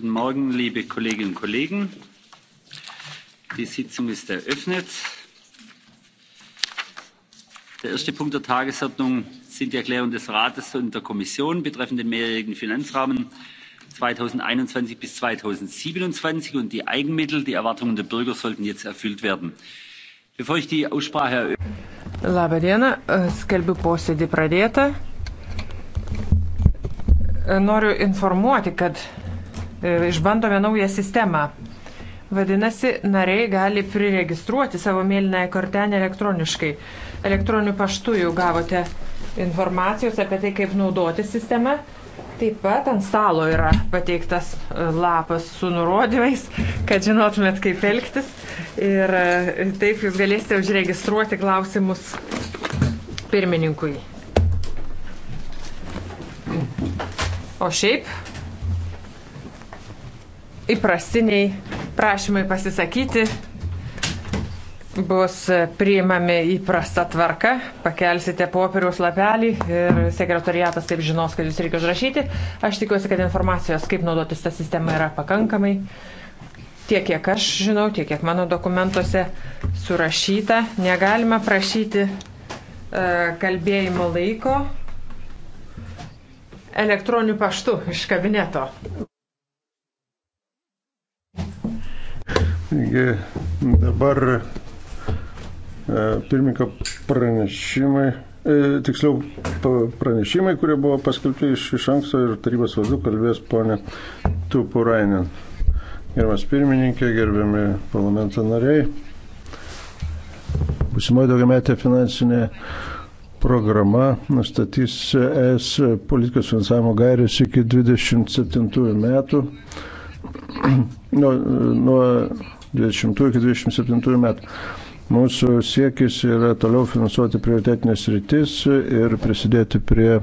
Guten Morgen, liebe Kolleginnen und Kollegen. Die Sitzung ist eröffnet. Der erste Punkt der Tagesordnung sind die Erklärung des Rates und der Kommission betreffend den mehrjährigen Finanzrahmen 2021 bis 2027 und die Eigenmittel. Die Erwartungen der Bürger sollten jetzt erfüllt werden. Bevor ich die Aussprache eröffne. Labą dieną, e, skelbiu posėdį pradėtą. E, noriu informuoti, kad E, išbandome naują sistemą. Vadinasi, nariai gali priregistruoti savo mėlynąją kortelę elektroniškai. Elektroniniu paštu jau gavote informacijos apie tai, kaip naudoti sistemą. Taip pat ant stalo yra pateiktas e, lapas su nurodymais, kad žinotumėt, kaip elgtis. Ir e, taip jūs galėsite užregistruoti klausimus pirmininkui. O šiaip įprastiniai prašymai pasisakyti bus priimami įprasta tvarka. Pakelsite popieriaus lapelį ir sekretariatas taip žinos, kad jūs reikia užrašyti. Aš tikiuosi, kad informacijos, kaip naudotis tą sistemą, yra pakankamai. Tiek, kiek aš žinau, tiek, kiek mano dokumentuose surašyta. Negalima prašyti e, kalbėjimo laiko elektroniniu paštu iš kabineto. Taigi dabar e, pirmininko pranešimai, e, tiksliau pranešimai, kurie buvo paskelbti iš, iš anksto ir tarybos vardu kalbės ponė Tupurainen. Gerbiamas pirmininkė, gerbiami parlamento nariai. Būsimoji daugiametė finansinė programa nustatys ES politikos finansavimo gairės iki 27 metų. Nuo, nuo 2020-2027 metų. Mūsų siekis yra toliau finansuoti prioritetinės rytis ir prisidėti prie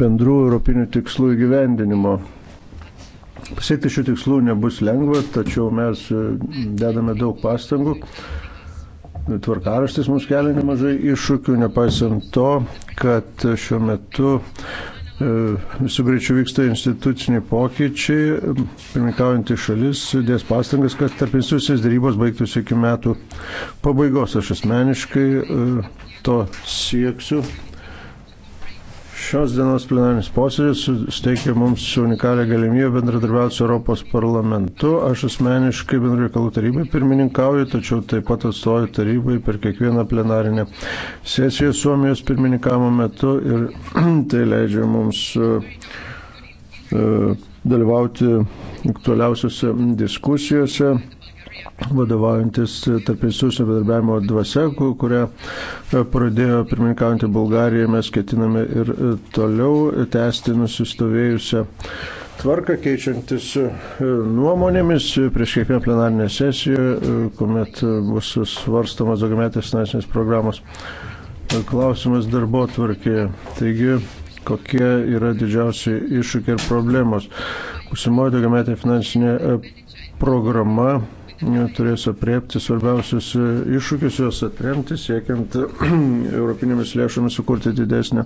bendrų europinių tikslų įgyvendinimo. Pasiekti šių tikslų nebus lengva, tačiau mes e, dedame daug pastangų. Tvarkaraštis mums kelia nemažai iššūkių, nepaisant to, kad šiuo metu E, su greičiu vyksta instituciniai pokyčiai, pirmininkaujantį šalis dės pastangas, kad tarp institucijos darybos baigtųsi iki metų pabaigos. Aš asmeniškai e, to sieksiu, Šios dienos plenarinis posėdis suteikia mums unikalią galimybę bendradarbiauti su Europos parlamentu. Aš asmeniškai bendrų reikalų tarybai pirmininkauju, tačiau taip pat atstovauju tarybai per kiekvieną plenarinę sesiją Suomijos pirmininkavimo metu ir tai leidžia mums e, e, dalyvauti aktualiausiose diskusijose vadovaujantis tarp institucinio bedarbiavimo dvasia, kurią e, pradėjo pirmininkaujantį Bulgariją, mes ketiname ir e, toliau tęsti nusistovėjusią tvarką, keičiantis e, nuomonėmis prieš kiekvieną plenarinę sesiją, kuomet bus svarstamas daugiametės finansinės programos klausimas darbo tvarkėje. Taigi, kokie yra didžiausi iššūkiai ir problemos. Pusimoji daugiametė finansinė programa turės apriepti svarbiausius iššūkius, juos atremti, siekiant europinėmis lėšomis sukurti didesnę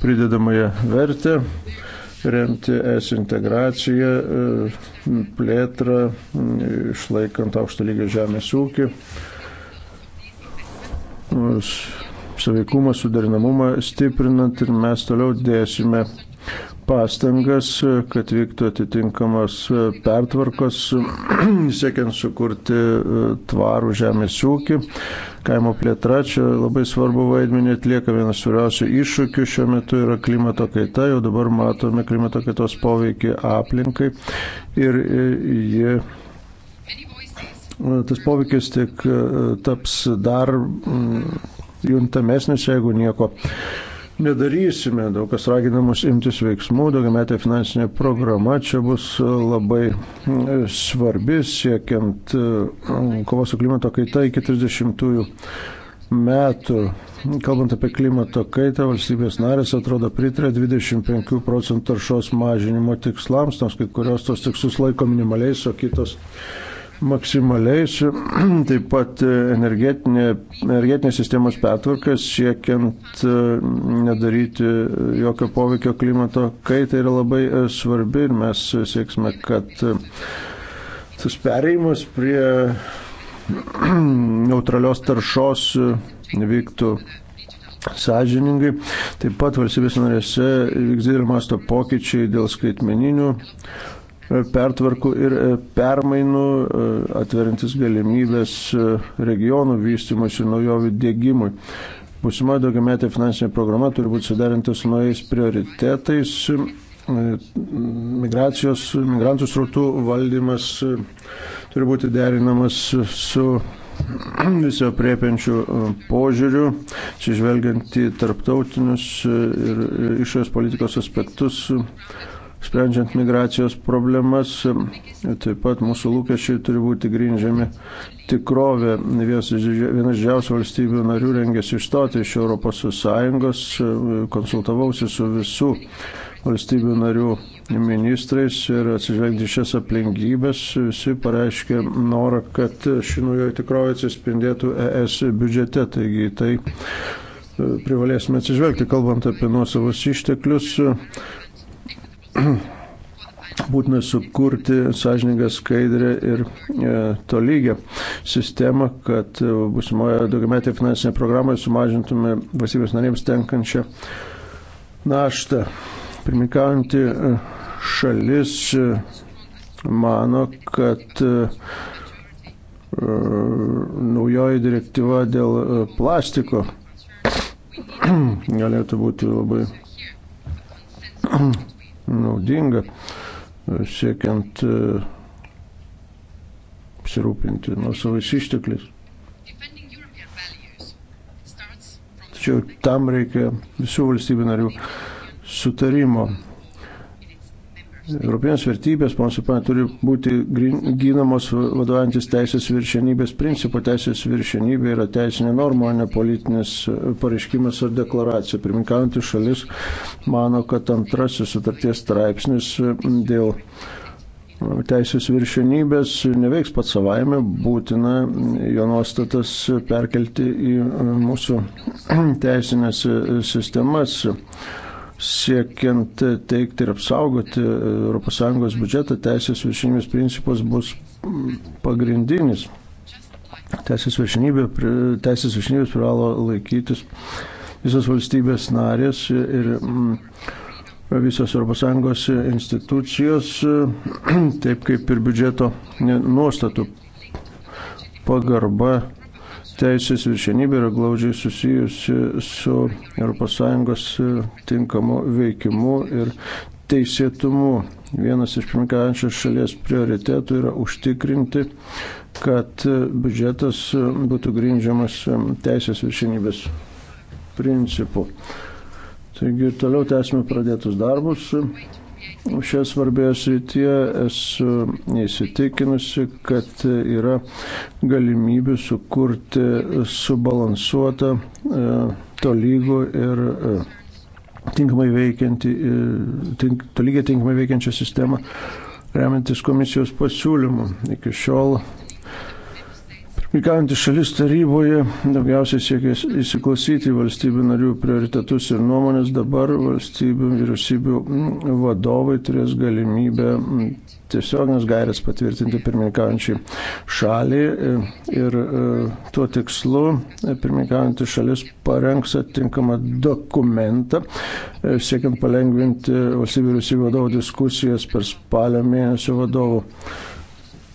pridedamąją vertę, remti es integraciją, plėtrą, išlaikant aukšto lygio žemės ūkį saveikumą, suderinamumą stiprinant ir mes toliau dėsime pastangas, kad vyktų atitinkamos pertvarkos, siekiant sukurti e, tvarų žemės ūkį. Kaimo plėtra čia labai svarbu vaidmenį atlieka vienas svarbiausių iššūkių šiuo metu yra klimato kaita, jau dabar matome klimato kaitos poveikį aplinkai ir e, jie e, tas poveikis tik taps dar mm, juntamesnis, jeigu nieko nedarysime. Daug kas raginamus imtis veiksmų, daugiametė finansinė programa čia bus labai e, svarbi siekiant e, kovos su klimato kaita iki 30-ųjų metų. Kalbant apie klimato kaitą, valstybės narės atrodo pritarė 25 procentų taršos mažinimo tikslams, nors kai kurios tos tikslus laiko minimaliais, o kitos maksimaliais, taip pat e, energetinė, energetinės sistemos pertvarkas, siekiant e, nedaryti jokio poveikio klimato kaitai yra labai e, svarbi ir mes sieksime, kad tas pereimas prie neutralios taršos vyktų sąžiningai. Taip pat valstybės narėse vyks didelio masto pokyčiai dėl skaitmeninių pertvarkų ir e, permainų, e, atverintis galimybės e, regionų vystimasi naujovių dėgymui. Būsimoji daugiametė finansinė programa turi būti suderinta su naujais prioritetais migracijos, migrantų srautų valdymas turi būti derinamas su viso priepiančių požiūrių, atsižvelgiant į tarptautinius ir išorės politikos aspektus, sprendžiant migracijos problemas. Taip pat mūsų lūkesčiai turi būti grindžiami tikrovė. Vienas didžiausių valstybių narių rengėsi išstoti iš ES, konsultavausi su visų valstybių narių ministrais ir atsižvelgti šias aplinkybės, visi pareiškė norą, kad ši naujoji tikrovė atsispindėtų ES biudžete. Taigi tai e, privalėsime atsižvelgti, kalbant apie nuosavus išteklius. būtina sukurti sąžiningą skaidrę ir e, tolygę sistemą, kad e, busimoje daugiametėje finansinėje programoje sumažintume valstybės narėms tenkančią naštą. Pirmininkaujantį e, šalis e, mano, kad e, naujoji direktyva dėl e, plastiko galėtų būti labai naudinga siekiant e, apsirūpinti nuo savais ištekliais. Tačiau tam reikia visų valstybių narių sutarimo. Europinės vertybės, ponas Supanė, turi būti gynamos vadovantis teisės viršenybės principu. Teisės viršenybė yra teisinė norma, o ne politinis pareiškimas ar deklaracija. Pirminkaujantį šalis mano, kad antrasis sutarties straipsnis dėl teisės viršenybės neveiks pat savaime, būtina jo nuostatas perkelti į mūsų teisinės sistemas siekiant teikti ir apsaugoti ES biudžetą, teisės viršinybės principas bus pagrindinis. Teisės, viršinybė, teisės viršinybės privalo laikytis visos valstybės narės ir mm, visos ES institucijos, taip kaip ir biudžeto nuostatų pagarba teisės viršenybė yra glaudžiai susijusi su ES e, tinkamu veikimu ir teisėtumu. Vienas iš pirmkaujančios šalies prioritetų yra užtikrinti, kad e, biudžetas e, būtų grindžiamas teisės viršenybės principu. Taigi toliau tęsime pradėtus darbus šioje svarbioje srityje esu įsitikinusi, kad yra galimybių sukurti subalansuotą, e, tolygų ir e, tinkamai veikianti, e, tink, tolygiai tinkamai veikiančią sistemą, remiantis komisijos pasiūlymu. Iki šiol Vykaujantys šalis taryboje daugiausiai siekia įsiklausyti valstybių narių prioritetus ir nuomonės, dabar valstybių vyriausybių vadovai turės galimybę tiesioginės gairės patvirtinti pirmininkaujančiai šaliai ir e, tuo tikslu pirmininkaujantis šalis parengs atitinkamą dokumentą, e, siekiant palengvinti valstybių vyriausybių vadovų diskusijas per spalio mėnesio vadovų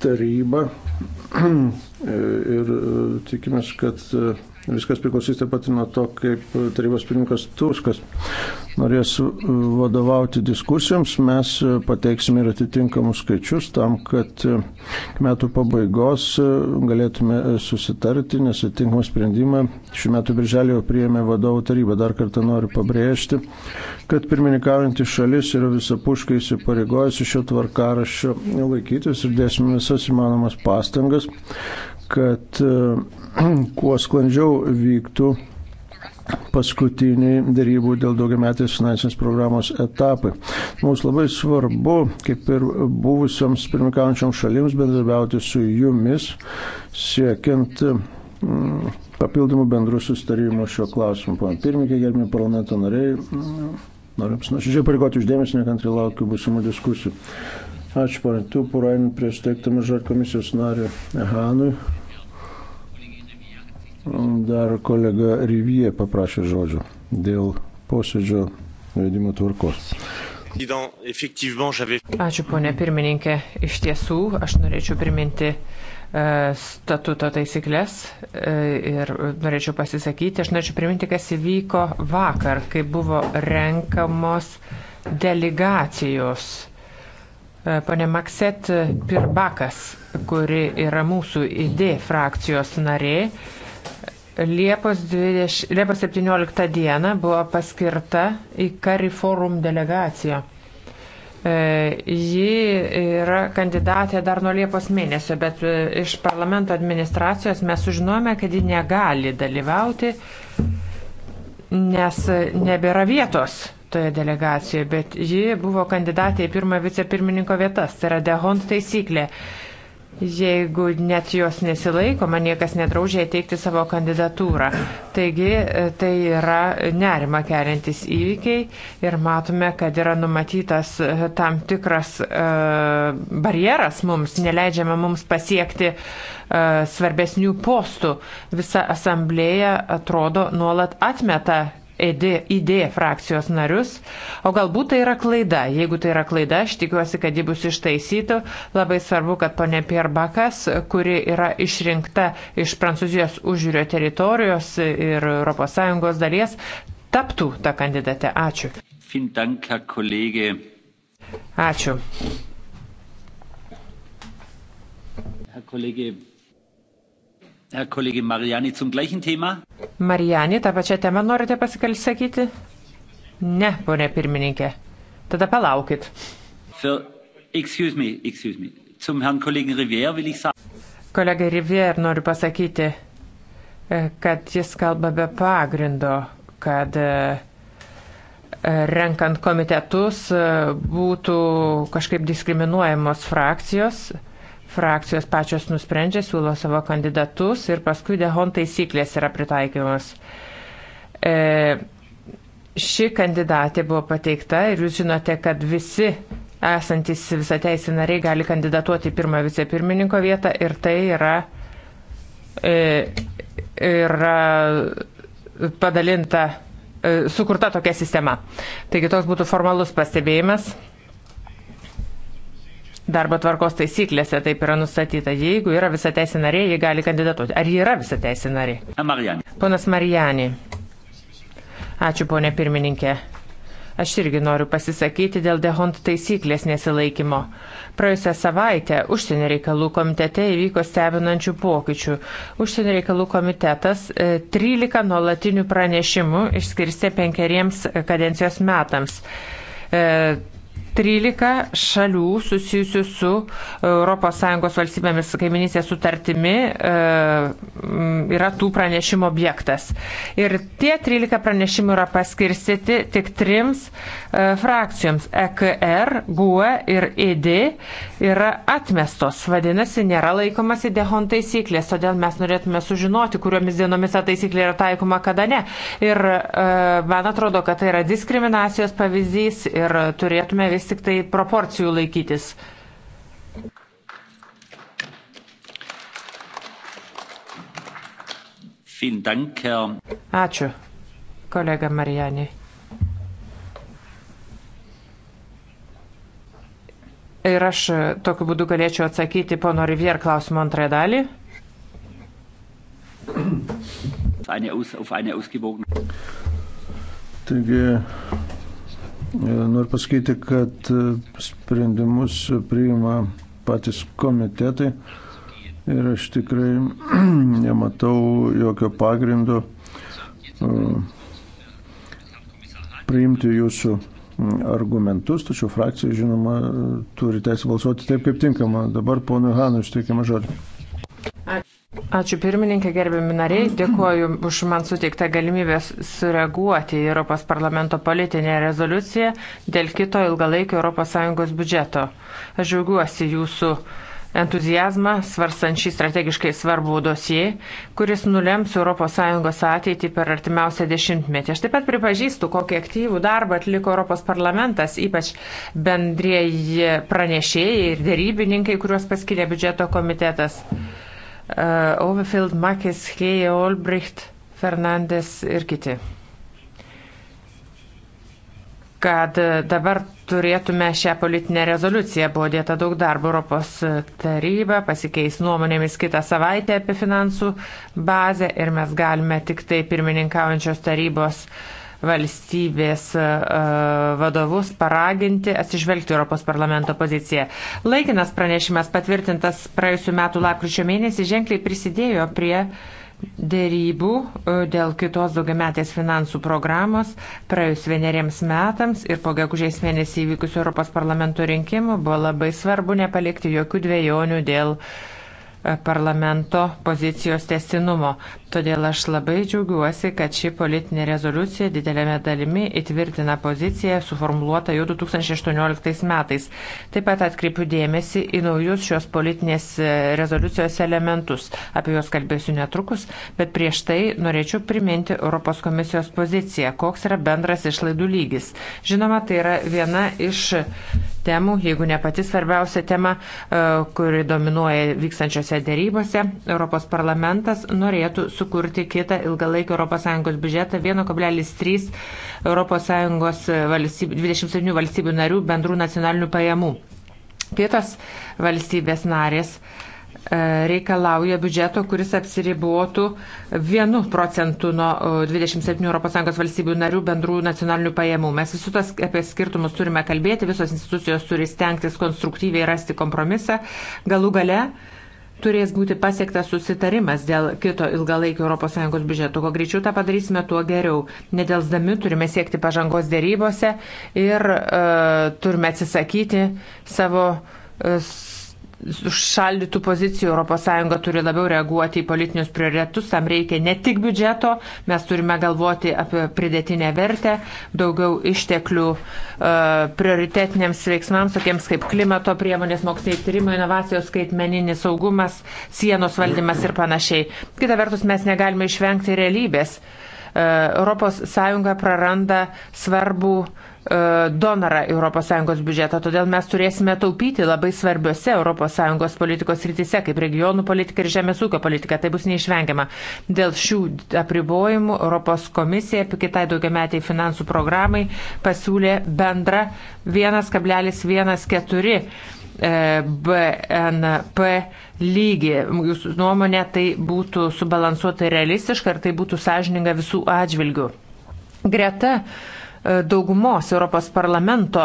tarybą E, ir e, tikimės, kad e, Viskas priklausys taip pat nuo to, kaip tarybos pirmininkas Turskas norės vadovauti diskusijoms. Mes pateiksime ir atitinkamus skaičius tam, kad metų pabaigos galėtume susitarti, nes atitinkamą sprendimą šiuo metu birželį jau priėmė vadovų taryba. Dar kartą noriu pabrėžti, kad pirmininkaujantį šalis yra visapuškai įsipareigojusi šio tvarkaraščio laikytis ir dėsime visas įmanomas pastangas, kad uh, kuo sklandžiau vyktų paskutiniai darybų dėl daugiametės finansinės programos etapai. Mums labai svarbu, kaip ir buvusioms pirmikaujančioms šalims, bendradarbiauti su jumis, siekiant mm, papildomų bendrų sustarimų šio klausimu. Pana pirmininkė, gerbimi parlamento nariai, mm, noriu jums nuoširdžiai parikoti uždėmesį, nekantri laukiu būsimų diskusijų. Ačiū, pana Tupurain, prieš teiktamą žodį komisijos nariui Hanui. Dar kolega Rivie paprašė žodžio dėl posėdžio vedimo tvarkos. Ačiū, ponė pirmininkė. Iš tiesų, aš norėčiau priminti e, statuto taisyklės e, ir norėčiau pasisakyti. Aš norėčiau priminti, kas įvyko vakar, kai buvo renkamos delegacijos. Pane Makset Pirbakas, kuri yra mūsų ID frakcijos narė, Liepos, 20, Liepos 17 dieną buvo paskirta į Kariforum delegaciją. E, ji yra kandidatė dar nuo Liepos mėnesio, bet e, iš parlamento administracijos mes sužinojome, kad ji negali dalyvauti, nes e, nebėra vietos toje delegacijoje, bet ji buvo kandidatė į pirmą vicepirmininko vietas, tai yra Dehont taisyklė jeigu net jos nesilaikoma, niekas nedraužia teikti savo kandidatūrą. Taigi e, tai yra nerima keliantis įvykiai ir matome, kad yra numatytas e, tam tikras e, barjeras mums, neleidžiama mums pasiekti e, svarbesnių postų. Visa asamblėja atrodo nuolat atmeta ID frakcijos narius, o galbūt tai yra klaida. Jeigu tai yra klaida, aš tikiuosi, kad ji bus ištaisyta. Labai svarbu, kad ponė Pierre Bakas, kuri yra išrinkta iš Prancūzijos užjūrio teritorijos ir ES dalies, taptų tą kandidatę. Ačiū. Ačiū. Herr Kollege Kolegė Marijani, zum gleichen tema. Marijani, tą pačią temą norite pasikalsakyti? Ne, ponė pirmininkė. Tada palaukit. Für, excuse me, excuse me. Zum Herrn Kollegen Rivière will ich sagen. Kolegai Rivière noriu pasakyti, e, kad jis kalba be pagrindo, kad e, e, renkant komitetus būtų kažkaip diskriminuojamos frakcijos. Frakcijos pačios nusprendžia, siūlo savo kandidatus ir paskui Dehon taisyklės yra pritaikymas. E, ši kandidatė buvo pateikta ir jūs žinote, kad visi esantis visą teisį nariai gali kandidatuoti į pirmą vicepirmininko vietą ir tai yra, e, yra padalinta, e, sukurta tokia sistema. Taigi toks būtų formalus pastebėjimas darbo tvarkos taisyklėse taip yra nustatyta. Jeigu yra visa teisė narė, jie gali kandidatuoti. Ar yra visa teisė narė? Marijani. Ponas Marijani. Ačiū, ponė pirmininkė. Aš irgi noriu pasisakyti dėl dehont taisyklės nesilaikymo. Praėjusią savaitę užsienio reikalų komitete įvyko stebinančių pokyčių. Užsienio reikalų komitetas 13 e, nuolatinių pranešimų išskirstė penkeriems kadencijos metams e, 13 šalių susijusių su ES valstybėmis kaiminysės sutartimi e, yra tų pranešimų objektas. Ir tie 13 pranešimų yra paskirstyti tik trims e, frakcijoms e - EKR, GUE ir ED yra atmestos. Vadinasi, nėra laikomasi dehon taisyklės, todėl mes norėtume sužinoti, kuriomis dienomis ta taisyklė yra taikoma, kada ne. Ir man atrodo, kad tai yra diskriminacijos pavyzdys ir turėtume vis vis tik tai proporcijų laikytis. Ačiū, kolega Marijanė. Ir aš tokiu būdu galėčiau atsakyti pono Rivier klausimo antrąją dalį. Taigi, E, noriu pasakyti, kad e, sprendimus priima patys komitetai ir aš tikrai nematau jokio pagrindo e, priimti jūsų argumentus, tačiau frakcija, žinoma, turi teisę balsuoti taip, kaip tinkama. Dabar ponui Hanui išteikiama žodžiu. Ačiū pirmininkė, gerbiami nariai, dėkuoju už man suteiktą galimybę sureaguoti į Europos parlamento politinę rezoliuciją dėl kito ilgalaikio ES biudžeto. Aš žiaugiuosi jūsų entuzijazmą svarstant šį strategiškai svarbų dosiją, kuris nulems ES ateitį per artimiausią dešimtmetį. Aš taip pat pripažįstu, kokį aktyvų darbą atliko Europos parlamentas, ypač bendrieji pranešėjai ir dėrybininkai, kuriuos paskiria biudžeto komitetas. Eh, Overfield, Makis, Heje, Olbricht, Fernandes ir kiti. Kad eh, dabar turėtume šią politinę rezoliuciją, buvo dėta daug darbo Europos eh, taryba, pasikeis nuomonėmis kitą savaitę apie finansų bazę ir mes galime tik tai pirmininkaujančios tarybos uh, valstybės e, vadovus paraginti atsižvelgti Europos parlamento poziciją. Laikinas pranešimas patvirtintas praėjusiu metu lapkričio mėnesį ženkliai prisidėjo prie dėrybų e, dėl kitos daugiametės finansų programos praėjus vieneriems metams ir po gegužės mėnesį įvykusių Europos parlamento rinkimų buvo labai svarbu nepalikti jokių dviejonių dėl e, parlamento pozicijos testinumo. Todėl aš labai džiaugiuosi, kad ši politinė rezoliucija didelėme dalimi įtvirtina poziciją suformuoluotą jau 2018 metais. Taip pat atkreipiu dėmesį į naujus šios politinės e, rezoliucijos elementus. Apie juos kalbėsiu netrukus, bet prieš tai norėčiau priminti Europos komisijos poziciją, koks yra bendras išlaidų lygis. Žinoma, tai yra viena iš temų, jeigu ne pati svarbiausia tema, e, kuri dominuoja vykstančiose dėrybose. Europos parlamentas norėtų sukurti kitą ilgalaikį ES biudžetą 1,3 ES valstybių, 27 valstybių narių bendrų nacionalinių pajamų. Kitos valstybės narės e, reikalauja biudžeto, kuris apsiribuotų 1 procentu nuo 27 e, ES valstybių narių bendrų nacionalinių pajamų. Mes visus tas apie skirtumus turime kalbėti, visos institucijos turi stengtis konstruktyviai rasti kompromisą. Galų gale turės būti pasiektas susitarimas dėl kito ilgalaikio ES biudžeto. Kuo greičiau tą padarysime, tuo geriau. Nedelsdami turime siekti pažangos dėrybose ir uh, turime atsisakyti savo uh, užšaldytų pozicijų ES turi labiau reaguoti į politinius prioritetus, tam reikia ne tik biudžeto, mes turime galvoti apie pridėtinę vertę, daugiau išteklių e, prioritetiniams veiksmams, tokiems kaip klimato priemonės, moksliniai tyrimai, inovacijos, skaitmeninis saugumas, sienos valdymas ir panašiai. Kita vertus, mes negalime išvengti realybės. E, ES praranda svarbų uh, E, donorą ES biudžetą, todėl mes turėsime taupyti labai svarbiose ES politikos rytise, kaip regionų politika ir žemės ūkio politika. Tai bus neišvengiama. Dėl šių apribojimų ES komisija kitai daugiametiai finansų programai pasiūlė bendrą 1,14 e, BNP lygį. Jūsų nuomonė tai būtų subalansuota ir realistiška ir tai būtų sąžininga visų atžvilgių. Greta uh, daugumos Europos parlamento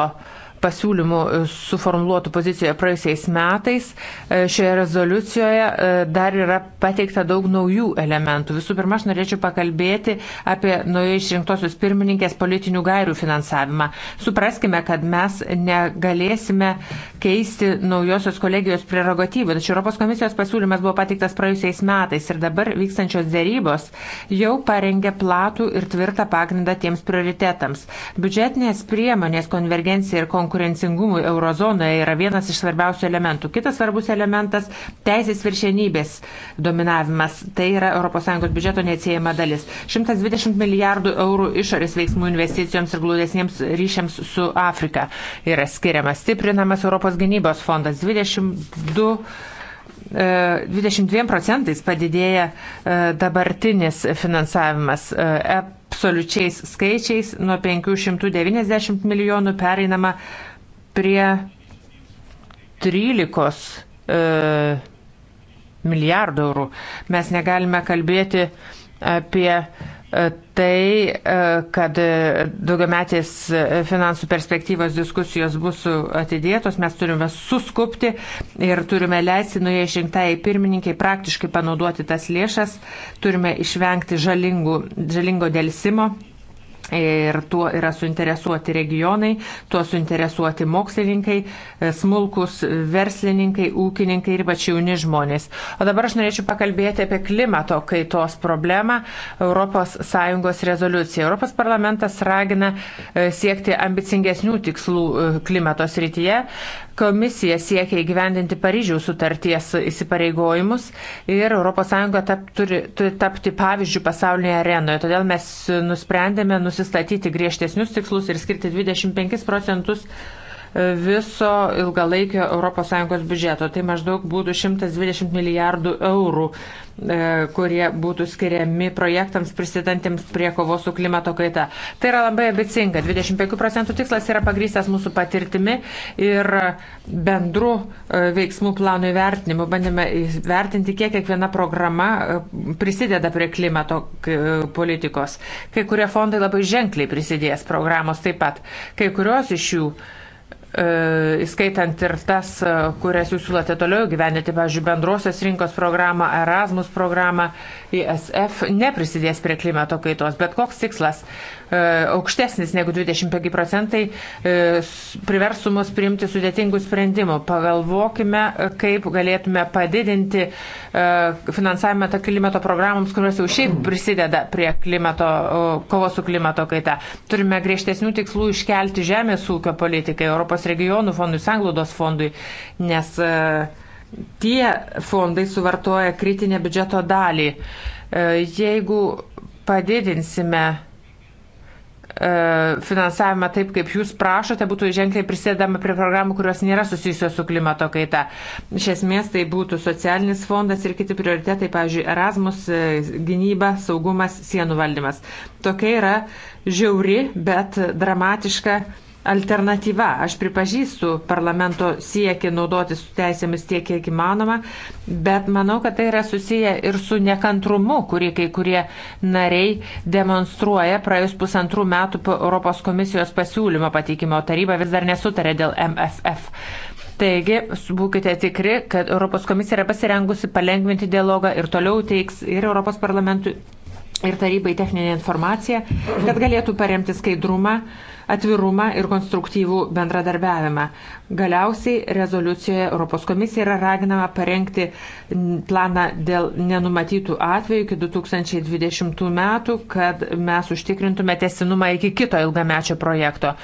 pasiūlymų e, suformuluotų pozicijoje praėjusiais metais, e, šioje rezoliucijoje e, dar yra pateikta daug naujų elementų. Visų pirma, aš norėčiau pakalbėti apie naujai išrinktosios pirmininkės politinių gairių finansavimą. Supraskime, kad mes negalėsime keisti naujosios kolegijos prerogatyvų. Tačiau Europos komisijos pasiūlymas buvo pateiktas praėjusiais metais ir dabar vykstančios dėrybos jau parengė platų ir tvirtą pagrindą tiems prioritetams. Biudžetinės priemonės konvergencija ir konkurencija konkurencingumui eurozonoje yra vienas iš svarbiausių elementų. Kitas svarbus elementas - teisės viršenybės dominavimas. Tai yra ES biudžeto neatsiejama dalis. 120 milijardų eurų išorės veiksmų investicijoms ir glūdesniems ryšiams su Afrika yra skiriamas. Stiprinamas Europos gynybos fondas 22. 22 e, procentais padidėja e, dabartinis finansavimas. E, absoliučiais skaičiais nuo 590 milijonų pereinama prie 13 e, milijardų eurų. Mes negalime kalbėti apie tai, e, kad daugiametės finansų perspektyvos diskusijos bus atidėtos, mes turime suskupti ir turime leisti nuėję išrinktai pirmininkai praktiškai panaudoti tas lėšas, turime išvengti žalingų, žalingo dėlsimo Ir tuo yra suinteresuoti regionai, tuo suinteresuoti mokslininkai, e, smulkus verslininkai, ūkininkai ir ypač jauni žmonės. O dabar aš norėčiau pakalbėti apie klimato kaitos problemą ES rezoliuciją. Europos parlamentas ragina e, siekti ambicingesnių tikslų e, klimato srityje. Komisija siekia įgyvendinti Paryžiaus sutarties įsipareigojimus ir ES tap, turi, turi tapti pavyzdžių pasaulinėje arenoje. Todėl mes nusprendėme nusistatyti griežtesnius tikslus ir skirti 25 procentus viso ilgalaikio ES biudžeto. Tai maždaug būtų 120 milijardų eurų, e, kurie būtų skiriami projektams prisidantiems prie kovos su klimato kaita. Tai yra labai abicinga. 25 procentų tikslas yra pagrystas mūsų patirtimi ir bendru e, veiksmų planų įvertinimu. Bandėme įvertinti, kiek kiekviena programa e, prisideda prie klimato politikos. Kai kurie fondai labai ženkliai prisidės programos taip pat. Kai kurios iš jų uh, E, įskaitant ir tas, e, kurias jūs siūlote toliau gyvenėti, pavyzdžiui, bendrosios rinkos programą, Erasmus programą, ISF, neprisidės prie klimato kaitos. Bet koks tikslas? E, aukštesnis negu 25 procentai e, priversų mus priimti sudėtingų sprendimų. Pagalvokime, kaip galėtume padidinti e, finansavimą tą klimato programams, kurios jau šiaip prisideda prie klimato, kovos su klimato kaita. Turime griežtesnių tikslų iškelti žemės ūkio politikai, Europos regionų fondui, sanglaudos fondui, nes tie fondai suvartoja kritinę biudžeto dalį. Jeigu padidinsime E, finansavimą taip, kaip jūs prašote, būtų ženkliai prisėdama prie programų, kurios nėra susijusios su klimato kaita. Iš esmės tai būtų socialinis fondas ir kiti prioritetai, pavyzdžiui, Erasmus, e, gynyba, saugumas, sienų valdymas. Tokia yra žiauri, bet dramatiška alternatyva. Aš pripažįstu parlamento siekį naudotis teisėmis tiek, kiek įmanoma, bet manau, kad tai yra susiję ir su nekantrumu, kurį kai kurie nariai demonstruoja praėjus pusantrų metų po Europos komisijos pasiūlymo pateikimo. Taryba vis dar nesutarė dėl MFF. Taigi, būkite tikri, kad Europos komisija yra pasirengusi palengvinti dialogą ir toliau teiks ir Europos parlamentui, ir tarybai techninę informaciją, kad galėtų paremti skaidrumą atvirumą ir konstruktyvų bendradarbiavimą. Galiausiai rezoliucijoje Europos komisija yra raginama parengti planą dėl nenumatytų atvejų iki 2020 metų, kad mes užtikrintume tesinumą iki kito ilgamečio projekto.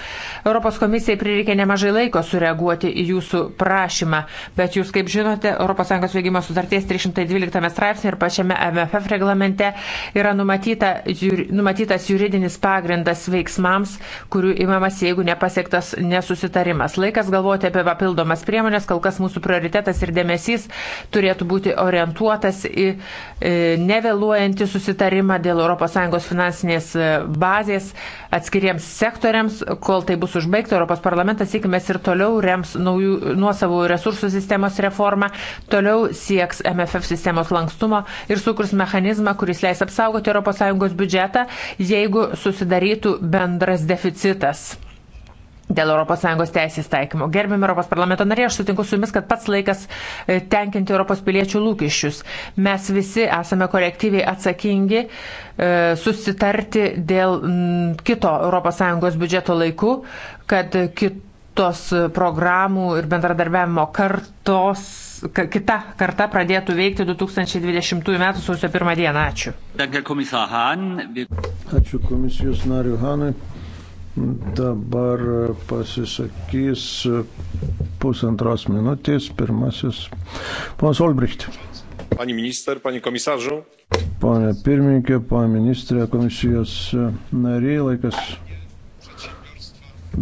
Europos komisijai prireikė nemažai laiko sureaguoti į jūsų prašymą, bet jūs, kaip žinote, ES veikimo sutarties 312 straipsnė ir pačiame MFF reglamente yra numatyta, jur, numatytas juridinis pagrindas veiksmams, kurių kurių imamas, jeigu nepasiektas nesusitarimas. Laikas galvoti apie papildomas priemonės, kol kas mūsų prioritetas ir dėmesys turėtų būti orientuotas į e, nevėluojantį susitarimą dėl ES finansinės e, bazės atskiriems sektoriams. Kol tai bus užbaigta, Europos parlamentas, tikimės, ir toliau rems naujų nuosavų resursų sistemos reformą, toliau sieks MFF sistemos lankstumo ir sukurs mechanizmą, kuris leis apsaugoti ES biudžetą, jeigu susidarytų bendras deficitas vizitas dėl ES teisės taikymo. Gerbėm Europos parlamento narė, aš sutinku su jumis, kad pats laikas e, tenkinti Europos piliečių lūkesčius. Mes visi esame kolektyviai atsakingi e, susitarti dėl kito ES biudžeto laiku, kad kitos programų ir bendradarbiavimo kartos kita karta pradėtų veikti 2020 m. sausio 1 dieną. Ačiū. Ačiū komisijos nariu Hanui. Dabar pasisakys pusantros minutės pirmasis ponas Olbricht. Pani minister, pani komisarzu. Pane pirmininkė, pane ministrė, komisijos nariai, laikas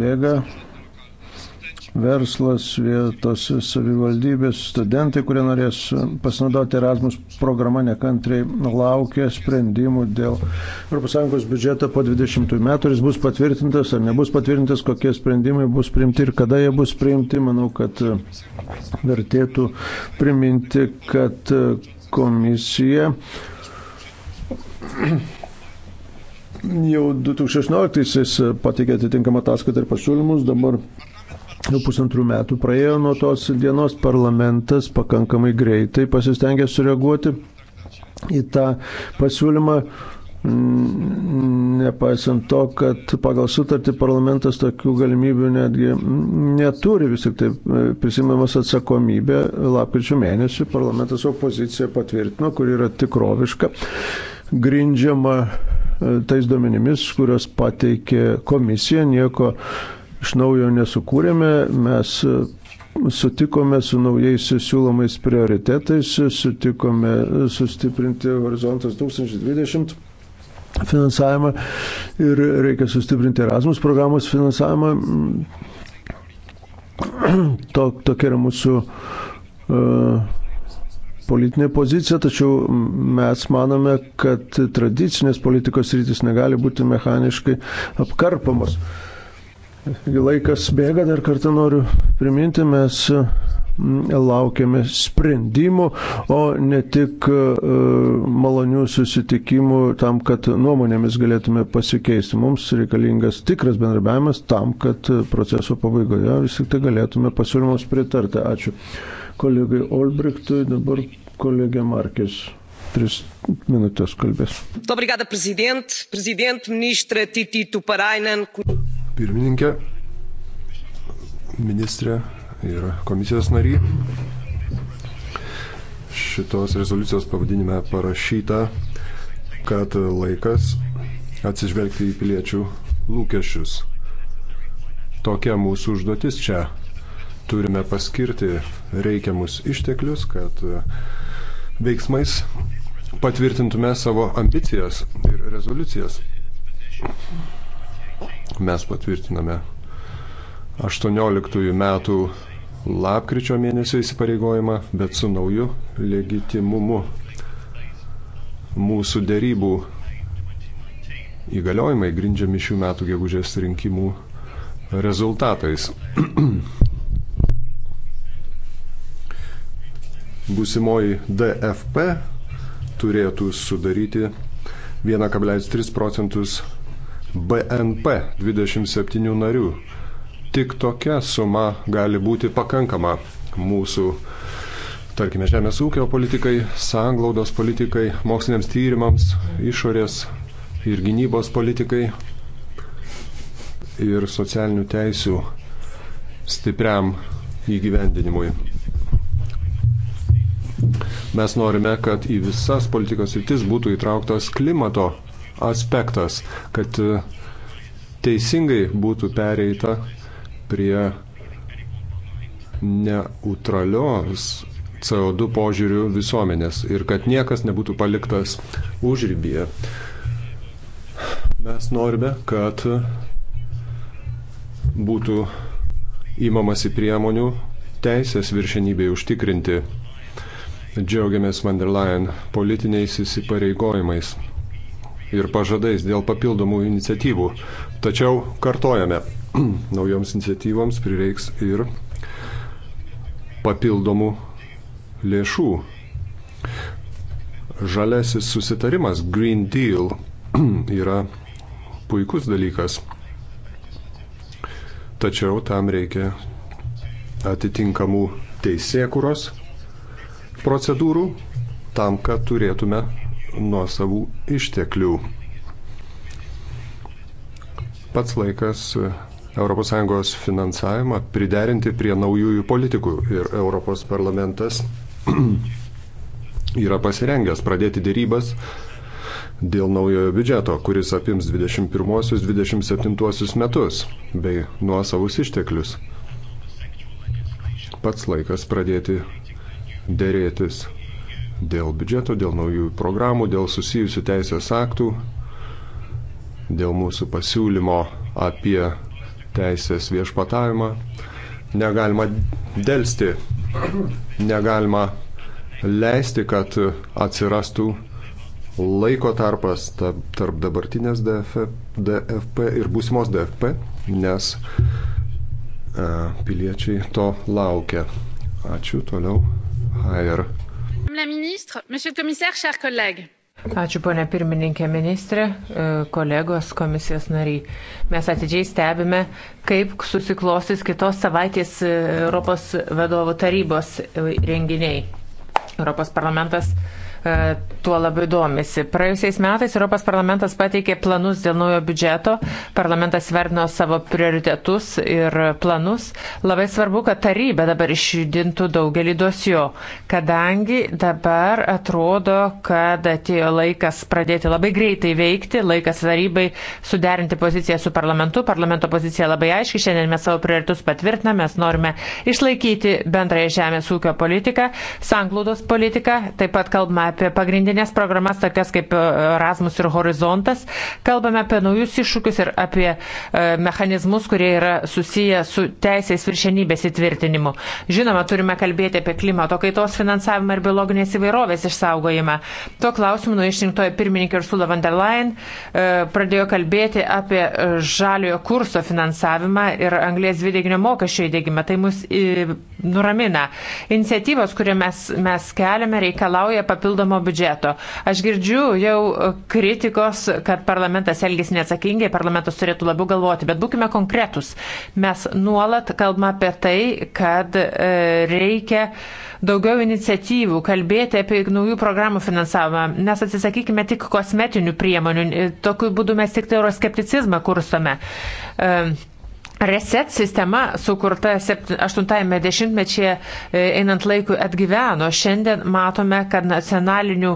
bėga verslas, vietos savivaldybės, studentai, kurie norės pasinaudoti Erasmus programą, nekantriai laukia sprendimų dėl ES biudžeto po 20 metų, jis bus patvirtintas ar nebus patvirtintas, kokie sprendimai bus priimti ir kada jie bus priimti. Manau, kad vertėtų priminti, kad komisija jau 2016-aisiais pateikė atitinkamą ataskaitą ir pasiūlymus, dabar Jau nu, pusantrų metų praėjo nuo tos dienos parlamentas pakankamai greitai pasistengė sureaguoti į tą pasiūlymą, mm, nepaisant to, kad pagal sutartį parlamentas tokių galimybių netgi neturi, vis tik tai e, prisimamas atsakomybė, lapkričio mėnesį parlamentas opoziciją patvirtino, kur yra tikroviška, grindžiama e, tais duomenimis, kurios pateikė komisija, nieko iš naujo nesukūrėme, mes e, sutikome su naujais siūlomais prioritetais, sutikome e, sustiprinti horizontas 2020 finansavimą ir reikia sustiprinti Erasmus programos finansavimą. Tok, tokia yra mūsų uh, politinė pozicija, tačiau mes manome, kad tradicinės politikos rytis negali būti mechaniškai apkarpamos. Uh, Laikas bėga, dar kartą noriu priminti, mes mm, laukiame sprendimų, o ne tik e, malonių susitikimų tam, kad nuomonėmis galėtume pasikeisti. Mums reikalingas tikras bendrabiavimas tam, kad proceso pabaigoje vis tik tai galėtume pasiūlymams pritarti. Ačiū kolegai Olbrichtui, dabar kolegė Markės. Tris minutės kalbės. Obrigada, prezident, prezident, ministra Titito Parainen pirmininkė, ministrė ir komisijos nariai. Šitos rezoliucijos pavadinime parašyta, kad laikas atsižvelgti į piliečių lūkesčius. Tokia mūsų užduotis čia. Turime paskirti reikiamus išteklius, kad veiksmais patvirtintume savo ambicijas ir rezoliucijas. Mes patvirtiname 18 metų lapkričio mėnesio įsipareigojimą, bet su nauju legitimumu mūsų dėrybų įgaliojimai grindžiami šių metų gegužės rinkimų rezultatais. Būsimoji DFP turėtų sudaryti 1,3 procentus BNP 27 narių. Tik tokia suma gali būti pakankama mūsų, tarkime, žemės ūkio politikai, sanglaudos politikai, moksliniams tyrimams, išorės ir gynybos politikai ir socialinių teisių stipriam įgyvendinimui. Mes norime, kad į visas politikos rytis būtų įtrauktas klimato aspektas, kad e, teisingai būtų pereita prie neutralios CO2 požiūrių visuomenės ir kad niekas nebūtų paliktas užrybėje. Mes norime, kad būtų įmamasi priemonių teisės viršenybėje užtikrinti. Džiaugiamės van der Leyen politiniais įsipareigojimais ir pažadais dėl papildomų iniciatyvų. Tačiau kartojame, naujoms iniciatyvoms prireiks ir papildomų lėšų. Žalesis susitarimas Green Deal yra puikus dalykas. Tačiau tam reikia atitinkamų teisėkuros procedūrų tam, kad turėtume nuo savų išteklių. Pats laikas ES finansavimą priderinti prie naujųjų politikų ir Europos parlamentas yra pasirengęs pradėti dėrybas dėl naujojo biudžeto, kuris apims 21-27 metus bei nuosavus išteklius. Pats laikas pradėti dėrėtis dėl biudžeto, dėl naujų programų, dėl susijusių teisės aktų, dėl mūsų pasiūlymo apie teisės viešpatavimą. Negalima dėlsti, negalima leisti, kad atsirastų laiko tarpas tarp dabartinės DFP, DFP ir būsimos DFP, nes e, piliečiai to laukia. Ačiū toliau. Air. Ačiū, ponė pirmininkė ministrė, e, kolegos komisijos nariai. Mes atidžiai stebime, kaip susiklostys kitos savaitės e, Europos vadovų tarybos e, renginiai. Europos parlamentas tuo labai domisi. Praėjusiais metais Europos parlamentas pateikė planus dėl naujo biudžeto, parlamentas vertino savo prioritetus ir planus. Labai svarbu, kad taryba dabar išjudintų daugelį dosijų, kadangi dabar atrodo, kad atėjo laikas pradėti labai greitai veikti, laikas tarybai suderinti poziciją su parlamentu. Parlamento pozicija labai aiški, šiandien mes savo prioritetus patvirtiname, mes norime išlaikyti bendrąją žemės ūkio politiką, sanglaudos politiką, taip pat kalbame apie apie pagrindinės programas, tokias kaip e, Erasmus ir Horizontas, kalbame apie naujus iššūkius ir apie e, mechanizmus, kurie yra susiję su teisės viršenybės įtvirtinimu. Žinoma, turime kalbėti apie klimato kaitos finansavimą ir biologinės įvairovės išsaugojimą. Tuo klausimu nuo išrinktojo pirmininkė Ursula von der Leyen e, pradėjo kalbėti apie žaliojo kurso finansavimą ir anglės dvideginio mokesčio įdėgymą. Tai mus nuramina. Iniciatyvos, kurią mes, mes keliame, reikalauja papildomų papildomo biudžeto. Aš girdžiu jau kritikos, kad parlamentas elgesi neatsakingai, parlamentas turėtų labiau galvoti, bet būkime konkretus. Mes nuolat kalbame apie tai, kad e, reikia daugiau iniciatyvų, kalbėti apie naujų programų finansavimą. Mes atsisakykime tik kosmetinių priemonių, tokiu būdu mes tik tai euroskepticizmą kurstome. Uh, Reset sistema sukurta 80-ame dešimtmečyje einant laikui atgyveno. Šiandien matome, kad nacionalinių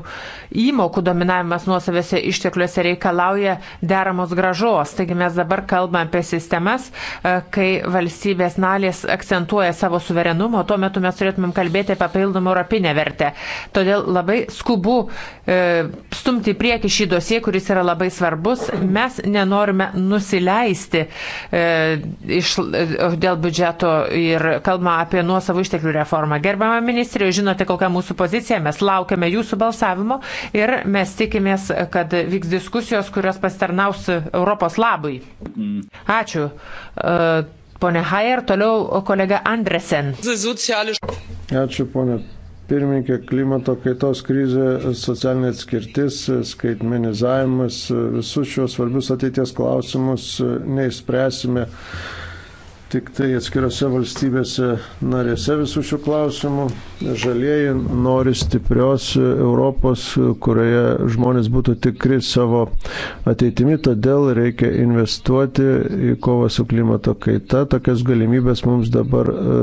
įmokų dominavimas nuosavėse ištekliuose reikalauja deramos gražos. Taigi mes dabar kalbame apie sistemas, e, kai valstybės nalės akcentuoja savo suverenumą, tuo metu mes turėtumėm kalbėti apie papildomą europinę vertę. Todėl labai skubu e, stumti į priekį šį dosiją, kuris yra labai svarbus. Mes nenorime nusileisti e, iš, dėl biudžeto ir kalbama apie nuosavų išteklių reformą. Gerbama ministrė, žinote, kokia mūsų pozicija, mes laukiame jūsų balsavimo ir mes tikimės, kad vyks diskusijos, kurios pasitarnaus Europos labui. Ačiū. E, pone Hayer, toliau kolega Andresen. Ačiū, pone pirmininkė, klimato kaitos krizė, socialinė atskirtis, skaitmenizavimas, visus šios svarbius ateities klausimus neišspręsime tik tai atskirose valstybėse narėse visų šių klausimų. Žalieji nori stiprios Europos, kurioje žmonės būtų tikri savo ateitimi, todėl reikia investuoti į kovą su klimato kaita. Tokias galimybės mums dabar e,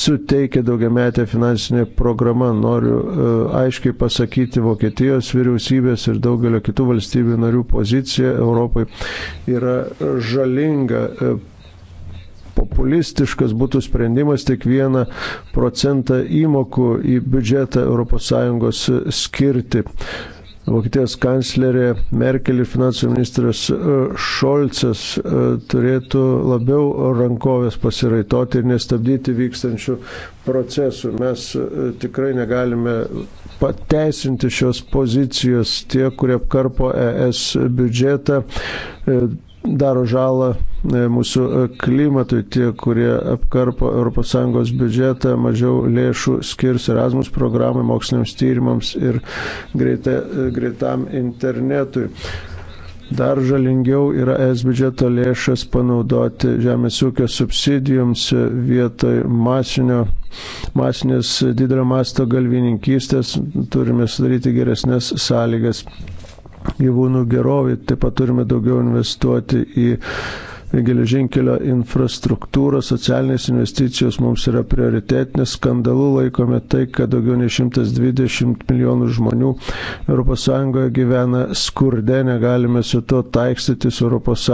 suteikia daugiametė finansinė programa. Noriu e, aiškiai pasakyti Vokietijos vyriausybės ir daugelio kitų valstybių narių poziciją Europai yra žalinga e, populistiškas būtų sprendimas tik vieną procentą įmokų į biudžetą ES skirti. Vokietijos kanclerė Merkel ir finansų ministras e, Šolcas e, turėtų labiau rankovės pasiraitoti ir nestabdyti vykstančių procesų. Mes e, tikrai negalime pateisinti šios pozicijos tie, kurie apkarpo ES biudžetą, daro žalą E, mūsų e, klimatui, tie, kurie apkarpo ES biudžetą, mažiau lėšų skirs Erasmus programai, moksliniams tyrimams ir greita, e, greitam internetui. Dar žalingiau yra es biudžeto lėšas panaudoti žemės ūkio subsidijoms vietoj masinio, masinės didelio masto galvininkystės. Turime sudaryti geresnės sąlygas gyvūnų gerovį, taip pat turime daugiau investuoti į geležinkelio infrastruktūra, socialinės investicijos mums yra prioritetinės. Skandalu laikome tai, kad daugiau nei 120 milijonų žmonių ES gyvena skurde, negalime su to taikstytis. ES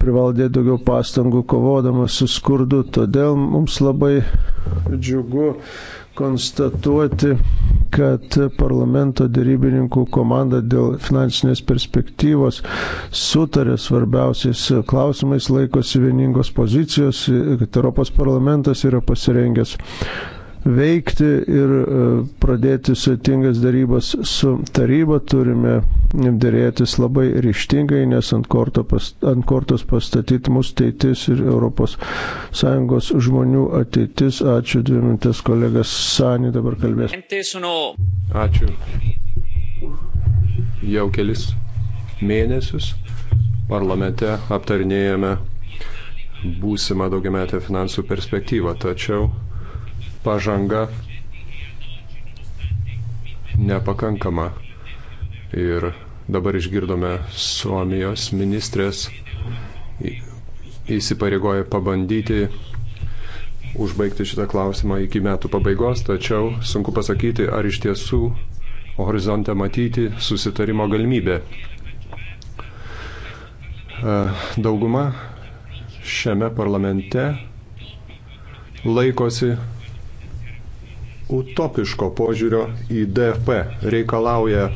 privaldė daugiau pastangų kovodama su skurdu, todėl mums labai džiugu, konstatuoti, kad parlamento dėrybininkų komanda dėl finansinės perspektyvos sutarė svarbiausiais klausimais, laikosi vieningos pozicijos, kad Europos parlamentas yra pasirengęs veikti ir e, pradėti sėtingas darybas su taryba. Turime dėrėtis labai ryštingai, nes ant, korto pas, ant kortos pastatyti mūsų ateitis ir ES žmonių ateitis. Ačiū dvi minutės kolegas Sani dabar kalbės. Ačiū. Jau kelis mėnesius parlamente aptarinėjame būsimą daugiametę finansų perspektyvą, tačiau pažanga nepakankama. Ir dabar išgirdome Suomijos ministrės įsipareigoja pabandyti užbaigti šitą klausimą iki metų pabaigos, tačiau sunku pasakyti, ar iš tiesų horizonte matyti susitarimo galimybę. E, dauguma šiame parlamente laikosi utopiško požiūrio į DFP, reikalauja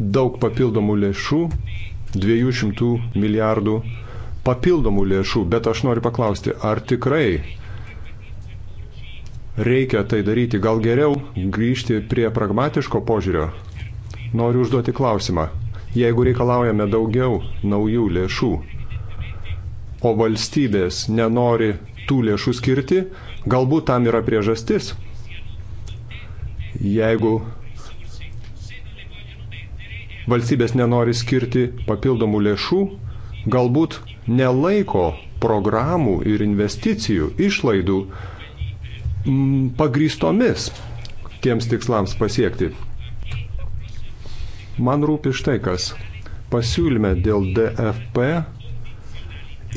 daug papildomų lėšų, 200 milijardų papildomų lėšų, bet aš noriu paklausti, ar tikrai reikia tai daryti, gal geriau grįžti prie pragmatiško požiūrio? Noriu užduoti klausimą. Jeigu reikalaujame daugiau naujų lėšų, o valstybės nenori tų lėšų skirti. Galbūt tam yra priežastis. Jeigu valstybės nenori skirti papildomų lėšų, galbūt nelaiko programų ir investicijų išlaidų m, pagrystomis tiems tikslams pasiekti. Man rūpi štai kas. Pasiūlyme dėl DFP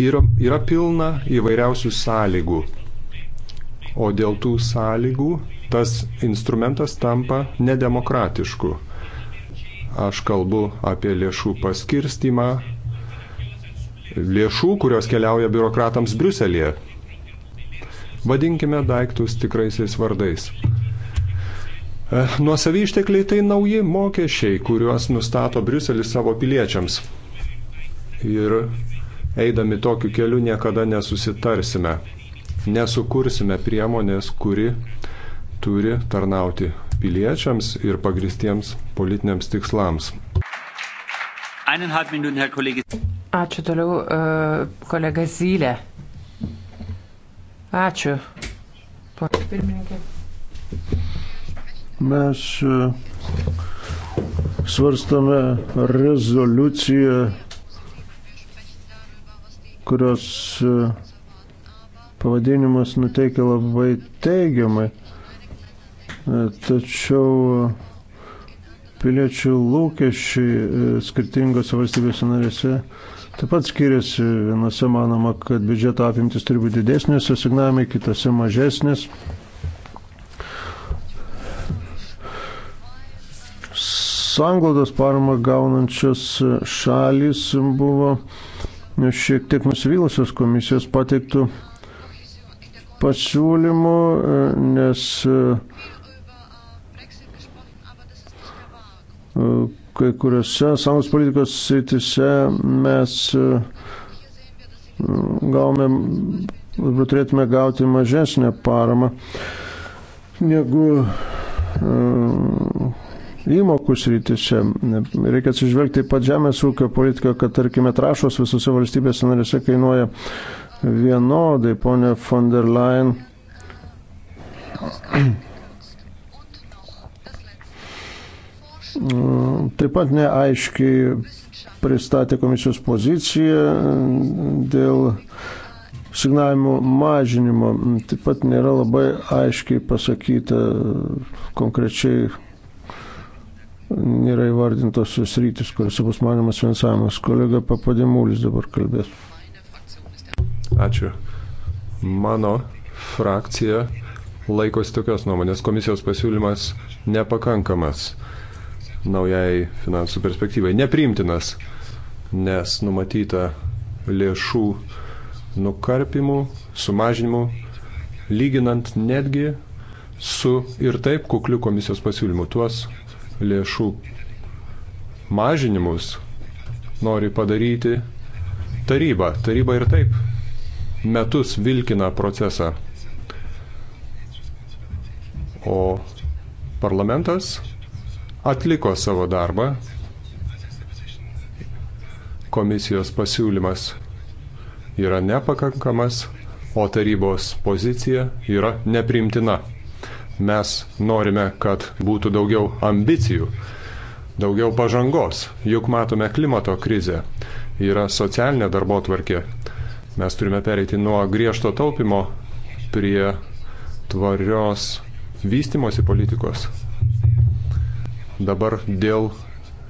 yra, yra pilna įvairiausių sąlygų. O dėl tų sąlygų tas instrumentas tampa nedemokratišku. Aš kalbu apie lėšų paskirstimą, lėšų, kurios keliauja biurokratams Briuselėje. Vadinkime daiktus tikraisiais vardais. E, Nuosavy ištekliai tai nauji mokesčiai, kuriuos nustato Briuselis savo piliečiams. Ir eidami tokiu keliu niekada nesusitarsime, nesukursime priemonės, kuri turi tarnauti piliečiams ir pagristiems politiniams tikslams. Ačiū toliau, e, kolega Zylė. Ačiū. Pane pirmininkė. Mes e, svarstame rezoliuciją kurios e, pavadinimas nuteikia labai teigiamai. E, tačiau e, piliečių lūkesčiai skirtingose valstybėse narėse taip pat skiriasi. Vienose manoma, kad biudžeto apimtis turi būti didesnės, asignavimai kitose mažesnės. Sanglaudos paramą gaunančios šalis buvo šiek tiek nusivylusios komisijos pateiktų pasiūlymų, e, nes e, kai kuriuose sąjungos politikos srityse mes e, gaume, turėtume gauti mažesnę paramą negu įmokų srityse. Reikia atsižvelgti taip pat žemės ūkio politiką, kad tarkime trašos visose valstybėse narėse kainuoja vienodai, ponė von der Leyen. Taip pat neaiškiai pristatė komisijos poziciją dėl signavimų mažinimo. Taip pat nėra labai aiškiai pasakyta konkrečiai, nėra įvardintos sritis, kuriuose bus manimas finansavimas. Kolega Papadimulis dabar kalbės. Ačiū. Mano frakcija laikosi tokios nuomonės. Komisijos pasiūlymas nepakankamas naujai finansų perspektyvai. Nepriimtinas, nes numatyta lėšų nukarpimų, sumažinimų, lyginant netgi su ir taip kukliu komisijos pasiūlymu. Tuos lėšų mažinimus nori padaryti taryba. Taryba ir taip metus vilkina procesą. O parlamentas atliko savo darbą. Komisijos pasiūlymas yra nepakankamas, o tarybos pozicija yra neprimtina. Mes norime, kad būtų daugiau ambicijų, daugiau pažangos, juk matome klimato krizę, yra socialinė darbo tvarkė. Mes turime pereiti nuo griežto taupimo prie tvarios vystimosi politikos. Dabar dėl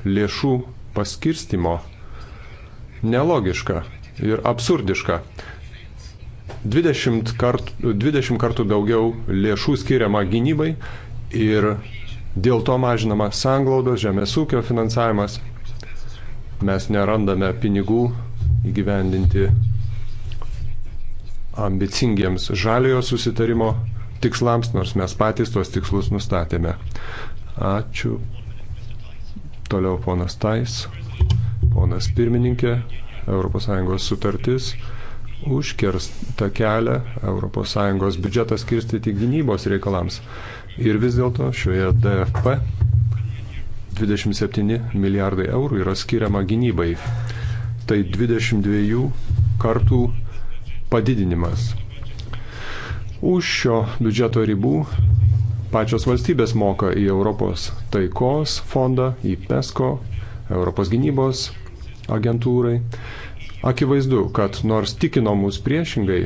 lėšų paskirstimo nelogiška ir absurdiška. 20 kartų, 20 kartų daugiau lėšų skiriama gynybai ir dėl to mažinama sanglaudos, žemės ūkio finansavimas. Mes nerandame pinigų įgyvendinti ambicingiems žaliojo susitarimo tikslams, nors mes patys tuos tikslus nustatėme. Ačiū. Toliau ponas Tais, ponas pirmininkė, ES sutartis užkirsta kelią ES biudžetą skirstyti gynybos reikalams. Ir vis dėlto šioje DFP 27 milijardai eurų yra skiriama gynybai. Tai 22 kartų padidinimas. Už šio biudžeto ribų pačios valstybės moka į Europos taikos fondą, į PESCO, Europos gynybos agentūrai. Akivaizdu, kad nors tikino mus priešingai,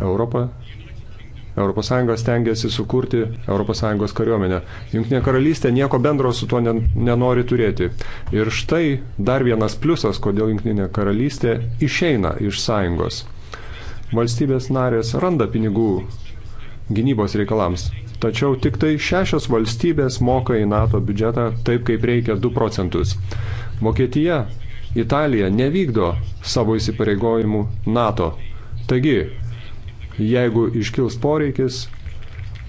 Europa, ES stengiasi sukurti ES kariuomenę. Junktinė karalystė nieko bendro su tuo nenori turėti. Ir štai dar vienas pliusas, kodėl Junktinė karalystė išeina iš sąjungos. Valstybės narės randa pinigų gynybos reikalams. Tačiau tik tai šešios valstybės moka į NATO biudžetą taip, kaip reikia 2 procentus. Vokietija Italija nevykdo savo įsipareigojimų NATO. Taigi, jeigu iškils poreikis,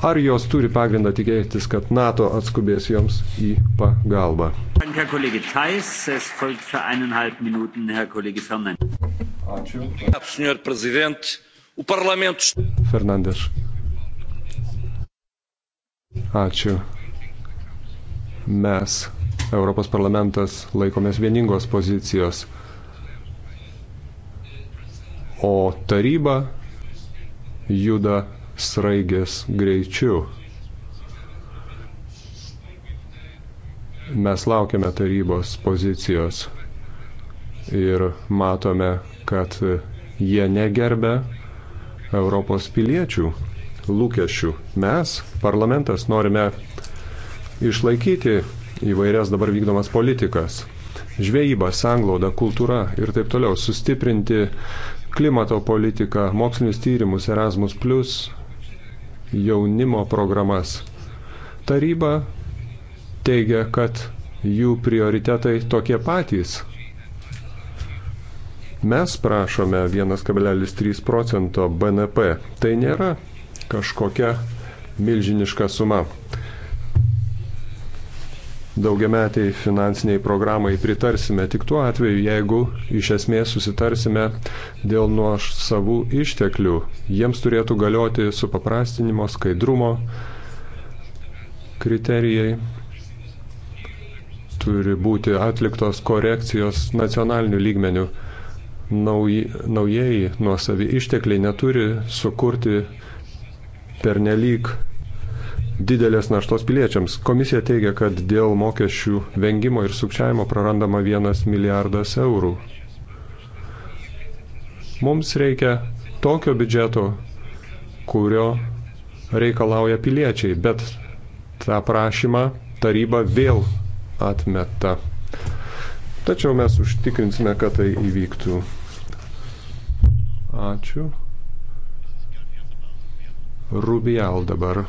ar jos turi pagrindą tikėtis, kad NATO atskubės joms į pagalbą. Ačiū. Fernandes. Ačiū. Mes Europos parlamentas laikomės vieningos pozicijos, o taryba juda sraigės greičiu. Mes laukiame tarybos pozicijos ir matome, kad jie negerbė Europos piliečių lūkesčių. Mes, parlamentas, norime išlaikyti įvairias dabar vykdomas politikas - žvejybą, sanglaudą, kultūrą ir taip toliau, sustiprinti klimato politiką, mokslinius tyrimus, Erasmus, jaunimo programas. Taryba teigia, kad jų prioritetai tokie patys. Mes prašome 1,3 procento BNP. Tai nėra kažkokia milžiniška suma daugiametiai finansiniai programai pritarsime tik tuo atveju, jeigu iš esmės susitarsime dėl nuo savų išteklių. Jiems turėtų galioti supaprastinimo, skaidrumo kriterijai, turi būti atliktos korekcijos nacionalinių lygmenių. Nauji, naujieji nuosavi ištekliai neturi sukurti pernelyg didelės naštos piliečiams. Komisija teigia, kad dėl mokesčių vengimo ir sukčiavimo prarandama vienas milijardas eurų. Mums reikia tokio biudžeto, kurio reikalauja piliečiai, bet tą prašymą taryba vėl atmeta. Tačiau mes užtikrinsime, kad tai įvyktų. Ačiū. Rubial dabar.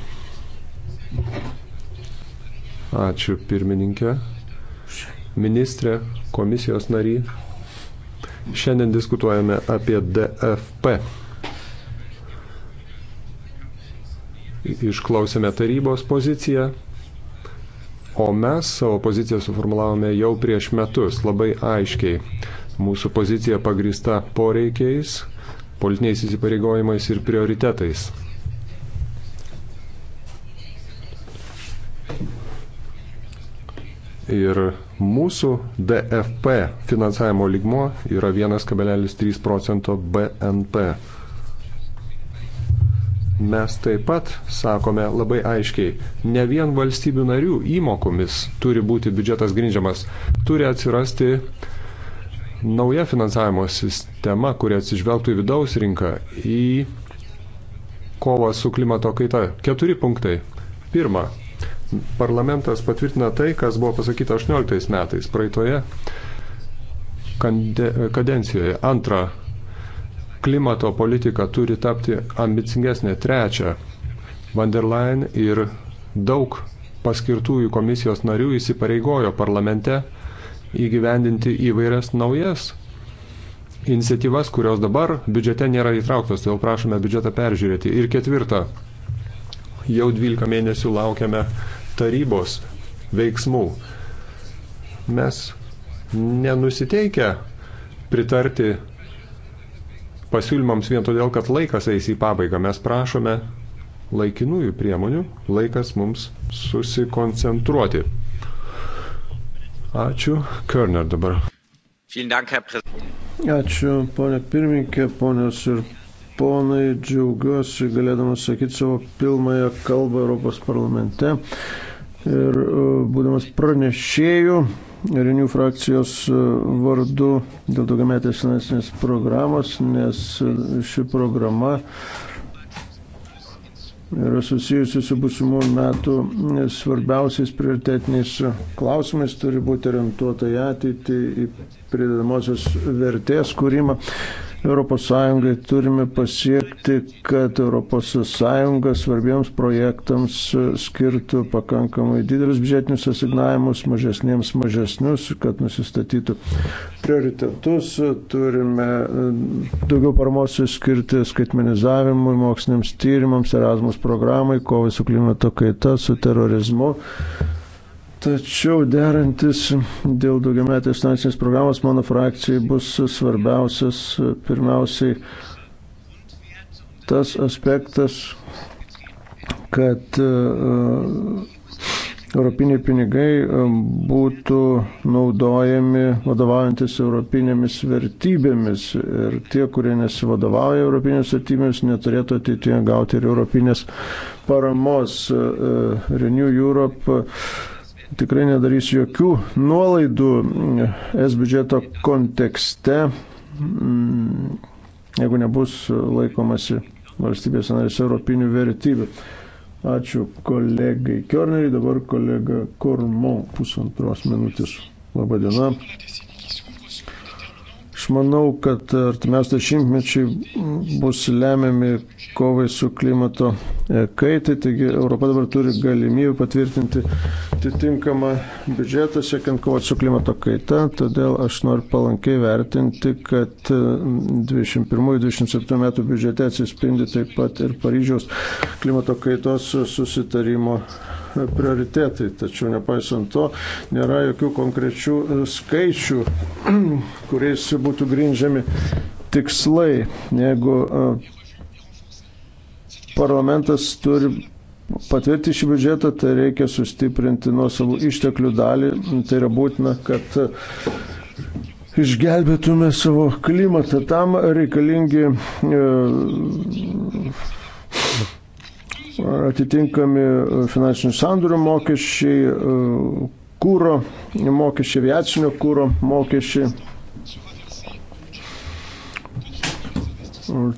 Ačiū pirmininkė, ministrė, komisijos nary. Šiandien diskutuojame apie DFP. Išklausėme tarybos poziciją, o mes savo poziciją suformulavome jau prieš metus labai aiškiai. Mūsų pozicija pagrįsta poreikiais, politiniais įsipareigojimais ir prioritetais. Ir mūsų DFP finansavimo ligmo yra 1,3 procento BNP. Mes taip pat sakome labai aiškiai, ne vien valstybių narių įmokomis turi būti biudžetas grindžiamas, turi atsirasti nauja finansavimo sistema, kuri atsižvelgtų į vidaus rinką, į kovą su klimato kaita. Keturi punktai. Pirma, parlamentas patvirtina tai, kas buvo pasakyta 18 metais praeitoje kadencijoje. Antra, klimato politika turi tapti ambicingesnė. Trečia, van der Leyen ir daug paskirtųjų komisijos narių įsipareigojo parlamente įgyvendinti įvairias naujas iniciatyvas, kurios dabar biudžete nėra įtrauktos, todėl prašome biudžetą peržiūrėti. Ir ketvirta, jau 12 mėnesių laukiame tarybos veiksmų. Mes nenusiteikę pritarti pasiūlymams vien todėl, kad laikas eis į pabaigą. Mes prašome laikinųjų priemonių, laikas mums susikoncentruoti. Ačiū. Körner dabar. Ačiū, ponė pirmininkė, ponios ir ponai, džiaugiuosi galėdamas sakyti savo pilnąją kalbą Europos parlamente. Ir e, būdamas pranešėjų Renių frakcijos e, vardu dėl daugiametės finansinės programos, nes e, ši programa yra susijusi su būsimų metų svarbiausiais prioritetiniais klausimais, turi būti orientuota į ateitį, į pridedamosios vertės kūrimą. ES turime pasiekti, kad ES svarbiems projektams skirtų pakankamai didelius biudžetinius asignavimus, mažesniems mažesnius, kad nusistatytų prioritetus. Turime e, daugiau paramos skirti skaitmenizavimui, moksliniams tyrimams, Erasmus programai, kovai su klimato kaita, su terorizmu Tačiau derantis dėl daugiametės finansinės programos mano frakcijai bus svarbiausias pirmiausiai tas aspektas, kad e, europiniai pinigai e, būtų naudojami vadovaujantis europinėmis vertybėmis ir tie, kurie nesivadovauja europinėmis vertybėmis, neturėtų ateityje gauti ir europinės paramos. E, Renew Europe tikrai nedarys jokių nuolaidų mm, S biudžeto kontekste, mm, jeigu nebus laikomasi valstybės narės europinių vertybių. Ačiū kolegai Kiorneriai, dabar kolega Kormo pusantros minutės. Labadiena. Aš manau, kad artimiausiai šimtmečiai bus lemiami kovai su klimato e, kaitai, taigi Europa dabar turi galimybę patvirtinti atitinkamą biudžetą, siekiant kovoti su klimato kaita, todėl aš noriu palankiai vertinti, kad 21-27 e, metų biudžete atsispindi taip pat ir Paryžiaus klimato kaitos susitarimo prioritetai. Tačiau nepaisant to, nėra jokių konkrečių e, skaičių, kuriais būtų grindžiami tikslai. Jeigu e, parlamentas turi patvirti šį biudžetą, tai reikia sustiprinti nuo savo išteklių dalį. Tai yra būtina, kad e, išgelbėtume savo klimatą. Tam reikalingi atitinkami e, finansinių sandorių mokesčiai, e, kūro mokesčiai, aviacinio kūro mokesčiai.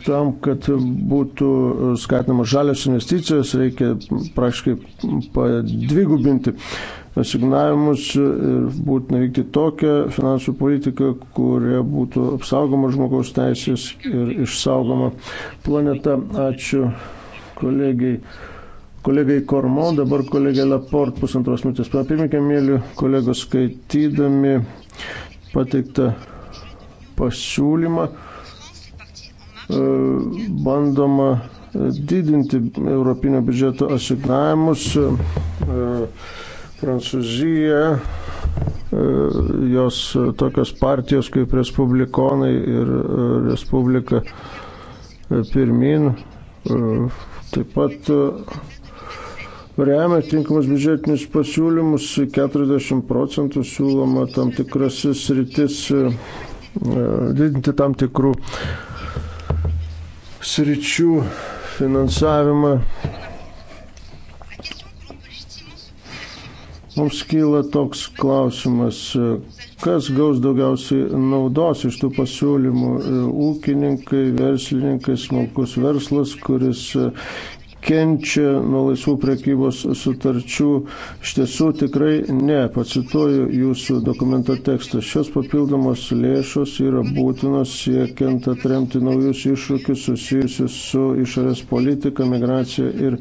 Tam, kad būtų skatinamos žalios investicijos, reikia praktiškai padvigubinti asignavimus ir būtina vykti tokią finansų politiką, kurioje būtų apsaugoma žmogaus teisės ir išsaugoma planeta. Ačiū kolegiai. Kolegai Kormo, dabar kolegė Laport pusantros minutės. Pirmininkė, mėly kolegos, skaitydami pateiktą pasiūlymą, e, bandoma didinti Europinio biudžeto asignavimus. E, Prancūzija, e, jos tokios partijos kaip Respublikonai ir Respublika pirmin Taip pat e, remia tinkamus biudžetinius pasiūlymus, 40 procentų siūloma tam tikras sritis e, e, didinti tam tikrų sričių finansavimą Mums kyla toks klausimas, kas gaus daugiausiai naudos iš tų pasiūlymų - ūkininkai, verslininkai, smulkus verslas, kuris kenčia nuo laisvų prekybos sutarčių. Iš tiesų tikrai ne, pacituoju jūsų dokumento tekstą. Šios papildomos lėšos yra būtinos siekiant atremti naujus iššūkius susijusius su išorės politika, migracija ir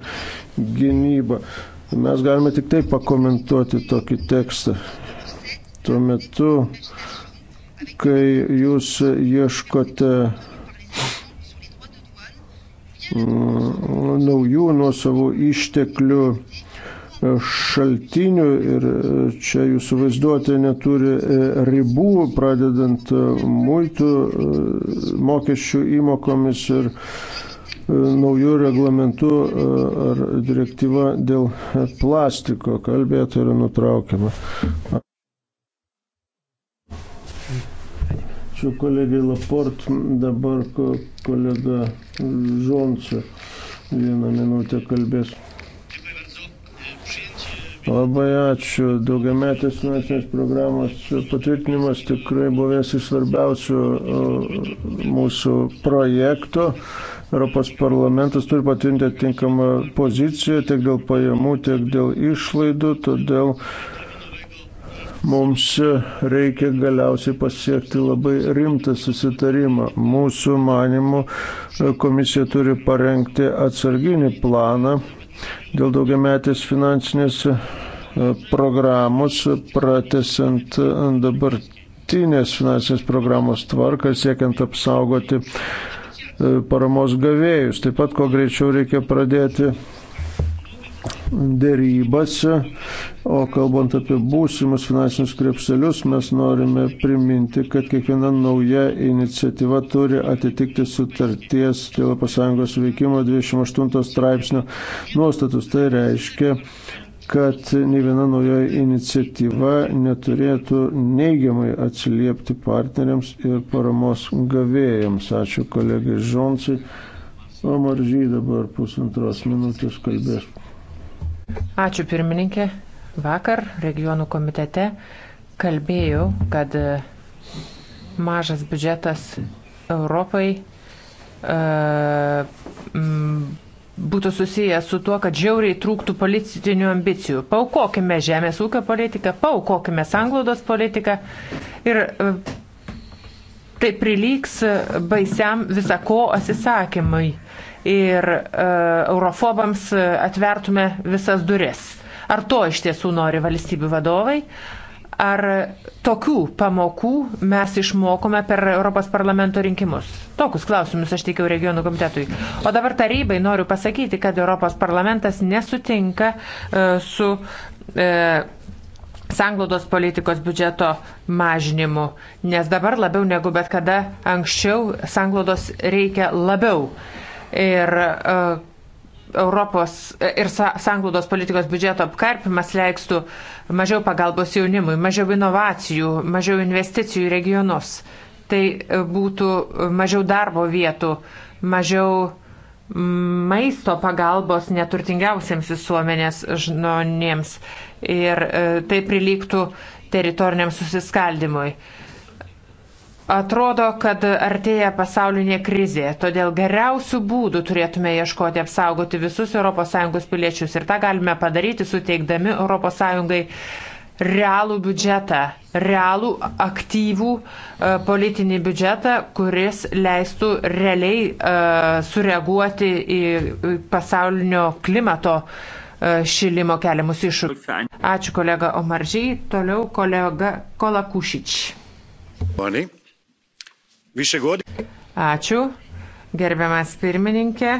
gynyba. Tai mes galime tik tai pakomentuoti tokį tekstą. Tuo metu, kai jūs ieškote mm, naujų nuosavų išteklių e, šaltinių ir e, čia jūsų vaizduotė neturi e, ribų, pradedant muitų mokesčių įmokomis ir naujų reglamentų e, ar direktyva dėl plastiko. Kalbėtų tai yra nutraukiama. Ačiū kolegai Laport, dabar kolega Žončia vieną minutę kalbės. Labai ačiū. Daugiametės finansinės programos patvirtinimas tikrai buvo vienas iš svarbiausių mūsų projektų. Europos parlamentas turi patvirtinti atitinkamą poziciją tiek dėl pajamų, tiek dėl išlaidų, todėl mums reikia galiausiai pasiekti labai rimtą susitarimą. Mūsų manimų komisija turi parengti atsarginį planą dėl daugiametės finansinės e, programos, pratesant e, dabartinės finansinės programos tvarką, siekiant apsaugoti E, paramos gavėjus. Taip pat, kuo greičiau reikia pradėti dėrybose, o kalbant apie būsimus finansinius krepselius, mes norime priminti, kad kiekviena nauja iniciatyva turi atitikti sutarties dėl ES veikimo 28 straipsnio nuostatus. Tai reiškia, kad ne viena nauja iniciatyva neturėtų neigiamai atsiliepti partneriams ir paramos gavėjams. Ačiū kolegai Žonsui. O Maržiai dabar pusantros minutės kalbės. Ačiū pirmininkė. Vakar regionų komitete kalbėjau, kad mažas biudžetas Europai e, m, būtų susijęs su tuo, kad žiauriai trūktų politinių ambicijų. Paukokime žemės ūkio politiką, paukokime sanglaudos politiką ir e, tai prilygs e, baisiam visako atsisakymui ir uh, eurofobams atvertume visas duris. Ar to iš tiesų nori valstybių vadovai? Uh, ar tokių pamokų mes išmokome per Europos parlamento rinkimus? Tokius klausimus aš teikiau regionų komitetui. O dabar tarybai noriu pasakyti, kad Europos parlamentas nesutinka e, su. E, sanglaudos politikos biudžeto mažinimu, nes dabar labiau negu bet kada anksčiau sanglaudos reikia labiau. Ir uh, e, Europos ir sanglaudos politikos biudžeto apkarpimas leikstų mažiau pagalbos jaunimui, mažiau inovacijų, mažiau investicijų į regionus. Tai būtų mažiau darbo vietų, mažiau mm, maisto pagalbos neturtingiausiams visuomenės žmonėms ir e, tai prilygtų teritoriniam susiskaldimui. Atrodo, kad artėja pasaulinė krizė, todėl geriausių būdų turėtume ieškoti apsaugoti visus ES piliečius ir tą galime padaryti suteikdami ES realų biudžetą, realų aktyvų e, politinį biudžetą, kuris leistų realiai e, sureaguoti į pasaulinio klimato e, šilimo keliamus iššūkius. Ačiū kolega Omaržiai, toliau kolega Kolakušič. Morning. Ačiū, gerbiamas pirmininkė.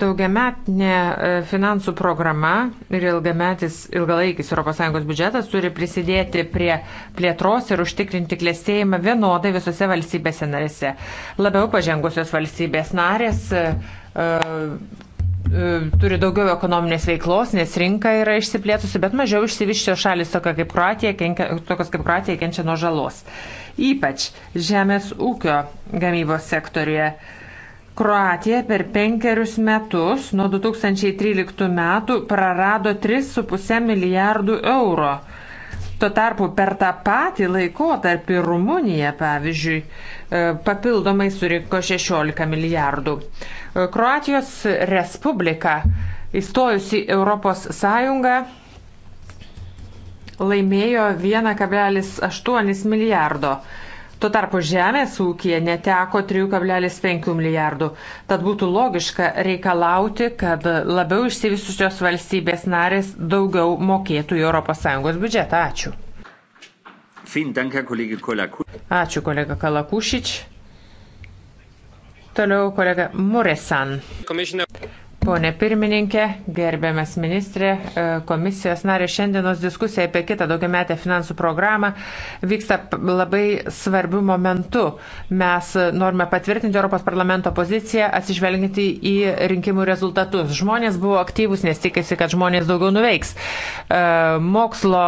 Daugiametinė e, finansų programa ir ilgalaikis ES biudžetas turi prisidėti prie plėtros ir užtikrinti klėstėjimą vienodai visose valstybėse narėse. Labiau pažengusios valstybės narės e, E, turi daugiau ekonominės veiklos, nes rinka yra išsiplėtusi, bet mažiau išsivyščio šalis, tokios kaip Kroatija, kenkia, tokios kaip Kroatija kenčia nuo žalos. Ypač žemės ūkio gamybos sektorėje. Kroatija per penkerius metus nuo 2013 metų prarado 3,5 milijardų euro Tuo tarpu per tą patį laikotarpį Rumunija, pavyzdžiui, e, papildomai surinko 16 milijardų. E, Kroatijos Respublika, įstojusi Europos Sąjungą, laimėjo 1,8 milijardo. Tuo tarpu žemės ūkija neteko 3,5 milijardų. Tad būtų logiška reikalauti, kad labiau išsivysusios valstybės narės daugiau mokėtų į ES biudžetą. Ačiū. Ačiū kolega Kalakušič. Toliau kolega Muresan. Pone pirmininkė, gerbiamas ministrė, e, komisijos narė, šiandienos diskusija apie kitą daugiametę finansų programą vyksta labai svarbių momentų. Mes norime patvirtinti Europos parlamento poziciją, atsižvelginti į rinkimų rezultatus. Žmonės buvo aktyvus, nes tikisi, kad žmonės daugiau nuveiks. E, mokslo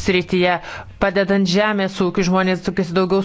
srityje padedant žemės ūkiu žmonės tikisi daugiau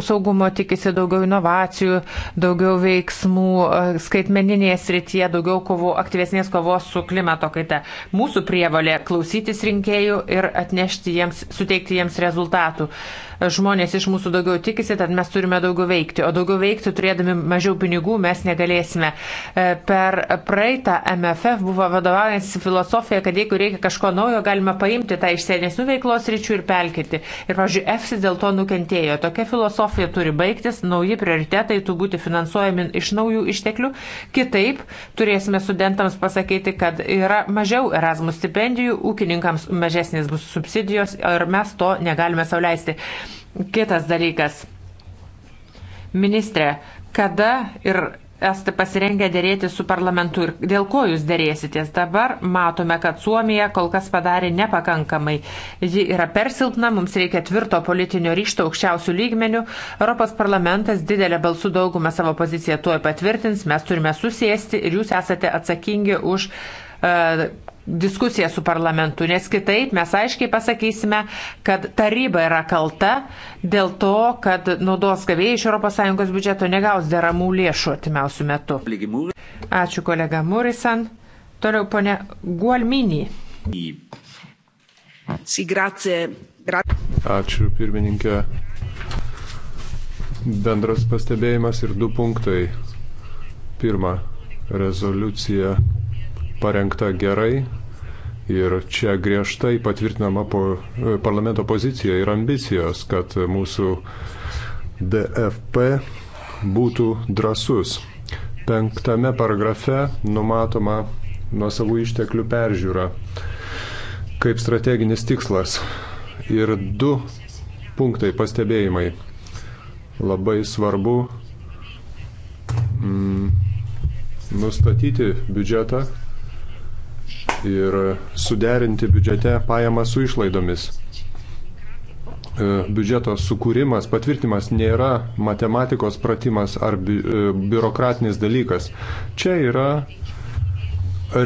saugumo, tikisi daugiau inovacijų, daugiau veiksmų e, skaitmeninėje srityje, daugiau daugiau kovo, aktyvesnės kovos su klimato kaita. Mūsų prievalė klausytis rinkėjų ir atnešti jiems, suteikti jiems rezultatų. Uh, žmonės iš mūsų daugiau tikisi, tad mes turime daugiau veikti. O daugiau veikti turėdami mažiau pinigų mes negalėsime. E, per praeitą MFF buvo vadovaujantis filosofija, kad jeigu reikia kažko naujo, galima paimti tą iš senesnių veiklos ryčių ir pelkyti. Ir, pavyzdžiui, EFSI dėl to nukentėjo. Tokia filosofija turi baigtis, nauji prioritetai turi būti finansuojami iš naujų išteklių. Kitaip turėsime studentams pasakyti, kad yra mažiau Erasmus stipendijų, ūkininkams mažesnės bus subsidijos ir mes to negalime sauliaisti. Kitas dalykas. Ministrė, kada ir esate pasirengę dėrėti su parlamentu ir dėl ko jūs dėrėsitės. Dabar matome, kad Suomija kol kas padarė nepakankamai. Ji yra persilpna, mums reikia tvirto politinio ryšto aukščiausių lygmenių. Europos parlamentas didelę balsų daugumą savo poziciją tuoj patvirtins, mes turime susėsti ir jūs esate atsakingi už uh, diskusiją su parlamentu, nes kitaip mes aiškiai pasakysime, kad taryba yra kalta dėl to, kad naudos gavėjai iš ES biudžeto negaus deramų lėšų artimiausių metų. Ačiū kolega Murisan. Toliau ponė Gualmini. Ačiū pirmininkė. Bendras pastebėjimas ir du punktai. Pirma, rezoliucija parengta gerai ir čia griežtai patvirtinama po, e, parlamento pozicija ir ambicijos, kad mūsų DFP būtų drasus. Penktame paragrafe numatoma nuo savų išteklių peržiūra kaip strateginis tikslas. Ir du punktai pastebėjimai. Labai svarbu mm, nustatyti biudžetą, ir suderinti biudžete pajamą su išlaidomis. E, biudžeto sukūrimas, patvirtimas nėra matematikos pratimas ar bi e, biurokratinis dalykas. Čia yra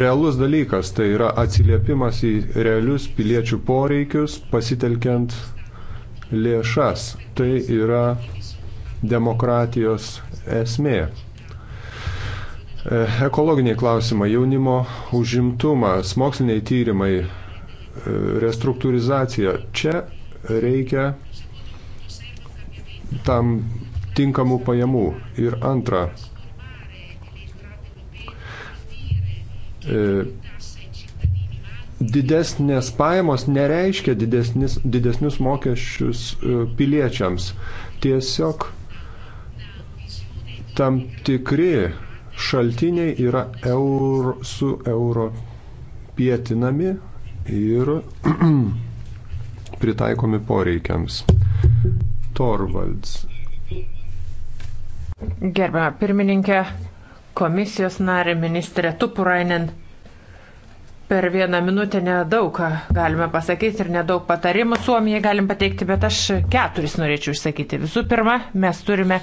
realus dalykas, tai yra atsiliepimas į realius piliečių poreikius pasitelkiant lėšas. Tai yra demokratijos esmė. E, Ekologiniai klausimai, jaunimo užimtumas, moksliniai tyrimai, e, restruktūrizacija. Čia reikia tam tinkamų pajamų. Ir antra, e, didesnės pajamos nereiškia didesnis, didesnius mokesčius piliečiams. Tiesiog tam tikri šaltiniai yra eur, su euro pietinami ir pritaikomi poreikiams. Torvalds. Gerbama pirmininkė, komisijos narė ministrė Tupurainen. Per vieną minutę nedaug galime pasakyti ir nedaug patarimų Suomijai galim pateikti, bet aš keturis norėčiau išsakyti. Visų pirma, mes turime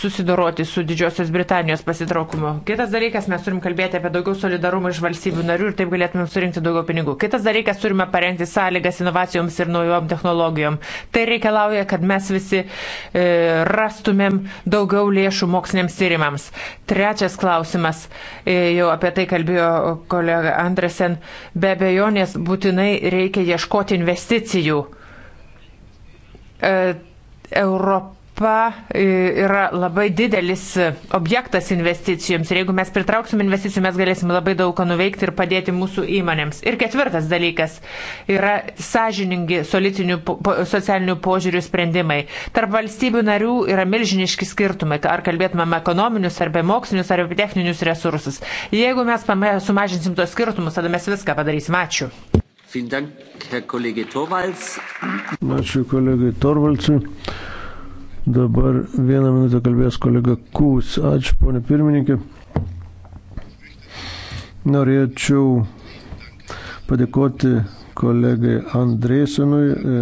susidoroti su Didžiosios Britanijos pasitraukimu. Kitas dalykas, mes turim kalbėti apie daugiau solidarumo iš valstybių narių ir taip galėtumėm surinkti daugiau pinigų. Kitas dalykas, turime parengti sąlygas inovacijoms ir naujom technologijom. Tai reikalauja, kad mes visi e, rastumėm daugiau lėšų moksliniams tyrimams. Trečias klausimas, e, jau apie tai kalbėjo kolega Andresen šiandien be abejonės būtinai reikia ieškoti investicijų. E, Europa Europa e, yra labai didelis objektas investicijoms ir jeigu mes pritrauksim investicijų, mes galėsim labai daug ką nuveikti ir padėti mūsų įmonėms. Ir ketvirtas dalykas yra sąžiningi socialinių požiūrių sprendimai. Tarp valstybių narių yra milžiniški skirtumai, ar kalbėtumėm ekonominius, ar be mokslinius, ar apie techninius resursus. Jeigu mes sumažinsim tos skirtumus, tada mes viską padarysim. Ačiū. Ačiū kolegai Torvaldsui. Dabar vieną minutę kalbės kolega Kūs. Ačiū, ponė pirmininkė. Norėčiau padėkoti kolegai Andrėsenui.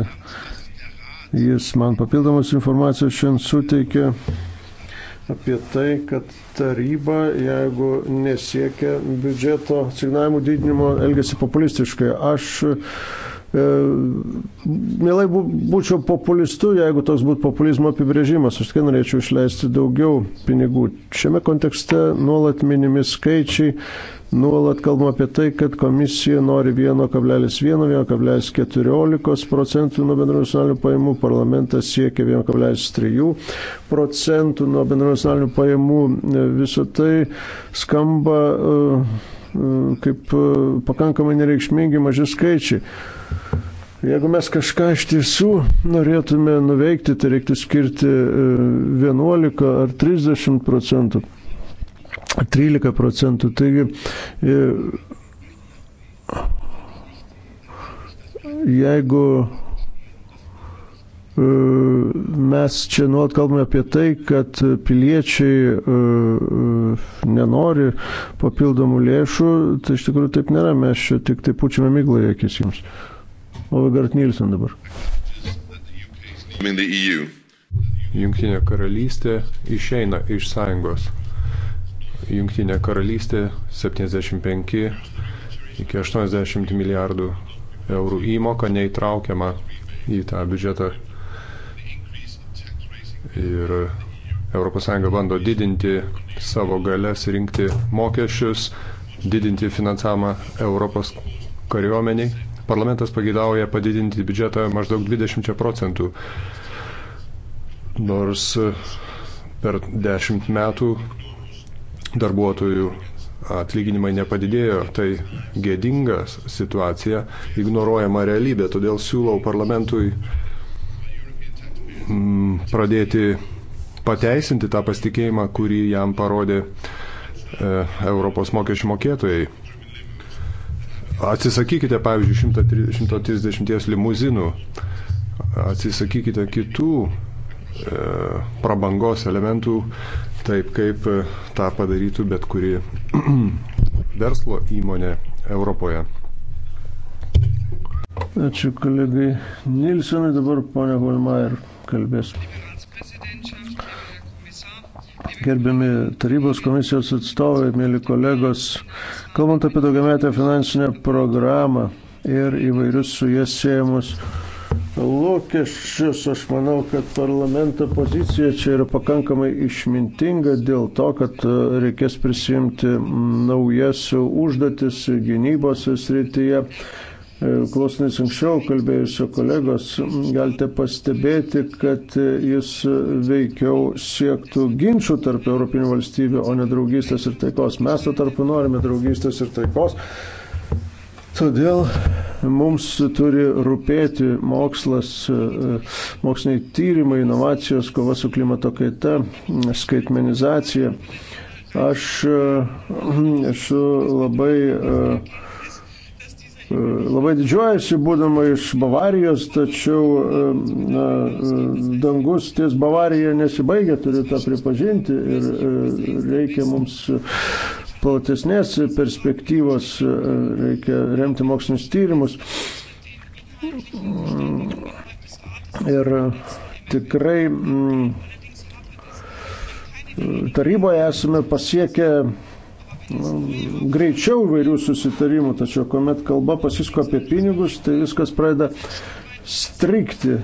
Jis man papildomas informacijos šiandien suteikė apie tai, kad taryba, jeigu nesiekia biudžeto signavimų didinimo, elgesi populistiškai. Aš E, mielai būčiau populistu, jeigu toks būtų populizmo apibrėžimas. Aš tikrai norėčiau išleisti daugiau pinigų. Šiame kontekste nuolat minimi skaičiai, nuolat kalbama apie tai, kad komisija nori 1,1-1,14 procentų nuo bendrų nacionalinių pajamų, parlamentas siekia 1,3 procentų nuo bendrų nacionalinių pajamų. E, Visą tai skamba. Uh, kaip e, pakankamai nereikšmingi maži skaičiai. Jeigu mes kažką iš tiesų norėtume nuveikti, tai reiktų skirti 11 e, ar 30 procentų, 13 procentų. Taigi, e, jeigu E, mes čia nuot kalbame apie tai, kad piliečiai e, e, nenori papildomų lėšų, tai iš tikrųjų taip nėra, mes čia tik tai pučiame miglą į akis jums. O Gart Nilsen dabar. Junktinė karalystė išeina iš sąjungos. Junktinė karalystė 75 iki 80 milijardų eurų įmoka neįtraukiama į tą biudžetą ir ES bando didinti savo galės rinkti mokesčius, didinti finansavimą Europos kariuomeniai. Parlamentas pagidauja padidinti biudžetą maždaug 20 procentų. Nors e, per 10 metų darbuotojų atlyginimai nepadidėjo, tai gėdinga situacija, ignoruojama realybė, todėl siūlau parlamentui pradėti pateisinti tą pasitikėjimą, kurį jam parodė e, Europos mokesčių mokėtojai. Atsisakykite, pavyzdžiui, 130 limuzinų, atsisakykite kitų e, prabangos elementų, taip kaip e, tą padarytų bet kuri verslo įmonė Europoje. Ačiū kolegai Nilsonui, dabar ponia Holmaier kalbės. Gerbiami tarybos komisijos atstovai, mėly kolegos, kalbant apie daugiametę finansinę programą ir įvairius su jais siejamus lūkesčius, aš manau, kad parlamento pozicija čia yra pakankamai išmintinga dėl to, kad reikės prisimti naujas užduotis gynybos srityje klausantis anksčiau kalbėjusio kolegos, galite pastebėti, kad jis veikiau siektų ginčių tarp Europinių valstybių, o ne draugystės ir taikos. Mes to tarpu norime draugystės ir taikos. Todėl mums turi rūpėti mokslas, moksliniai tyrimai, inovacijos, kova su klimato kaita, skaitmenizacija. Aš esu labai uh, E, labai didžiuojasi, būdama iš Bavarijos, tačiau e, na, e, dangus ties Bavarija nesibaigia, turiu tą pripažinti ir reikia mums platesnės perspektyvos, reikia remti mokslinius tyrimus. Ir tikrai mm, taryboje esame pasiekę greičiau vairių susitarimų, tačiau kuomet kalba pasisko apie pinigus, tai viskas pradeda strikti.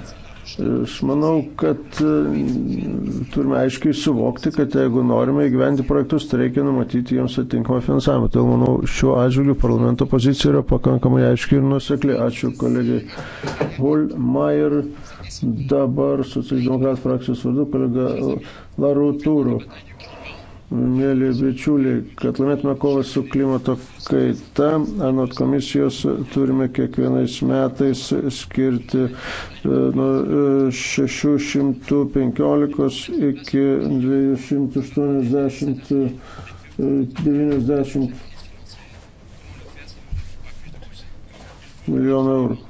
Aš manau, kad mm, turime aiškiai suvokti, kad jeigu norime įgyventi projektus, tai reikia numatyti jiems atinkamą finansavimą. Tai manau, šiuo atžvilgiu parlamento pozicija yra pakankamai aiškiai ir nusekli. Ačiū kolegai Holmeier, dabar socialdemokratų frakcijos vardu kolega Larutūrų mėly bičiuliai, kad laimėtume kovą su klimato kaita, anot komisijos turime kiekvienais metais skirti e, nuo 615 e, iki 280 90 e, milijonų eurų.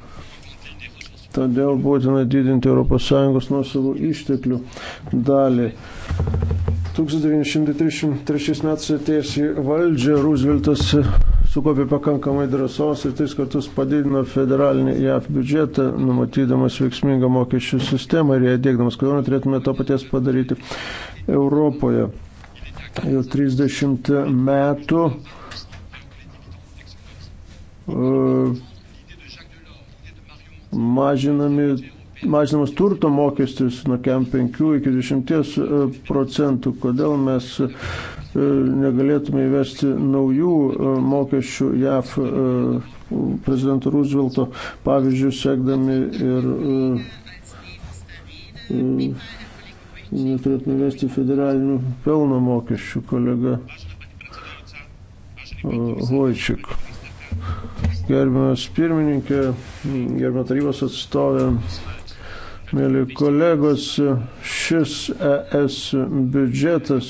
Todėl būtina didinti ES nuosavų išteklių dalį. 1933 metais atėjęs į valdžią, Rooseveltas sukaupė pakankamai drąsos ir tris kartus padidino federalinį JAF biudžetą, numatydamas veiksmingą mokesčių sistemą ir ją dėkdamas. Kodėl neturėtume to paties padaryti Europoje? Jau 30 metų. Uh, mažinami mažinamas turto mokestis nuo 5 iki 20 e, procentų. Kodėl mes e, negalėtume įvesti naujų e, mokesčių JAF prezidento Roosevelto pavyzdžių sekdami ir neturėtume įvesti federalinių pelno mokesčių, kolega Hojčik. Gerbiamas pirmininkė, gerbiamas tarybos atstovė, Mėly kolegos, šis ES biudžetas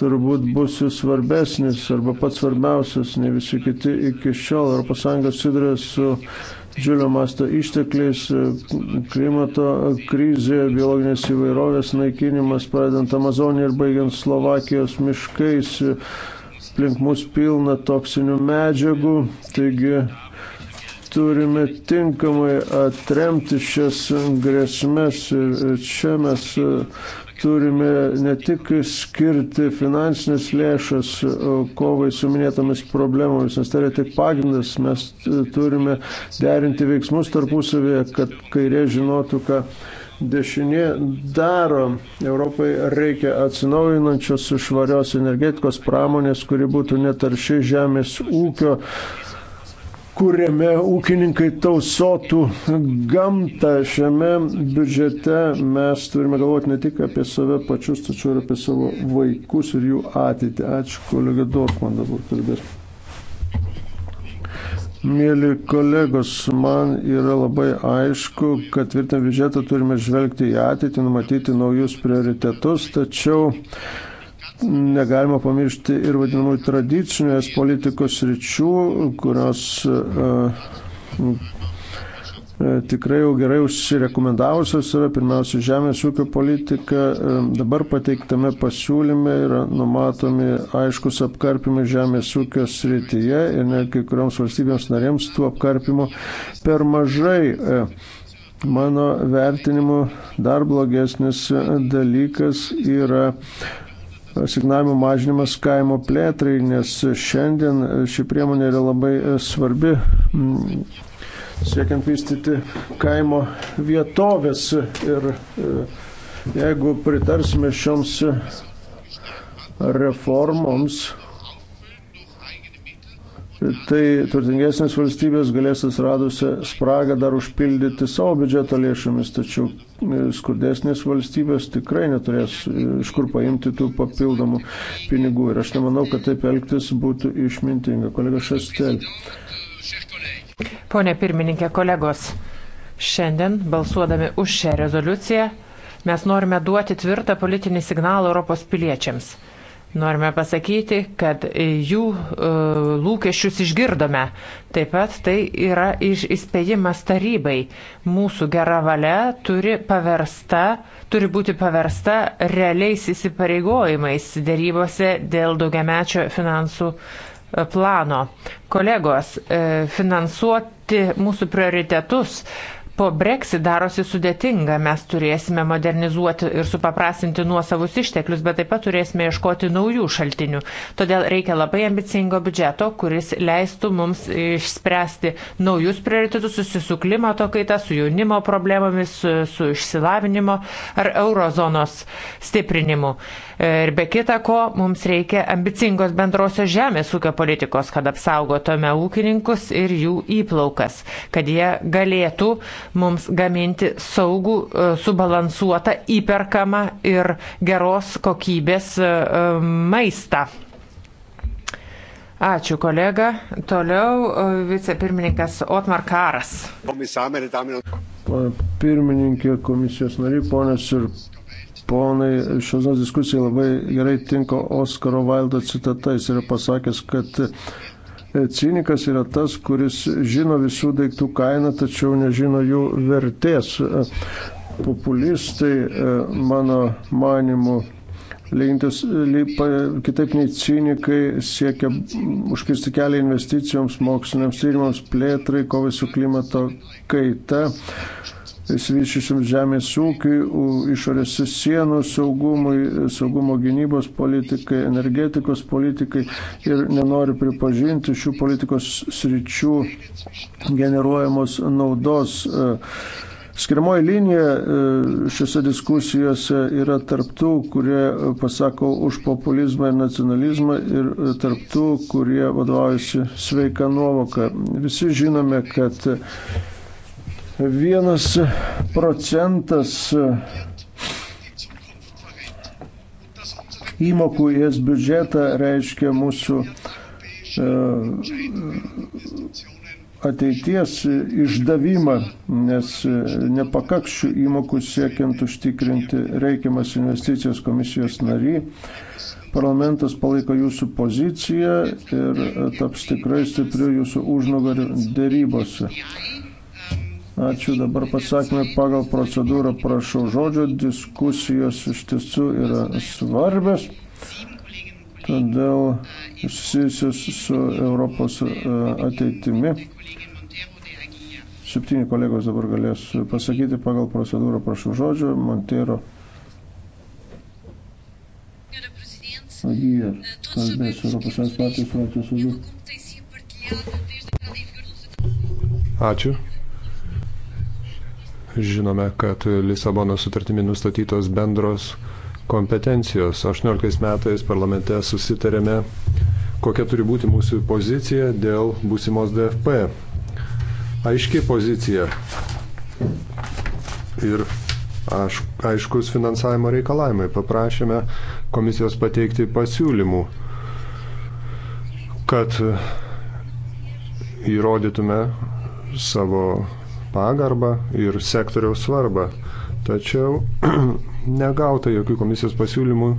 turbūt bus svarbesnis arba pats svarbiausias nei visi kiti iki šiol. ES sudarė su didžiulio masto ištekliais, klimato krizė, biologinės įvairovės naikinimas, pradedant Amazoniją ir baigiant Slovakijos miškais, aplink mus pilna toksinių medžiagų. Taigi turime tinkamai atremti šias grėsmės ir čia mes e, turime ne tik skirti finansinės lėšas e, kovai su minėtomis problemomis, nes tai yra tik pagrindas, mes e, turime derinti veiksmus tarpusavėje, kad kairė žinotų, ką dešinė daro. Europai reikia atsinaujinančios švarios energetikos pramonės, kuri būtų netarši žemės ūkio kuriame ūkininkai tausotų gamtą. Šiame biudžete mes turime galvoti ne tik apie save pačius, tačiau ir apie savo vaikus ir jų ateitį. Ačiū, kolega Dortman dabar kalbės. Mėly kolegos, man yra labai aišku, kad tvirtinant biudžetą turime žvelgti į ateitį, numatyti naujus prioritetus, tačiau negalima pamiršti ir vadinamųjų tradicinės politikos ryčių, kurios uh, tikrai jau gerai užsirekomendavusios yra, pirmiausia, žemės ūkio politika. E, dabar pateiktame pasiūlyme yra numatomi aiškus apkarpimai žemės ūkio srityje ir net kai kurioms valstybėms narėms tų apkarpimų per mažai. Mano vertinimu dar blogesnis dalykas yra asignavimo mažinimas kaimo plėtrai, nes šiandien ši priemonė yra labai e, svarbi mm, siekiant vystyti kaimo vietovės ir e, jeigu pritarsime šioms e, reformoms, tai turtingesnės valstybės galės atsiradusią spragą dar užpildyti savo biudžeto lėšomis, tačiau e, skurdesnės valstybės tikrai neturės e, iš kur paimti tų papildomų pinigų. Ir aš nemanau, kad taip elgtis būtų išmintinga. Kolega Šestel. Pone pirmininkė, kolegos, šiandien balsuodami už šią rezoliuciją mes norime duoti tvirtą politinį signalą Europos piliečiams Norime pasakyti, kad jų e, lūkesčius išgirdome. Taip pat tai yra įspėjimas tarybai. Mūsų gera valia turi, paversta, turi būti paversta realiais įsipareigojimais dėrybose dėl daugiamečio finansų e, plano. Kolegos, e, finansuoti mūsų prioritetus po Brexit darosi sudėtinga. Mes turėsime modernizuoti ir supaprastinti nuosavus išteklius, bet taip pat turėsime ieškoti naujų šaltinių. Todėl reikia labai ambicingo biudžeto, kuris leistų mums išspręsti naujus prioritetus susijusius su klimato kaita, su jaunimo problemomis, su, su išsilavinimo ar eurozonos stiprinimu. Ir be kita ko, mums reikia ambicingos bendrosios žemės ūkio politikos, kad apsaugotume ūkininkus ir jų įplaukas, kad jie galėtų mums gaminti saugų, e, subalansuotą, įperkamą ir geros kokybės e, maistą. Ačiū kolega. Toliau e, vicepirmininkas Otmar Karas. Pirmininkė, komisijos nariai, ponės ir ponai, šios diskusijai labai gerai tinka Oskaro Vaildo citata. Jis yra pasakęs, kad e, cinikas yra tas, kuris žino visų daiktų kainą, tačiau nežino jų vertės. E, populistai, e, mano manimu, Lygintis kitaip nei cinikai siekia užkirsti kelią investicijoms, moksliniams tyrimams, plėtrai, kovai su klimato kaita išvyšusiam žemės ūkiui, išorės sienų saugumui, saugumo gynybos politikai, energetikos politikai ir nenori pripažinti šių politikos sričių generuojamos naudos. E, Skirimoji linija e, šiose diskusijose yra tarptų, kurie pasako už populizmą ir nacionalizmą ir e, tarptų, kurie vadovaujasi sveika nuovoka. Visi žinome, kad Vienas procentas įmokų į es biudžetą reiškia mūsų e, ateities išdavimą, nes e, nepakaks šių įmokų siekiant užtikrinti reikiamas investicijos komisijos nary. Parlamentas palaiko jūsų poziciją ir e, taps tikrai stipriu jūsų užnugariu dėrybose. Ačiū dabar pasakymai pagal procedūrą, prašau žodžio, diskusijos iš tiesų yra svarbios, todėl susijusios su Europos e, ateitimi. Septyni kolegos dabar galės pasakyti pagal procedūrą, prašau žodžio, Montero. Agyja, kalbės Europos Sąjungos partijos frakcijos vadovas. Ačiū žinome, kad Lisabono sutartimi nustatytos bendros kompetencijos. 18 metais parlamente susitarėme, kokia turi būti mūsų pozicija dėl būsimos DFP. Aiški pozicija ir aš, aiškus finansavimo reikalavimai. Paprašėme komisijos pateikti pasiūlymų, kad įrodytume savo pagarbą ir sektoriaus svarbą. Tačiau negauta jokių komisijos pasiūlymų.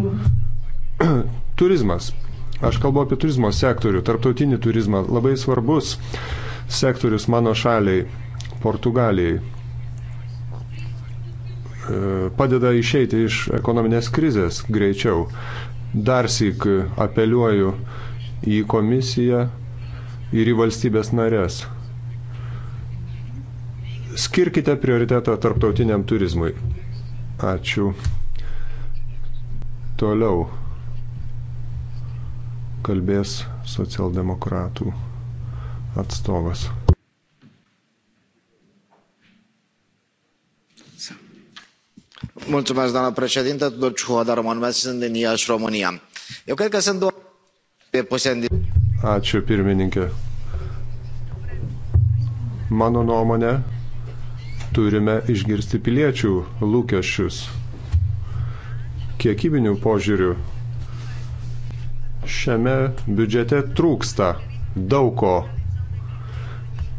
Turizmas. Aš kalbu apie turizmo sektorių, tarptautinį turizmą. Labai svarbus sektorius mano šaliai, Portugalijai. E, padeda išeiti iš ekonominės krizės greičiau dar sėk apeliuoju į komisiją ir į valstybės narės. Skirkite prioritetą tarptautiniam turizmui. Ačiū. Toliau kalbės socialdemokratų atstovas. doamnă președintă tudor ciuhodaru mă numesc sunt din iași românia. eu cred că sunt două pusėm. ačiū pirmininke. mano nuomone turime išgirsti piliečių lūkesčius. kiekybinių požiūrių šiame biudžete trūksta daug ko.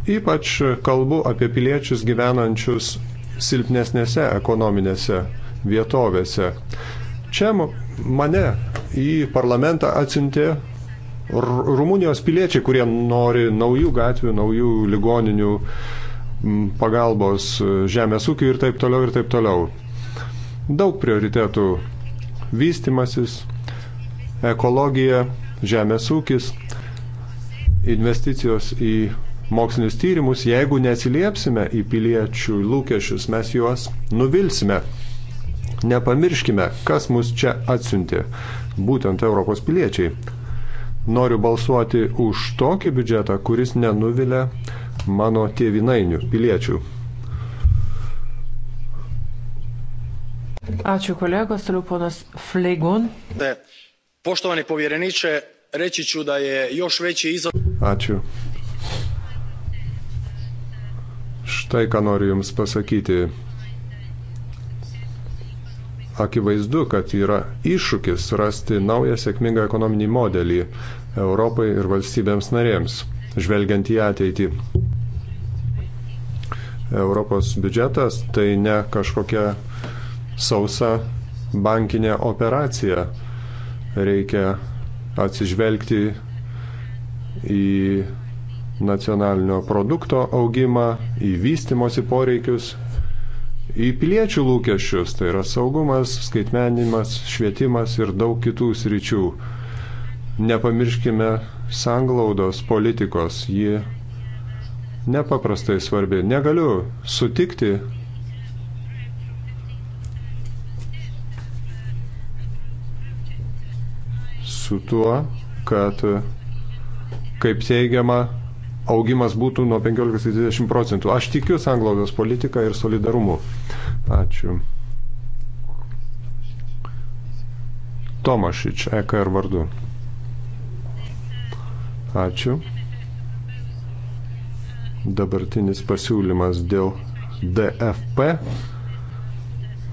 Ypač kalbu apie piliečius gyvenančius silpnesnėse ekonominėse vietovėse. Čia mane į parlamentą atsintė Rumunijos piliečiai, kurie nori naujų gatvių, naujų ligoninių, pagalbos žemės ūkiui ir taip toliau ir taip toliau. Daug prioritetų - vystimasis, ekologija, žemės ūkis, investicijos į mokslinius tyrimus, jeigu neatsiliepsime į piliečių lūkesčius, mes juos nuvilsime. Nepamirškime, kas mus čia atsiuntė - būtent Europos piliečiai. Noriu balsuoti už tokį biudžetą, kuris nenuvilia mano tėvinainių piliečių. Ačiū kolegos, toliau ponas Fleigun. Poštovani povjereniče, reći ću da je još veći izazov... Ačiū. Štai ką noriu Jums pasakyti. Akivaizdu, kad yra iššūkis rasti naują sėkmingą ekonominį modelį Europai ir valstybėms narėms, žvelgiant į ateitį. Europos biudžetas tai ne kažkokia sausa bankinė operacija. Reikia atsižvelgti į nacionalinio produkto augimą, į vystimosi poreikius, į piliečių lūkesčius, tai yra saugumas, skaitmenimas, švietimas ir daug kitų sričių. Nepamirškime sanglaudos politikos, ji nepaprastai svarbi. Negaliu sutikti su tuo, kad, kaip teigiama, augimas būtų nuo 15 iki 20 procentų. Aš tikiu sanglaudos politiką ir solidarumu. Ačiū. Tomašič, EKR vardu. Ačiū. Dabartinis pasiūlymas dėl DFP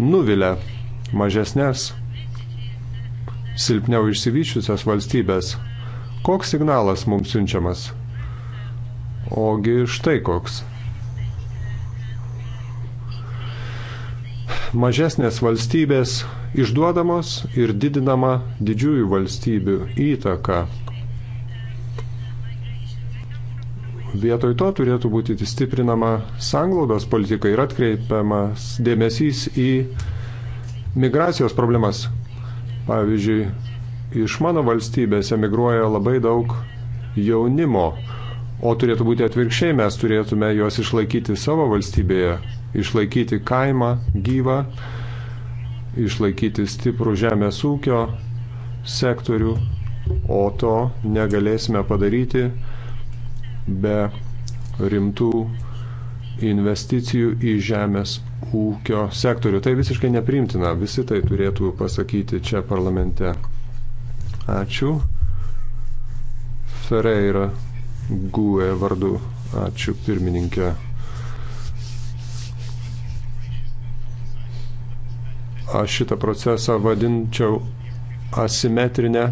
nuvilia mažesnės, silpniau išsivyščiusias valstybės. Koks signalas mums siunčiamas? Ogi štai koks. Mažesnės valstybės išduodamos ir didinama didžiųjų valstybių įtaka. Vietoj to turėtų būti stiprinama sanglaudos politika ir atkreipiamas dėmesys į migracijos problemas. Pavyzdžiui, iš mano valstybės emigruoja labai daug jaunimo. O turėtų būti atvirkščiai, mes turėtume juos išlaikyti savo valstybėje, išlaikyti kaimą gyvą, išlaikyti stiprų žemės ūkio sektorių, o to negalėsime padaryti be rimtų investicijų į žemės ūkio sektorių. Tai visiškai neprimtina, visi tai turėtų pasakyti čia parlamente. Ačiū. Ferreira GUE vardu. Ačiū pirmininkė. Aš šitą procesą vadinčiau asimetrinę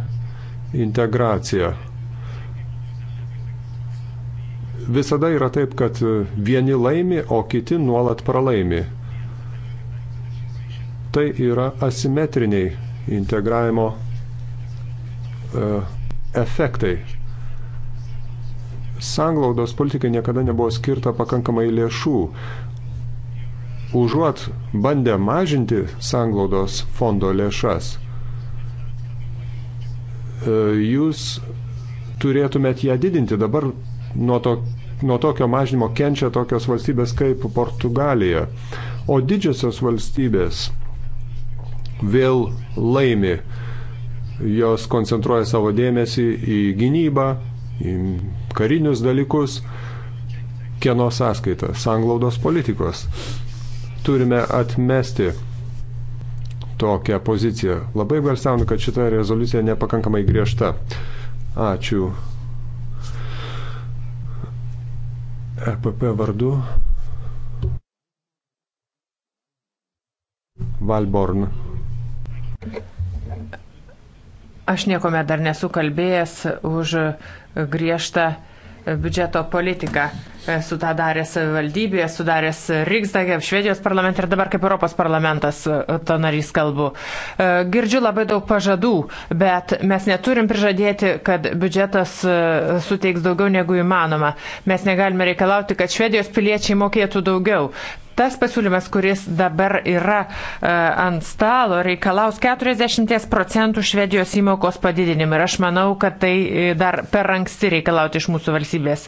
integraciją. Visada yra taip, kad vieni laimi, o kiti nuolat pralaimi. Tai yra asimetriniai integravimo e, efektai sanglaudos politikai niekada nebuvo skirta pakankamai lėšų. Užuot bandę mažinti sanglaudos fondo lėšas, e, jūs turėtumėt ją didinti. Dabar nuo, to, nuo tokio mažinimo kenčia tokios valstybės kaip Portugalija. O didžiosios valstybės vėl laimi. Jos koncentruoja savo dėmesį į gynybą, į karinius dalykus, kieno sąskaita, sanglaudos politikos. Turime atmesti tokią poziciją. Labai garsiaunu, kad šita rezoliucija nepakankamai griežta. Ačiū. EPP vardu. Valborn. Aš niekuomet dar nesu kalbėjęs už griežtą biudžeto politiką. Esu tą daręs savivaldybėje, esu daręs Riksdagė, Švedijos parlamente ir dabar kaip Europos parlamentas e, to narys kalbu. E, girdžiu labai daug pažadų, bet mes neturim prižadėti, kad biudžetas e, suteiks daugiau negu įmanoma. Mes negalime reikalauti, kad Švedijos piliečiai mokėtų daugiau. Tas pasiūlymas, kuris dabar yra e, ant stalo, reikalaus 40 procentų Švedijos įmokos padidinimą ir aš manau, kad tai e, dar per anksti reikalauti iš mūsų valstybės.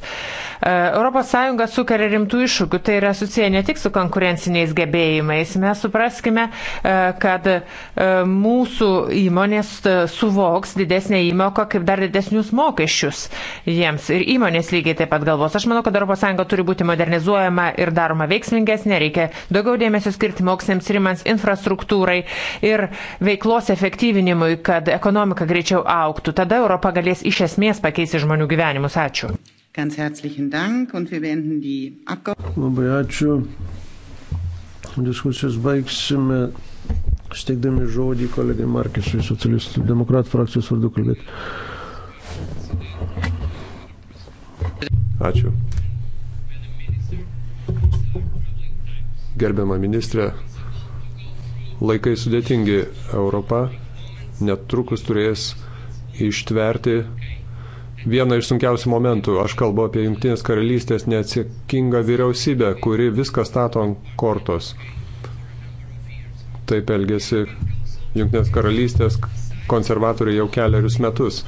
E, ES sukelia rimtų iššūkių, tai yra susiję ne tik su konkurenciniais gebėjimais. Mes supraskime, e, kad e, mūsų įmonės e, suvoks didesnę įmoką kaip dar didesnius mokesčius jiems ir įmonės lygiai taip pat galvos. Aš manau, kad ES turi būti modernizuojama ir daroma veiksmingesnė srityje. Reikia daugiau dėmesio skirti moksliniams tyrimams, infrastruktūrai ir veiklos efektyvinimui, kad ekonomika greičiau auktų. Tada Europa galės iš esmės pakeisti žmonių gyvenimus. Ačiū. Labai ačiū. Diskusijos baigsime steigdami žodį kolegai Markesui, socialistų demokratų frakcijos vardu kalbėti. Ačiū. Gerbiama ministrė, laikai sudėtingi. Europa netrukus turės ištverti vieną iš sunkiausių momentų. Aš kalbu apie Junktinės karalystės neatsakingą vyriausybę, kuri viską stato ant kortos. Taip elgesi Junktinės karalystės konservatoriai jau keliarius metus.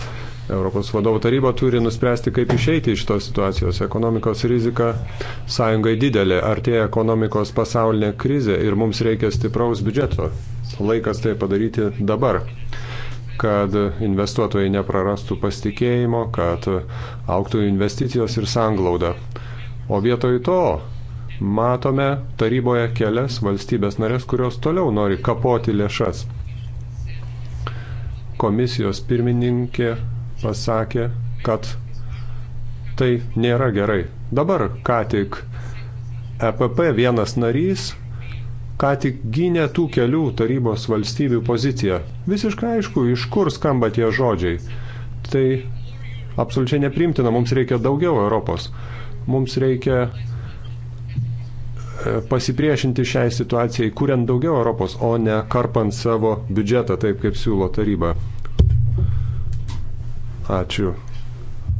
Europos vadovų taryba turi nuspręsti, kaip išeiti iš tos situacijos. Ekonomikos rizika sąjungai didelė, artėja ekonomikos pasaulinė krizė ir mums reikia stipraus biudžeto. Laikas tai padaryti dabar kad investuotojai neprarastų pasitikėjimo, kad auktų investicijos ir sanglauda. O vietoj to matome taryboje kelias valstybės narės, kurios toliau nori kapoti lėšas. Komisijos pirmininkė pasakė, kad tai nėra gerai. Dabar ką tik EPP vienas narys ką tik gynė tų kelių tarybos valstybių poziciją. Visiškai aišku, iš kur skamba tie žodžiai. Tai absoliučiai neprimtina, mums reikia daugiau Europos. Mums reikia e, pasipriešinti šiai situacijai, kuriant daugiau Europos, o ne karpant savo biudžetą, taip kaip siūlo taryba. Ačiū.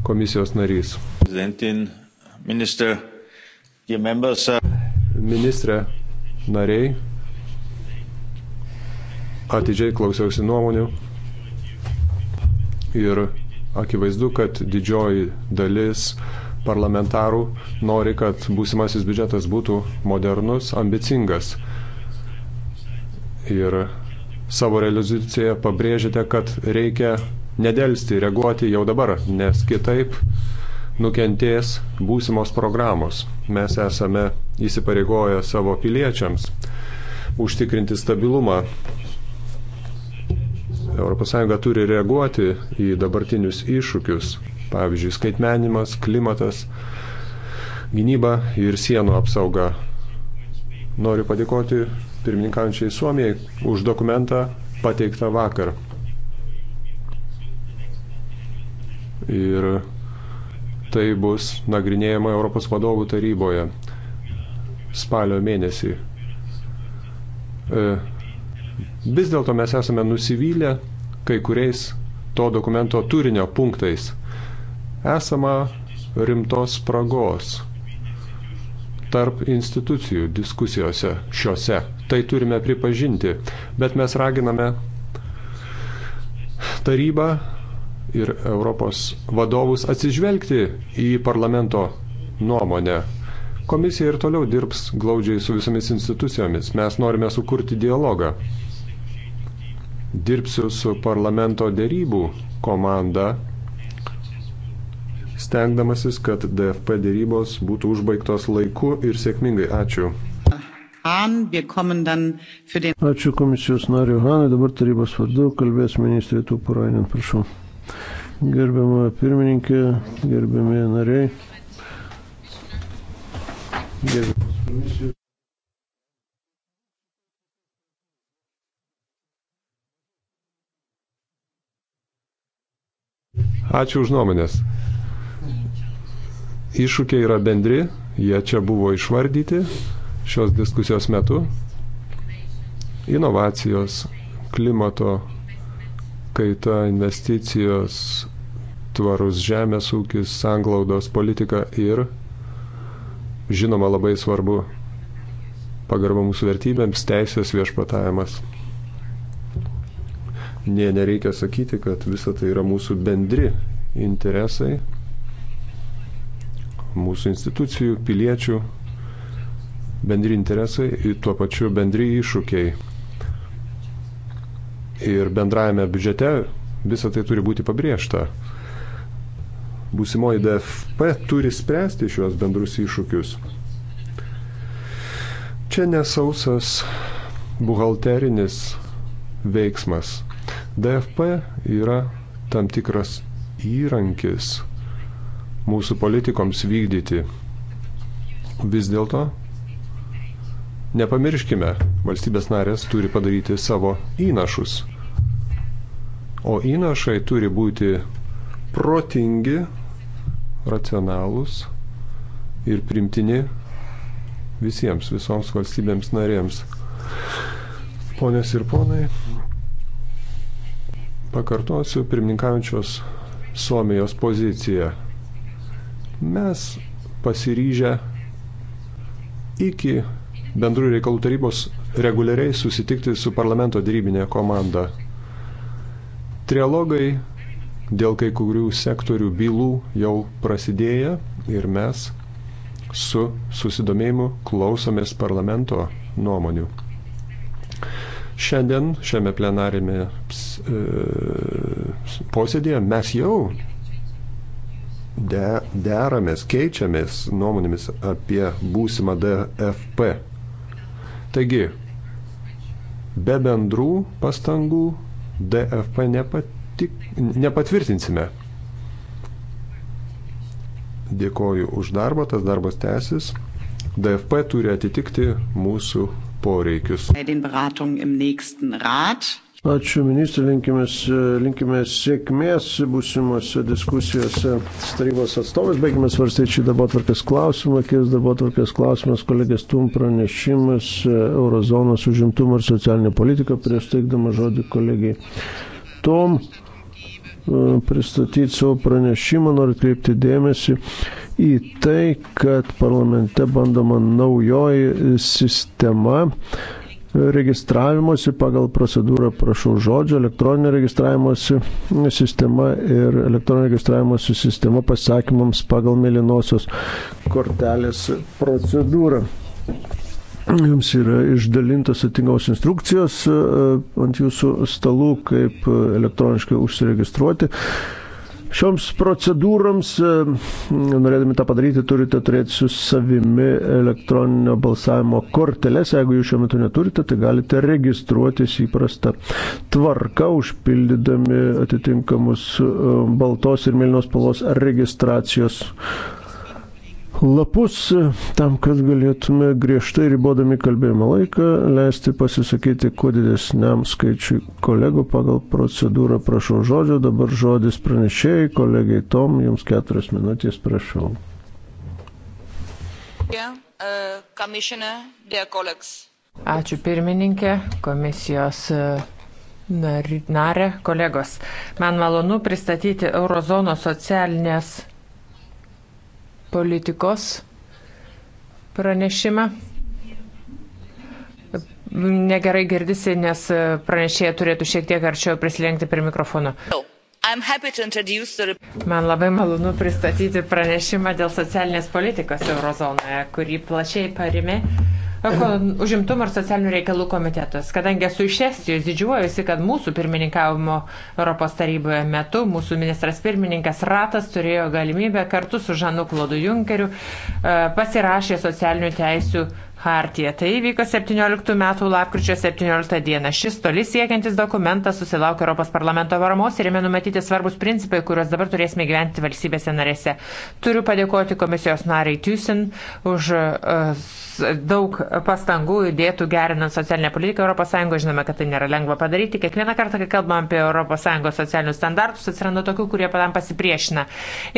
Komisijos narys. Minister, members, uh... Ministrė, nariai, atidžiai klausiausi nuomonių ir akivaizdu, kad didžioji dalis parlamentarų nori, kad būsimasis biudžetas būtų modernus, ambicingas. Ir savo realizacijoje pabrėžite, kad reikia nedelsti reaguoti jau dabar, nes kitaip nukentės būsimos programos. Mes esame įsipareigoję savo piliečiams užtikrinti stabilumą. ES turi reaguoti į dabartinius iššūkius, pavyzdžiui, skaitmenimas, klimatas, gynyba ir sienų apsauga. Noriu padėkoti pirmininkaujančiai Suomijai už dokumentą pateiktą vakar. ir tai bus nagrinėjama Europos vadovų taryboje spalio mėnesį. E, vis dėlto mes esame nusivylę kai kuriais to dokumento turinio punktais. Esama rimtos spragos tarp institucijų diskusijose šiuose. Tai turime pripažinti, bet mes raginame tarybą ir Europos vadovus atsižvelgti į parlamento nuomonę. Komisija ir toliau dirbs glaudžiai su visomis institucijomis. Mes norime sukurti dialogą. Dirbsiu su parlamento dėrybų komanda, stengdamasis, kad DFP dėrybos būtų užbaigtos laiku ir sėkmingai. Ačiū. Ačiū komisijos nariu Hanui, dabar tarybos vardu kalbės ministrė Tupurainen, prašau gerbiama pirmininkė, gerbiami nariai, gerbiamas komisijos. Ačiū už nuomonės. Iššūkiai yra bendri, jie čia buvo išvardyti šios diskusijos metu. Inovacijos, klimato kaita, investicijos, tvarus žemės ūkis, sanglaudos politika ir, žinoma, labai svarbu pagarba mūsų vertybėms, teisės viešpatavimas. Nė nereikia sakyti, kad visa tai yra mūsų bendri interesai, mūsų institucijų, piliečių, bendri interesai ir tuo pačiu bendri iššūkiai ir bendrajame biudžete visą tai turi būti pabrėžta. Būsimoji DFP turi spręsti šios bendrus iššūkius. Čia nesausas buhalterinis veiksmas. DFP yra tam tikras įrankis mūsų politikoms vykdyti. Vis dėlto nepamirškime, valstybės narės turi padaryti savo įnašus. O įnašai turi būti protingi, racionalūs ir primtini visiems, visoms valstybėms narėms. Ponės ir ponai, pakartosiu pirmininkaujančios Suomijos poziciją. Mes pasiryžę iki bendrų reikalų tarybos reguliariai susitikti su parlamento dėrybinė komanda Trialogai dėl kai kurių sektorių bylų jau prasidėję ir mes su susidomėjimu klausomės parlamento nuomonių. Šiandien šiame plenarime e, posėdėje mes jau de, deramės, keičiamės nuomonėmis apie būsimą DFP. Taigi, be bendrų pastangų DFP nepatik, nepatvirtinsime. Dėkoju už darbą, tas darbas tęsis. DFP turi atitikti mūsų poreikius. Bei den Beratungen im nächsten Rat. Ačiū ministrė, linkime, linkime sėkmės būsimuose diskusijose su tarybos atstovais. Baigime svarstyti šį dabar tvarkės klausimą. Kitas dabar tvarkės klausimas, kolegės Tum pranešimas, Eurozonos užimtumo ir socialinė politika, prieš teikdama žodį kolegiai Tum pristatyti savo pranešimą, noriu kreipti dėmesį į tai, kad parlamente bandoma naujoji sistema registravimuose pagal procedūrą prašau žodžio, elektroninio registravimuose sistema ir elektroninio registravimuose sistema pasakymams pagal mėlynosios kortelės procedūrą. Jums yra išdalintos atitinkamos instrukcijos e, ant jūsų stalų, kaip e, elektroniškai užsiregistruoti. Šioms procedūroms, e, norėdami tą padaryti, turite turėti su savimi elektroninio balsavimo korteles. Jeigu jų šiuo metu neturite, tai galite registruotis įprastą tvarką, užpildydami atitinkamus e, baltos ir mėlynos spalvos registracijos lapus, e, tam, kad galėtume griežtai ribodami kalbėjimo laiką leisti pasisakyti kuo didesniam skaičiui kolegų pagal procedūrą. Prašau žodžio, dabar žodis pranešėjai, kolegiai Tom, jums keturias minutės, prašau. Yeah. Ačiū pirmininkė, komisijos e, narė, kolegos. Man malonu pristatyti Eurozono socialinės politikos pranešimą. Negerai girdisi, nes pranešėja turėtų šiek tiek arčiau prisilenkti prie mikrofono. Man labai malonu pristatyti pranešimą dėl socialinės politikos eurozonoje, kurį plačiai parimė užimtumo ir socialinių reikalų komitetas. Kadangi esu iš Estijos, didžiuojuosi, kad mūsų pirmininkavimo Europos taryboje metu mūsų ministras pirmininkas Ratas turėjo galimybę kartu su Žanu Klodu Junkeriu e, pasirašė socialinių teisių Hartija. Tai įvyko 17 metų lapkričio 17 dieną. Šis toli siekiantis dokumentas susilaukė Europos parlamento varamos ir jame numatyti svarbus principai, kuriuos dabar turėsime gyventi valstybėse narėse. Turiu padėkoti komisijos nariai Tusin už uh, daug pastangų įdėtų gerinant socialinę politiką ES. Žinome, kad tai nėra lengva padaryti. Kiekvieną kartą, kai kalbam apie ES socialinius standartus, atsiranda tokių, kurie tam pasipriešina.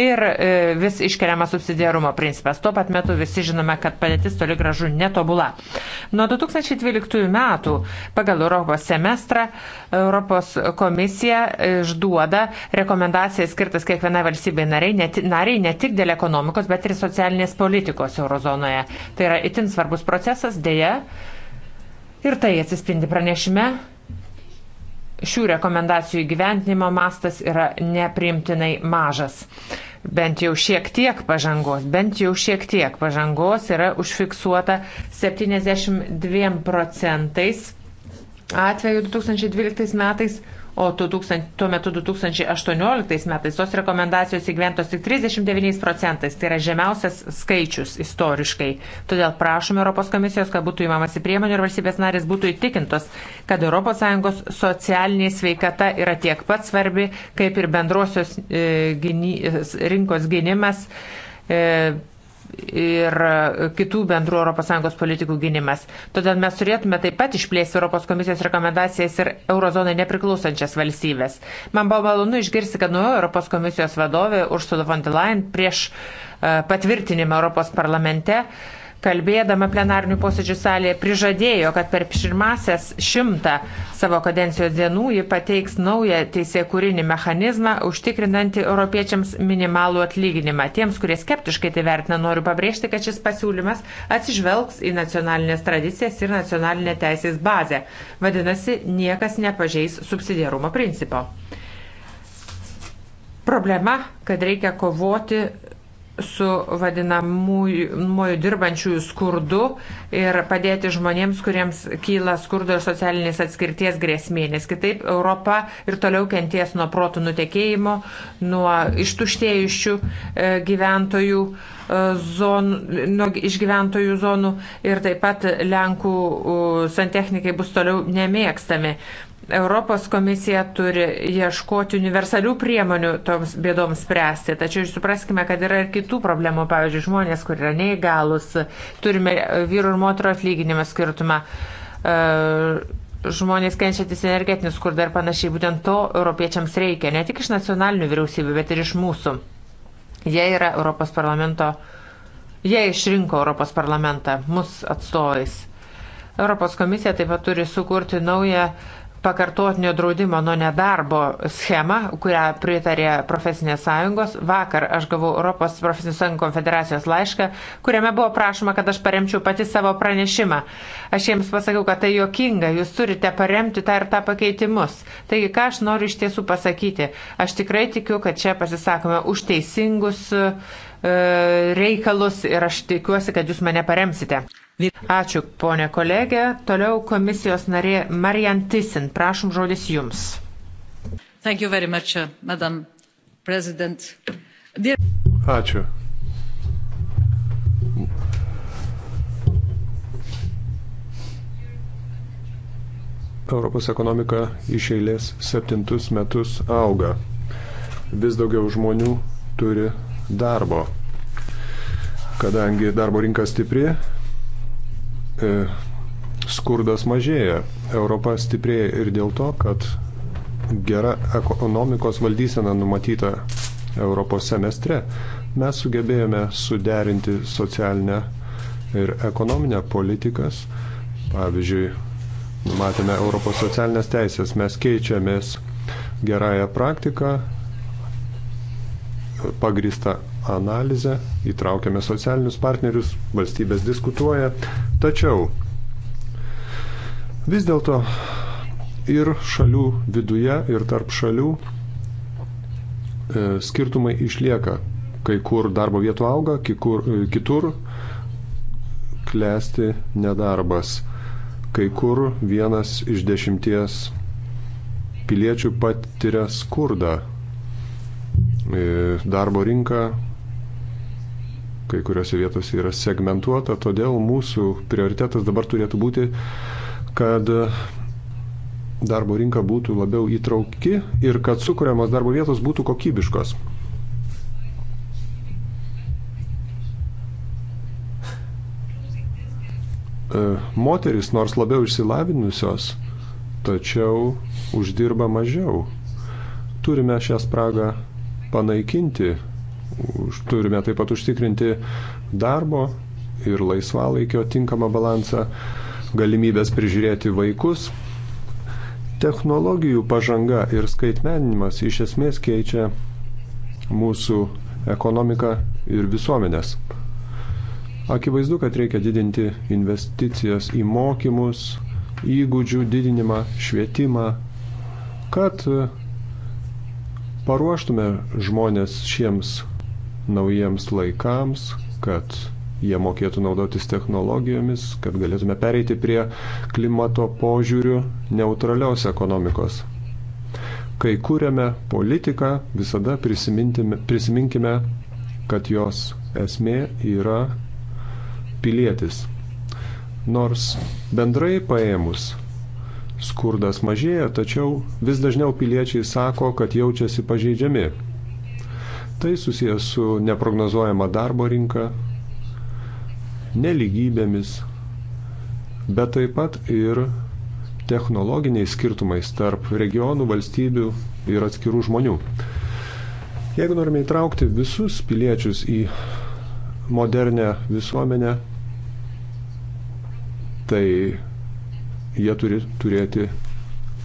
Ir uh, vis iškeliamas subsidiarumo principas. Tuo pat metu visi žinome, kad padėtis toli gražu net netobula. Nuo 2012 metų pagal Europos semestrą Europos komisija išduoda rekomendacijas skirtas kiekvienai valstybei nariai, net, nariai ne tik dėl ekonomikos, bet ir socialinės politikos eurozonoje. Tai yra itin svarbus procesas, dėja. Ir tai atsispindi pranešime, šių rekomendacijų įgyvendinimo mastas yra nepriimtinai mažas bent jau šiek tiek pažangos, bent jau šiek tiek pažangos yra užfiksuota 72 procentais atveju 2012 metais o 2000, tuo metu 2018 metais tos rekomendacijos įgyventos tik 39 procentais, tai yra žemiausias skaičius istoriškai. Todėl prašome Europos komisijos, kad būtų įmamasi priemonių ir valstybės narės būtų įtikintos, kad ES socialinė sveikata yra tiek pat svarbi, kaip ir bendrosios e, gyny, rinkos gynimas. E, ir kitų bendrų ES politikų gynimas. Todėl mes turėtume taip pat išplėsti Europos komisijos rekomendacijas ir eurozonai nepriklausančias valstybės. Man buvo malonu išgirsti, kad nuo Europos komisijos vadovė Ursula von der Leyen prieš e, patvirtinimą Europos parlamente uh, kalbėdama plenarnių posėdžių salėje prižadėjo, kad per pirmasias šimtą savo kadencijos dienų ji pateiks naują teisėkūrinį mechanizmą, užtikrinantį europiečiams minimalų atlyginimą. Tiems, kurie skeptiškai tai vertina, noriu pabrėžti, kad šis pasiūlymas atsižvelgs į nacionalinės tradicijas ir nacionalinę teisės bazę. Vadinasi, niekas nepažeis subsidiarumo principo. Problema, kad reikia kovoti su vadinamųjų dirbančiųjų skurdu ir padėti žmonėms, kuriems kyla skurdo ir socialinės atskirties grėsmė, nes kitaip Europa ir toliau kenties nuo protų nutekėjimo, nuo ištuštėjusių e, gyventojų e, zonų, nuo išgyventojų zonų ir taip pat Lenkų santechnikai bus toliau nemėgstami. Europos komisija turi ieškoti universalių priemonių toms bėdoms spręsti, tačiau supraskime, kad yra ir kitų problemų, pavyzdžiui, žmonės, kur yra neįgalus, turime vyrų ir moterų atlyginimą skirtumą, e, žmonės kenčiantis energetinius skurdą ir panašiai, būtent to europiečiams reikia, ne tik iš nacionalinių vyriausybių, bet ir iš mūsų. Jie yra Europos parlamento, jie išrinko Europos parlamentą, mus atstovais. Europos komisija taip pat turi sukurti naują pakartotinio draudimo nuo nedarbo schemą, kurią pritarė profesinės sąjungos. Vakar aš gavau Europos profesinių sąjungų konfederacijos laišką, kuriame buvo prašoma, kad aš paremčiau pati savo pranešimą. Aš jiems pasakiau, kad tai jokinga, jūs turite paremti tą ir tą pakeitimus. Taigi, ką aš noriu iš tiesų pasakyti? Aš tikrai tikiu, kad čia pasisakome už teisingus e, reikalus ir aš tikiuosi, kad jūs mane paremsite. Ačiū, ponė kolegė. Toliau komisijos narė Marian Tysin. Prašom žodis jums. Much, uh, Dear... Ačiū. Europos ekonomika iš eilės septintus metus auga. Vis daugiau žmonių turi darbo. Kadangi darbo rinka stipri, E, skurdas mažėja, Europa stiprėja ir dėl to, kad gera ekonomikos valdysena numatyta Europos semestre, mes sugebėjome suderinti socialinę ir ekonominę politikas. Pavyzdžiui, numatėme Europos socialinės teisės, mes keičiamės gerąją praktiką pagrįstą analizę, įtraukiame socialinius partnerius, valstybės diskutuoja. Tačiau vis dėlto ir šalių viduje, ir tarp šalių e, skirtumai išlieka. Kai kur darbo vietų auga, kikur, e, kitur klesti nedarbas. Kai kur vienas iš dešimties piliečių patiria skurdą. E, darbo rinka kai kuriuose vietose yra segmentuota, todėl mūsų prioritetas dabar turėtų būti, kad darbo rinka būtų labiau įtrauki ir kad sukūriamas darbo vietos būtų kokybiškos. E, moteris, nors labiau išsilavinusios, tačiau uždirba mažiau. Turime šią spragą panaikinti Už, turime taip pat užtikrinti darbo ir laisvalaikio tinkamą balansą, galimybės prižiūrėti vaikus. Technologijų pažanga ir skaitmeninimas iš esmės keičia mūsų ekonomiką ir visuomenės. Akivaizdu, kad reikia didinti investicijas į mokymus, įgūdžių didinimą, švietimą, kad paruoštume žmonės šiems naujiems laikams, kad jie mokėtų naudotis technologijomis, kad galėtume pereiti prie klimato požiūrių neutralios ekonomikos. Kai kūrėme politiką, visada prisiminkime, kad jos esmė yra pilietis. Nors bendrai paėmus skurdas mažėja, tačiau vis dažniau piliečiai sako, kad jaučiasi pažeidžiami Tai susijęs su neprognozuojama darbo rinka, neligybėmis, bet taip pat ir technologiniais skirtumais tarp regionų, valstybių ir atskirų žmonių. Jeigu norime įtraukti visus piliečius į modernę visuomenę, tai jie turi turėti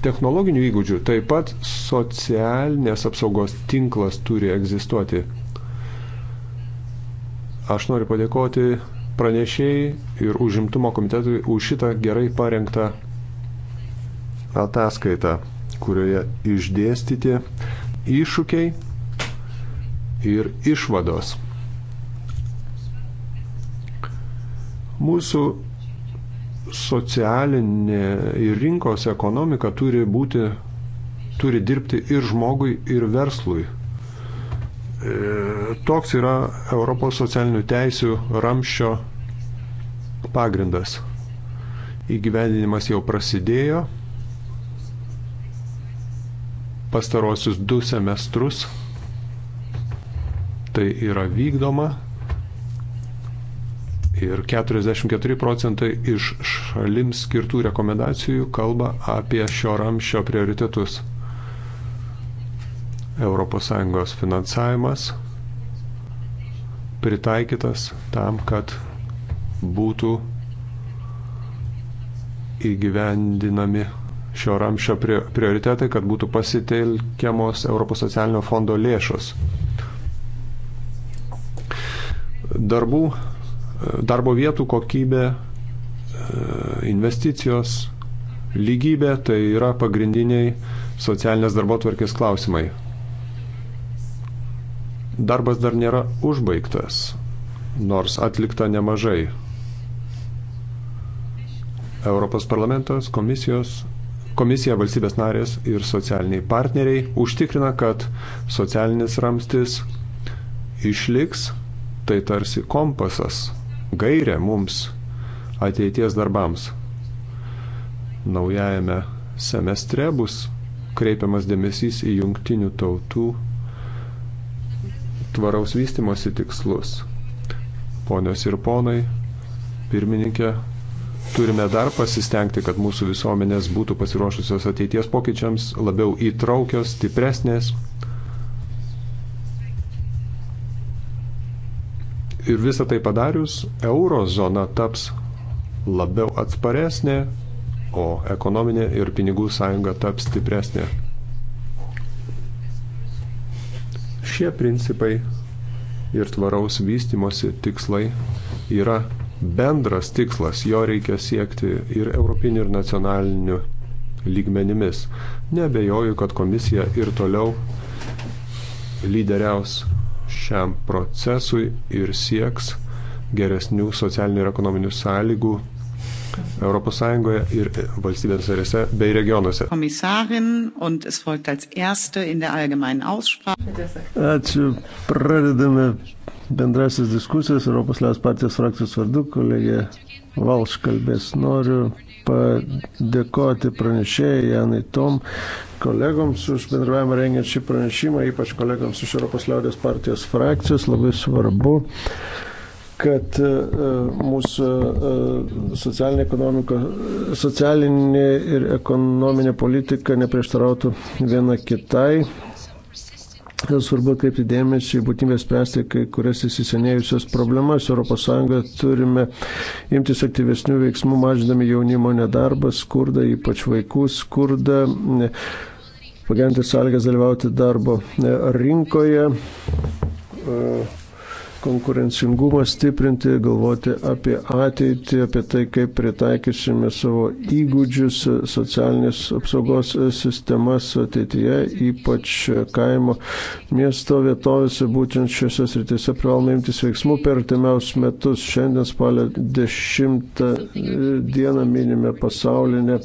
technologinių įgūdžių. Taip pat socialinės apsaugos tinklas turi egzistuoti. Aš noriu padėkoti pranešėjai ir užimtumo komitetui už šitą gerai parengtą ataskaitą, kurioje išdėstyti iššūkiai ir išvados. Mūsų socialinė ir rinkos ekonomika turi būti, turi dirbti ir žmogui, ir verslui. E, toks yra Europos socialinių teisių ramščio pagrindas. Įgyvendinimas jau prasidėjo pastarosius du semestrus. Tai yra vykdoma ir 44 procentai iš šalims skirtų rekomendacijų kalba apie šio ramščio prioritetus. ES finansavimas pritaikytas tam, kad būtų įgyvendinami šio ramščio prioritetai, kad būtų pasitelkiamos ES fondo lėšos. Darbų darbo vietų kokybė, e, investicijos, lygybė - tai yra pagrindiniai socialinės darbo tvarkės klausimai. Darbas dar nėra užbaigtas, nors atlikta nemažai. Europos parlamentas, komisijos, komisija, valstybės narės ir socialiniai partneriai užtikrina, kad socialinis ramstis išliks, tai tarsi kompasas gairę mums ateities darbams. Naujajame semestre bus kreipiamas dėmesys į jungtinių tautų tvaraus vystimosi tikslus. Ponios ir ponai, pirmininkė, turime dar pasistengti, kad mūsų visuomenės būtų pasiruošusios ateities pokyčiams, labiau įtraukios, stipresnės, Ir visą tai padarius, eurozona taps labiau atsparesnė, o ekonominė ir pinigų sąjunga taps stipresnė. Šie principai ir tvaraus vystimosi tikslai yra bendras tikslas, jo reikia siekti ir europiniu, ir nacionaliniu lygmenimis. Nebejoju, kad komisija ir toliau lyderiaus šiam procesui ir sieks geresnių socialinių ir ekonominių sąlygų ES ir valstybės narėse bei regionuose. Ačiū. Pradedame bendrasis diskusijas Europos Liaus partijos frakcijos vardu. Kolegė Valš kalbės. Noriu padėkoti pranešėjai Janai Tom, kolegoms už bendravimą rengiant šį pranešimą, ypač kolegoms iš Europos liaudės partijos frakcijos. Labai svarbu kad e, mūsų e, socialinė, socialinė ir ekonominė politika neprieštarautų viena kitai, Svarbu atkreipti dėmesį į būtinybę spręsti kai kurias įsisenėjusios problemas. ES turime imtis aktyvesnių veiksmų, mažinami jaunimo nedarbą, skurdą, ypač vaikų skurdą, pagerinti sąlygas dalyvauti darbo rinkoje. Uh konkurencingumą stiprinti, galvoti apie ateitį, apie tai, kaip pritaikysime savo įgūdžius, socialinės apsaugos sistemas ateityje, ypač kaimo miesto vietovėse, būtent šiuose srityse privalome imtis veiksmų per artimiausius metus. Šiandien spalio 10 dieną minime pasaulinę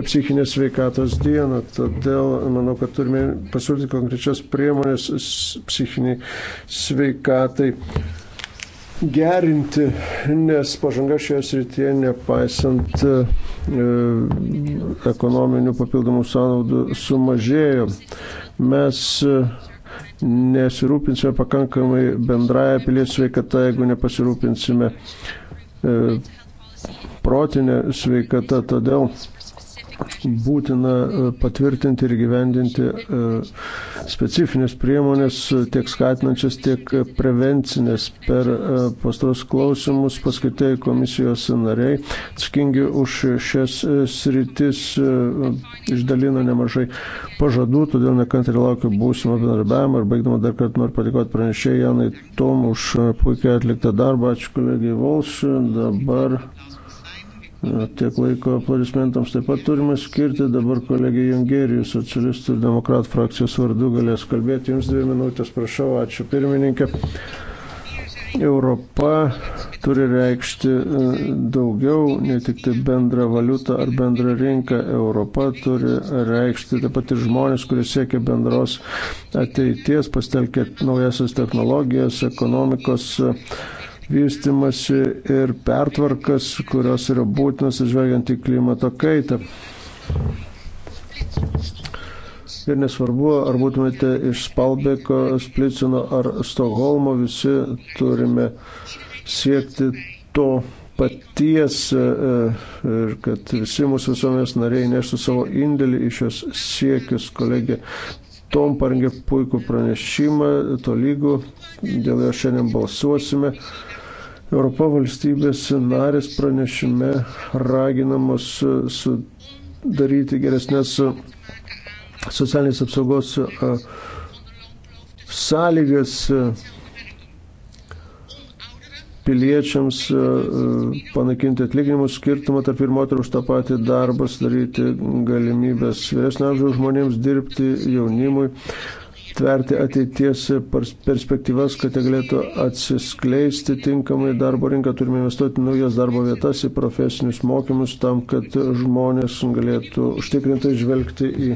psichinės sveikatos dieną. Todėl manau, kad turime pasiūlyti konkrečias priemonės psichiniai sveikatai gerinti, nes pažanga šioje srityje, nepaisant e, ekonominių papildomų sąnaudų, sumažėjo. Mes e, nesirūpinsime pakankamai bendraja pilies sveikata, jeigu nepasirūpinsime e, protinę sveikatą. Todėl būtina e, patvirtinti ir gyvendinti e, specifinės priemonės, e, tiek skatinančias, tiek prevencinės. Per pastaros klausimus paskaitai komisijos nariai, atsakingi už šias sritis, išdalina nemažai pažadų, todėl nekantri laukiu būsimo bendarbiavimo ir baigdama dar kartą noriu patikoti pranešėjai Janai Tom už puikiai atliktą darbą. Ačiū kolegijai Volš. Dabar Tiek laiko aplaudismentams taip pat turime skirti. Dabar kolegė Jungerijus, socialistų ir demokratų frakcijos vardu, galės kalbėti. Jums dvi minutės, prašau. Ačiū pirmininkė. Europa turi reikšti e, daugiau, ne tik tai bendrą valiutą ar bendrą rinką. Europa turi reikšti taip pat ir žmonės, kurie siekia bendros ateities, pastelkė naujasias technologijas, ekonomikos vystimasi ir pertvarkas, kurios yra būtinas atžvelgiant į klimato kaitą. Ir nesvarbu, ar būtumėte iš Spalbeko, Splicino ar Stokholmo, visi turime siekti to paties e, ir kad visi mūsų visuomenės nariai neštų savo indėlį į šios siekius. Kolegė Tom parengė puikų pranešimą, tolygų, dėl jo šiandien balsuosime. Europa valstybės narės pranešime raginamos e, sudaryti geresnės e, socialinės apsaugos e, sąlygas piliečiams panaikinti atlyginimų skirtumą tarp ir moterų už tą patį darbą, sudaryti galimybės vyresnio amžiaus žmonėms dirbti jaunimui, tverti ateities perspektyvas, kad jie galėtų atsiskleisti tinkamai darbo rinką, turime investuoti naujas darbo vietas į profesinius mokymus tam, kad žmonės galėtų užtikrintai žvelgti į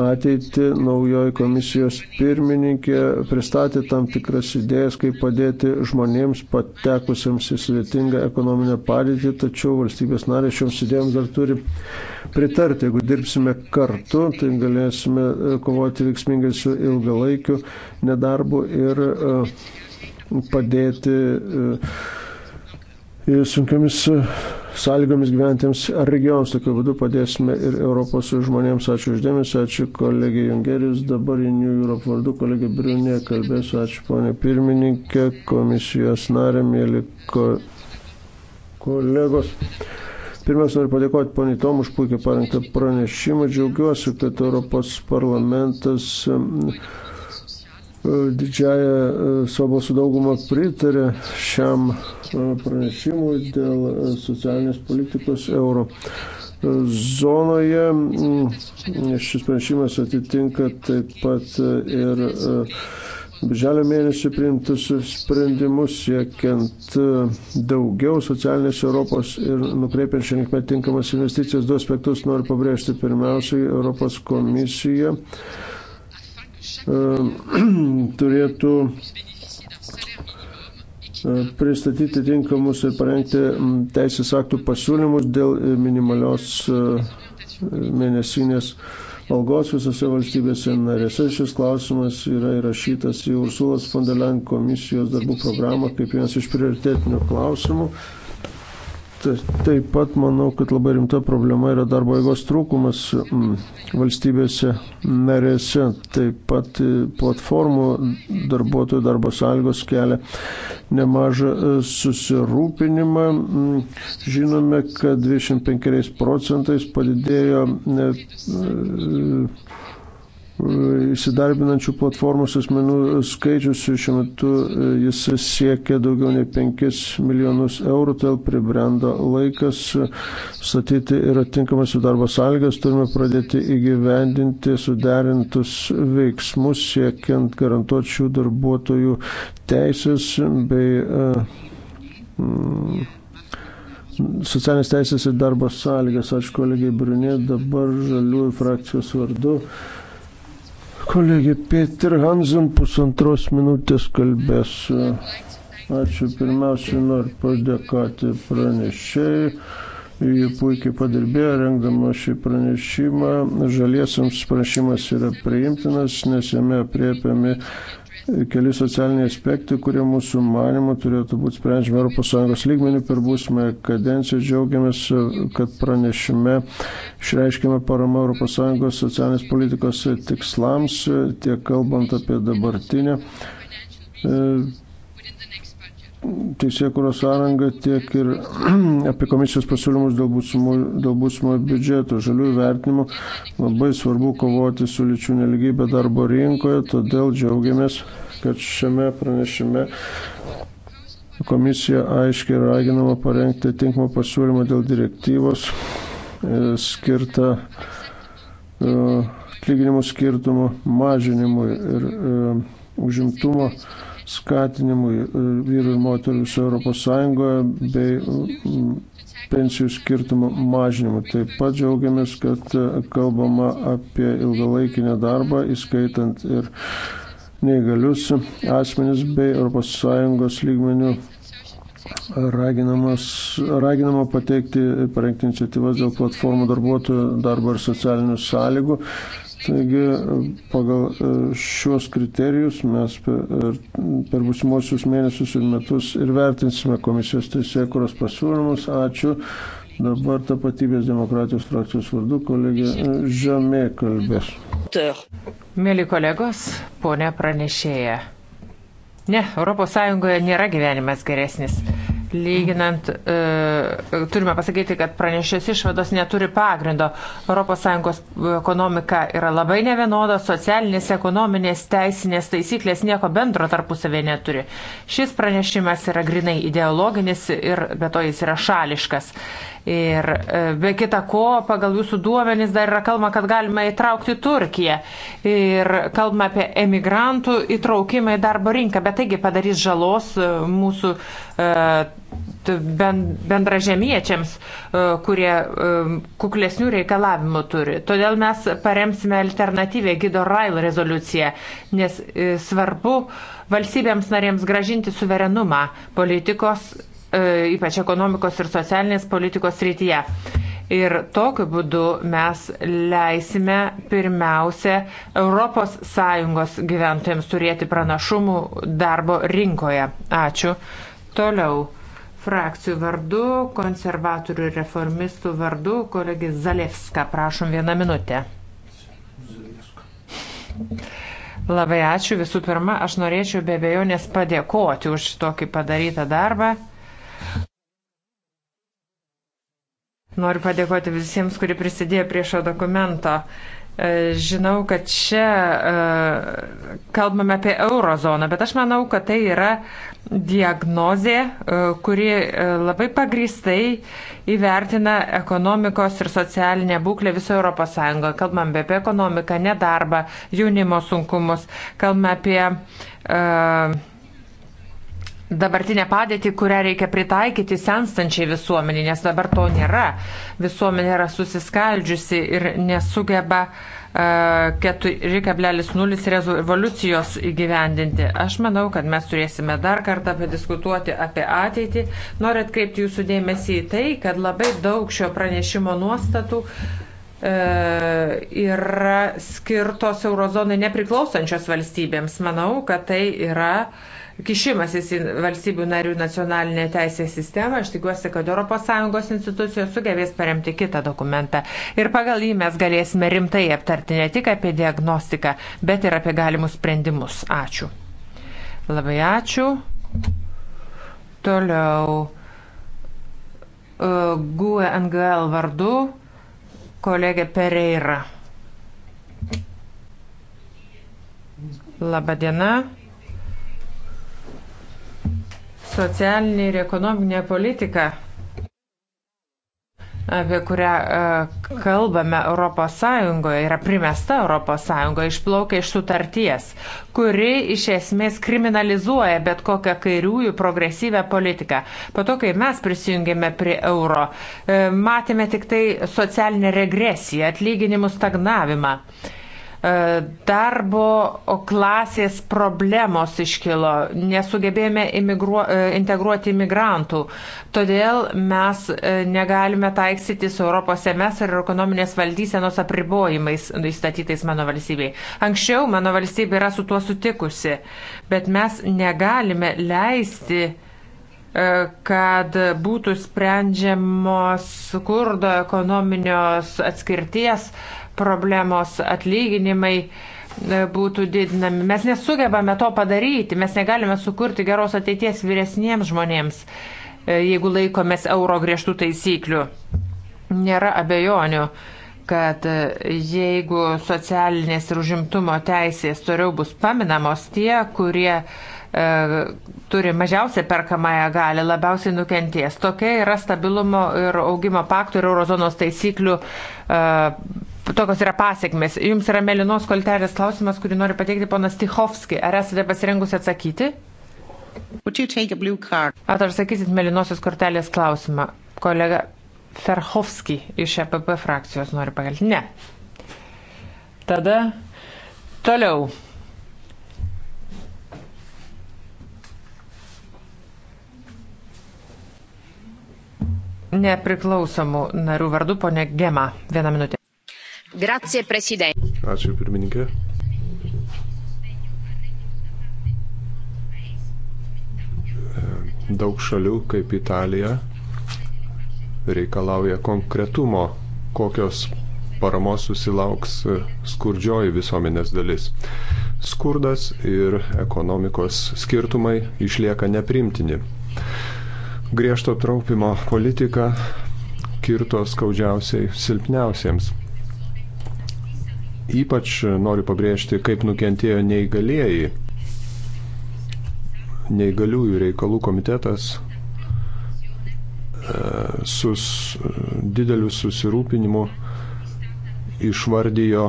ateitį. Naujoji komisijos pirmininkė pristatė tam tikras idėjas, kaip padėti žmonėms patekusiems į sudėtingą ekonominę padėtį, tačiau valstybės narės šioms idėjams dar turi pritarti. Jeigu dirbsime kartu, tai galėsime e, kovoti veiksmingai su ilgalaikė ilgalaikiu nedarbu ir e, padėti e, sunkiamis sąlygomis gyventiems regionams. Tokiu būdu padėsime ir Europos žmonėms. Ačiū uždėmesi, ačiū kolegė Jungeris, dabar į New Europe vardu kolegė Briunė kalbėsiu, ačiū ponė pirmininkė, komisijos narė, mėly ko... kolegos. Pirmiausia, noriu padėkoti poniai Tom už puikiai parengtą pranešimą. Džiaugiuosi, kad Europos parlamentas e, didžiają e, savo sudaugumą pritarė šiam e, pranešimui dėl socialinės politikos euro zonoje. Mm, šis pranešimas atitinka taip pat ir Birželio mėnesį priimtus sprendimus siekiant e, daugiau socialinės Europos ir nukreipiant šią linkmę tinkamas investicijas. Du aspektus noriu pabrėžti. Pirmiausiai, Europos komisija e, turėtų e, pristatyti tinkamus ir parengti teisės aktų pasiūlymus dėl minimalios mėnesinės algos visose valstybėse narėse. Šis klausimas yra įrašytas į Ursulos Fondelen komisijos darbų programą kaip vienas iš prioritetinių klausimų. Taip pat manau, kad labai rimta problema yra darbo jėgos trūkumas mm, valstybėse narėse. Taip pat e, platformų darbuotojų darbo sąlygos kelia nemažą e, susirūpinimą. Mm, žinome, kad 25 procentais padidėjo e, Įsidarbinančių platformos asmenų skaičius šiuo metu e, jis siekia daugiau nei 5 milijonus eurų, todėl tai pribrendo laikas statyti ir atinkamas jų darbo sąlygas. Turime pradėti įgyvendinti suderintus veiksmus, siekiant garantuoti šių darbuotojų teisės bei e, mm, socialinės teisės ir darbo sąlygas. Ačiū kolegiai Brunė, dabar žaliųjų frakcijos vardu. Kolegė Peter Hansen pusantros minutės kalbės. Ačiū pirmiausia, noriu padėkoti pranešėjai Jie puikiai padirbėjo rengdama šį pranešimą. Žaliesiams pranešimas yra priimtinas, nes jame priepiami keli socialiniai aspektai, kurie mūsų manimo turėtų būti sprendžiami ES lygmenių per būsimą kadenciją. Džiaugiamės, kad pranešime išreiškime paramą ES socialinės politikos tikslams, tiek kalbant apie dabartinę e, teisėkuros sąrangą, tiek ir apie komisijos pasiūlymus dėl būsimo, dėl būsimo biudžeto. Žaliųjų vertinimų labai svarbu kovoti su lyčių neligybė darbo rinkoje, todėl džiaugiamės, kad šiame pranešime komisija aiškiai raginama parengti tinkamą pasiūlymą dėl direktyvos e, skirtą e, atlyginimų skirtumų mažinimui ir e, užimtumo. Uh, skatinimui e, vyrų ir moterų visoje Europos Sąjungoje bei pensijų skirtumų mažinimu. Taip pat džiaugiamės, kad e, kalbama apie ilgalaikį nedarbą, įskaitant ir neįgalius asmenis bei ES lygmenių raginama pateikti, parengti iniciatyvas dėl platformų darbuotojų darbo ir socialinių sąlygų. Taigi pagal e, šiuos kriterijus mes e, per, per busimuosius mėnesius ir metus ir vertinsime komisijos teisėkuros pasiūlymus. Ačiū. Dabar tapatybės demokratijos frakcijos vardu kolegė e, Žemė kalbės. Mėly kolegos, ponė pranešėja. Ne, ES nėra gyvenimas geresnis lyginant, e, turime pasakyti, kad pranešės išvados neturi pagrindo. ES ekonomika yra labai nevienoda, socialinės, ekonominės, teisinės taisyklės nieko bendro tarpusavė neturi. Šis pranešimas yra grinai ideologinis ir be to jis yra šališkas. Ir e, be kita ko, pagal jūsų duomenys dar yra kalba, kad galima įtraukti Turkiją. Ir kalbama apie emigrantų įtraukimą į darbo rinką, bet taigi padarys žalos e, mūsų e, bendražemiečiams, kurie kuklesnių reikalavimų turi. Todėl mes paremsime alternatyvę Gido Rail rezoliuciją, nes svarbu valstybėms narėms gražinti suverenumą politikos E, ypač ekonomikos ir socialinės politikos rytyje. Ir tokiu būdu mes leisime pirmiausia ES gyventojams turėti pranašumų darbo rinkoje. Ačiū. Toliau frakcijų vardu, konservatorių ir reformistų vardu, kolegė Zalevska, prašom vieną minutę. Labai ačiū. Visų pirma, aš norėčiau be abejonės padėkoti už tokį padarytą darbą. Noriu padėkoti visiems, kurie prisidėjo prie šio dokumento. E, žinau, kad čia e, kalbame apie eurozoną, bet aš manau, kad tai yra diagnozė, e, kuri labai pagristai įvertina ekonomikos ir socialinę būklę viso ES. Kalbame apie ekonomiką, nedarbą, jaunimo sunkumus, kalbame apie uh, dabartinę padėtį, kurią reikia pritaikyti senstančiai visuomenį, nes dabar to nėra. Visuomenė yra susiskaldžiusi ir nesugeba e, uh, 4,0 revoliucijos įgyvendinti. Aš manau, kad mes turėsime dar kartą padiskutuoti apie ateitį. Noriu atkreipti jūsų dėmesį į tai, kad labai daug šio pranešimo nuostatų e, yra skirtos eurozonai nepriklausančios valstybėms. Manau, kad tai yra uh, kišimasis į valstybių narių nacionalinę teisės sistemą. Aš tikiuosi, kad ES institucijos sugebės paremti kitą dokumentą. Ir pagal jį mes galėsime rimtai aptarti ne tik apie diagnostiką, bet ir apie galimus sprendimus. Ačiū. Labai ačiū. Toliau. Uh, GUE NGL vardu kolegė Pereira. Labadiena. diena socialinė ir ekonominė politika, apie kurią e, kalbame ES, yra primesta ES, išplaukia iš sutarties, kuri iš esmės kriminalizuoja bet kokią kairiųjų progresyvę politiką. Po to, kai mes prisijungėme prie euro, e, matėme tik tai socialinę regresiją, atlyginimų stagnavimą. E, darbo klasės problemos iškilo, nesugebėjome imigruo, e, integruoti imigrantų, todėl mes e, negalime taiksyti su Europos semestro ir ekonominės valdysenos apribojimais įstatytais mano valstybei. Anksčiau mano valstybė yra su tuo sutikusi, bet mes negalime leisti kad būtų sprendžiamos skurdo ekonominios atskirties problemos, atlyginimai e, būtų didinami. Mes nesugebame to padaryti, mes negalime sukurti geros ateities vyresniems žmonėms, e, jeigu laikomės euro griežtų taisyklių. Nėra abejonių, kad e, jeigu socialinės ir užimtumo teisės toliau bus paminamos tie, kurie turi mažiausią perkamąją galę, labiausiai nukenties. Tokia yra stabilumo ir augimo paktų ir eurozonos taisyklių tokios yra pasiekmes. Jums yra Melinos koltelės klausimas, kurį nori pateikti ponas Tichovski. Ar esate pasirengusi atsakyti? Ar atsakysit Melinosios kortelės klausimą? Kolega Ferhovski iš EPP frakcijos nori pakalti. Ne. Tada toliau. Nepriklausomų narių vardu, ponė Gema. Vieną minutę. Grazie, prezidentė. Ačiū, pirmininkė. E, daug šalių, kaip Italija, reikalauja konkretumo, kokios paramos susilauks e, skurdžioji visuomenės dalis. Skurdas ir ekonomikos skirtumai išlieka neprimtini. Griežto traupimo politika kirto skaudžiausiai silpniausiems Ypač noriu pabrėžti, kaip nukentėjo neįgalieji. Neįgaliųjų reikalų komitetas e, su dideliu susirūpinimu išvardijo,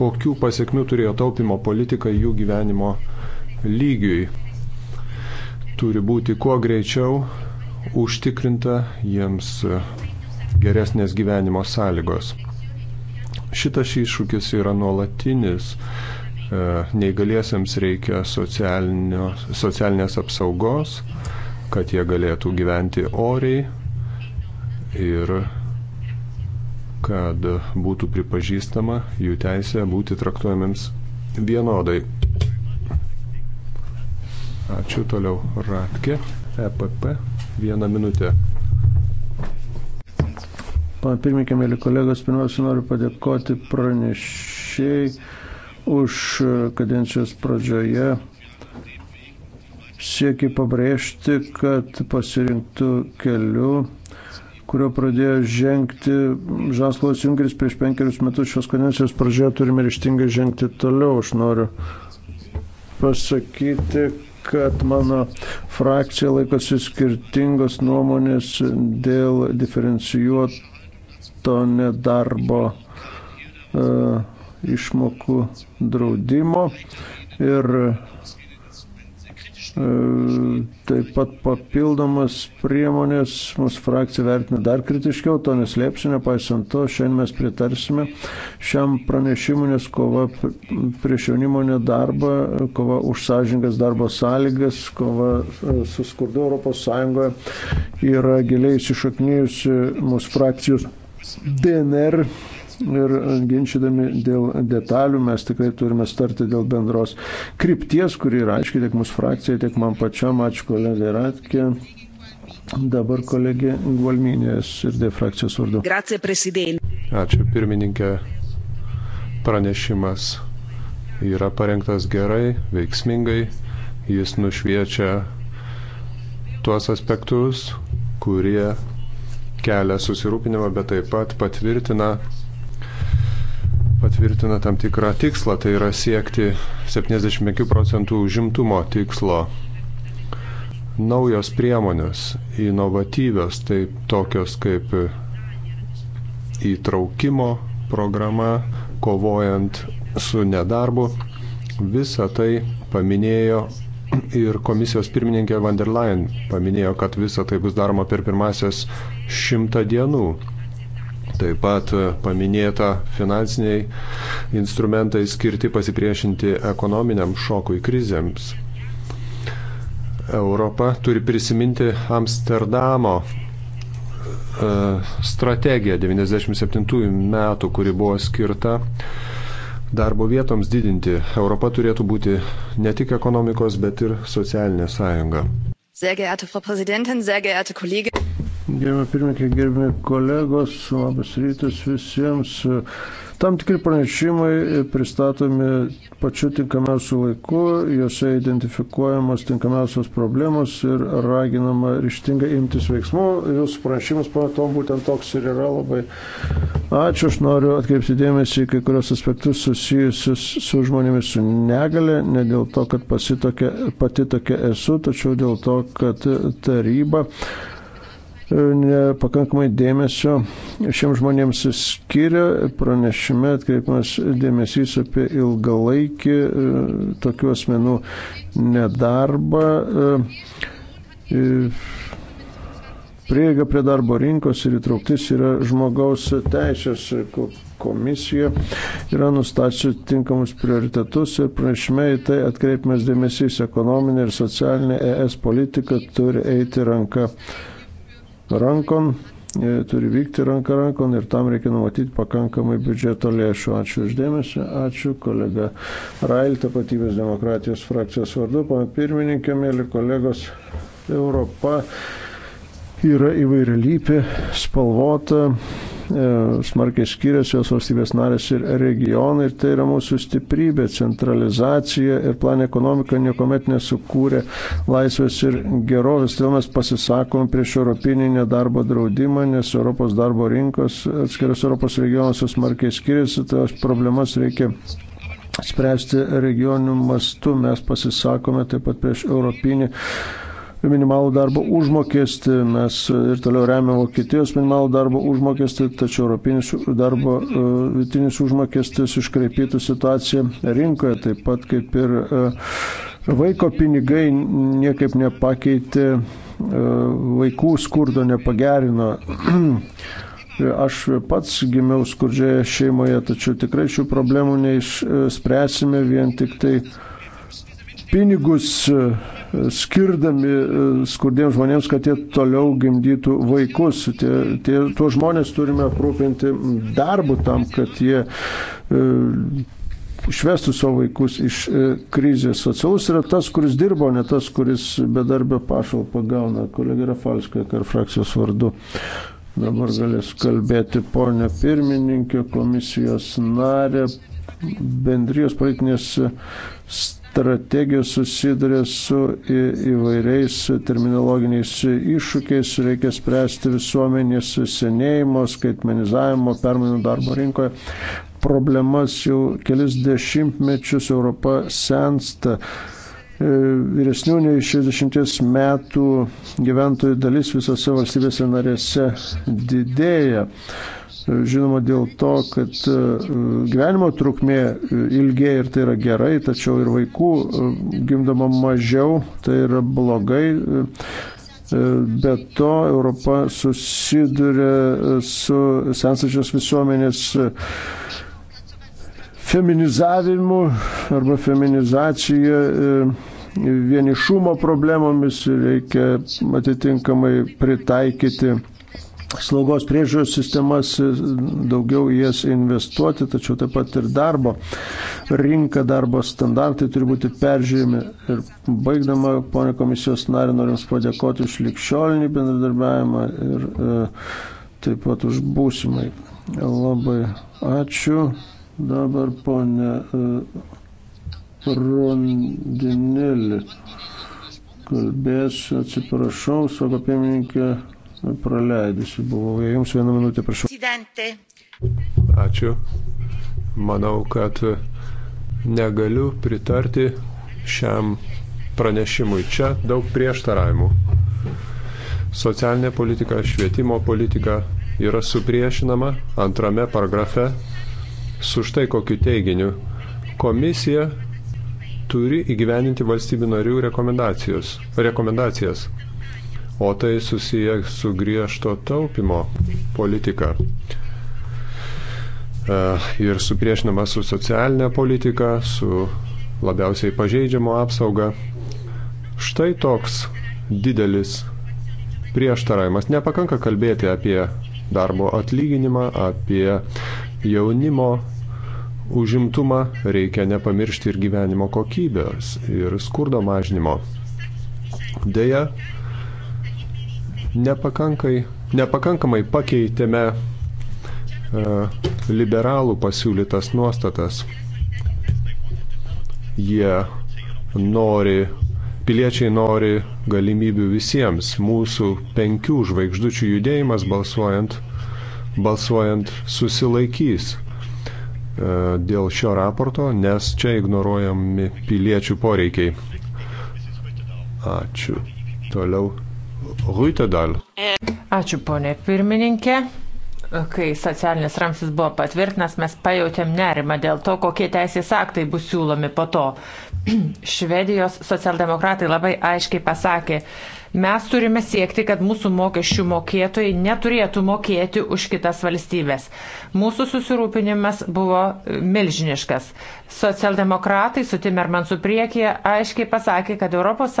kokių pasiekmių turėjo taupimo politika jų gyvenimo lygiui. Turi būti kuo greičiau užtikrinta jiems geresnės gyvenimo sąlygos. Šitas iššūkis yra nuolatinis. E, neįgaliesiems reikia socialinės apsaugos, kad jie galėtų gyventi oriai ir kad būtų pripažįstama jų teisė būti traktuojamiems vienodai. Ačiū toliau Ratke, EPP, vieną minutę. Pana pirmininkė, mėly kolegos, pirmiausia noriu padėkoti pranešiai už e, kadencijos pradžioje siekį pabrėžti, kad pasirinktų keliu, kurio pradėjo žengti Žaslaus Junkeris prieš penkerius metus šios kadencijos pradžioje turime ryštingai žengti toliau. Aš noriu pasakyti, kad mano frakcija laikosi skirtingos nuomonės dėl diferencijuotų to nedarbo uh, išmokų draudimo ir e, Taip pat papildomas priemonės mūsų frakcija vertina dar kritiškiau, to neslėpsiu, nepaisant to, šiandien mes pritarsime šiam pranešimui, nes kova prieš jaunimo nedarbą, kova už sąžingas darbo sąlygas, kova e, su skurdu ES yra giliai įsišaknyjusi mūsų frakcijos DNR ir ginčydami dėl detalių mes tikrai turime starti dėl bendros krypties, kuri yra aiškiai tiek mūsų frakcijai, tiek man pačiam. Ačiū kolegė Ratkė. Dabar kolegė Gualminės ir D frakcijos vardu. Grazie, Ačiū pirmininkė. Pranešimas yra parengtas gerai, veiksmingai. Jis nušviečia tuos aspektus, kurie kelia susirūpinimą, bet taip pat patvirtina, patvirtina tam tikrą tikslą, tai yra siekti 75 procentų užimtumo tikslo. Naujos priemonės, inovatyvios, tai tokios kaip įtraukimo programa, kovojant su nedarbu, visą tai paminėjo ir komisijos pirmininkė van der Leyen paminėjo, kad visa tai bus daroma per pirmasias šimtą dienų. Taip pat paminėta finansiniai instrumentai skirti pasipriešinti ekonominiam šokui krizėms. Europa turi prisiminti Amsterdamo e, strategiją 97 metų, kuri buvo skirta uh, darbo vietoms didinti, Europa turėtų būti ne tik ekonomikos, bet ir socialinė sąjunga. Gerbė pirmininkė, gerbė kolegos, labas rytas visiems. Tam tikri pranešimai pristatomi pačiu tinkamiausiu laiku, juose identifikuojamos tinkamiausios problemos ir raginama ryštingai imtis veiksmų. Jūsų pranešimas, pamatom, būtent toks ir yra labai. Ačiū, aš noriu atkreipti dėmesį į kai kurios aspektus susijusius su žmonėmis su negale, ne dėl to, kad pasitokia, pati tokia esu, tačiau dėl to, kad taryba pakankamai dėmesio šiems žmonėms skiria. Pranešime atkreipimas dėmesys apie ilgalaikį e, tokių asmenų nedarbą. E, prieiga prie darbo rinkos ir įtrauktis yra žmogaus teisės komisija, yra nustačiusi tinkamus prioritetus ir pranešime į tai atkreipimas dėmesys ekonominė ir socialinė ES politika turi eiti ranka rankom, e, turi vykti ranka rankon ir tam reikia numatyti pakankamai biudžeto lėšų. Ačiū uždėmesi, ačiū kolega Rail, tapatybės demokratijos frakcijos vardu, pana pirmininkė, mėly kolegos, Europa yra įvairialypė, spalvota, e, smarkiai skiriasi jos valstybės narės ir regionai ir tai yra mūsų stiprybė, centralizacija ir plan ekonomika niekuomet nesukūrė laisvės ir gerovės. Todėl mes pasisakom prieš europinį nedarbo draudimą, nes Europos darbo rinkos atskiras Europos regionuose smarkiai skiriasi, tas problemas reikia spręsti regioniniu mastu. Mes pasisakome taip pat prieš europinį minimalų darbo užmokestį, mes ir toliau remiam Vokietijos minimalų darbo užmokestį, tačiau europinis darbo e, vidinis užmokestis iškreipytų situaciją rinkoje, taip pat kaip ir e, vaiko pinigai niekaip nepakeitė, e, vaikų skurdo nepagerino. Aš pats gimiau skurdžioje šeimoje, tačiau tikrai šių problemų neišspręsime vien tik tai pinigus skirdami e, skurdiems žmonėms, kad jie toliau gimdytų vaikus. Tie, tie, tuos žmonės turime aprūpinti darbu tam, kad jie išvestų e, savo vaikus iš e, krizės. Socialus yra tas, kuris dirbo, ne tas, kuris bedarbio pašalpą gauna. Kolegė Rafalskė, kar frakcijos vardu. Dabar galės kalbėti ponė pirmininkė, komisijos narė, bendrijos politinės strategijos susiduria su įvairiais terminologiniais iššūkiais, reikia spręsti visuomenės senėjimo, skaitmenizavimo, permainų darbo rinkoje. Problemas jau kelis dešimtmečius Europa sensta. E, vyresnių nei 60 metų gyventojų dalis visose valstybėse narėse didėja. Žinoma, dėl to, kad e, gyvenimo trukmė e, ilgėja ir tai yra gerai, tačiau ir vaikų e, gimdama mažiau, tai yra blogai. Be to, Europa susiduria su sensačios visuomenės feminizavimu arba feminizacija vienišumo problemomis reikia atitinkamai pritaikyti slaugos priežiūros sistemas, daugiau į jas investuoti, tačiau taip pat ir darbo rinka, darbo standartai turi būti peržiūrimi. Ir baigdama, ponė komisijos narė, noriu Jums padėkoti už likščiolinį bendradarbiavimą ir e, taip pat už būsimai. Labai ačiū. Dabar ponė e, Rondinėlį kalbės, atsiprašau, savo pirmininkė praleidusi buvau. Jums vieną minutę, prašau. Ačiū. Manau, kad negaliu pritarti šiam pranešimui. Čia daug prieštaravimų. Socialinė politika, švietimo politika yra supriešinama antrame paragrafe su štai kokiu teiginiu. Komisija turi įgyveninti valstybių narių rekomendacijas o tai susiję su griežto taupimo politika e, ir supriešinama su socialinė politika, su labiausiai pažeidžiamo apsauga. Štai toks didelis prieštaravimas. Nepakanka kalbėti apie darbo atlyginimą, apie jaunimo užimtumą, reikia nepamiršti ir gyvenimo kokybės, ir skurdo mažnymo. Deja, Nepakankai, nepakankamai pakeitėme e, liberalų pasiūlytas nuostatas. Jie nori, piliečiai nori galimybių visiems. Mūsų penkių žvaigždučių judėjimas balsuojant, balsuojant susilaikys e, dėl šio raporto, nes čia ignoruojami piliečių poreikiai. Ačiū. Toliau Rūtedal. Ačiū, ponė pirmininkė. Kai socialinis ramsis buvo patvirtinas, mes pajutėm nerimą dėl to, kokie teisės aktai bus siūlomi po to. Švedijos socialdemokratai labai aiškiai pasakė, Mes turime siekti, kad mūsų mokesčių mokėtojai neturėtų mokėti už kitas valstybės. Mūsų susirūpinimas buvo e, milžiniškas. Socialdemokratai su Timermansu priekyje aiškiai pasakė, kad ES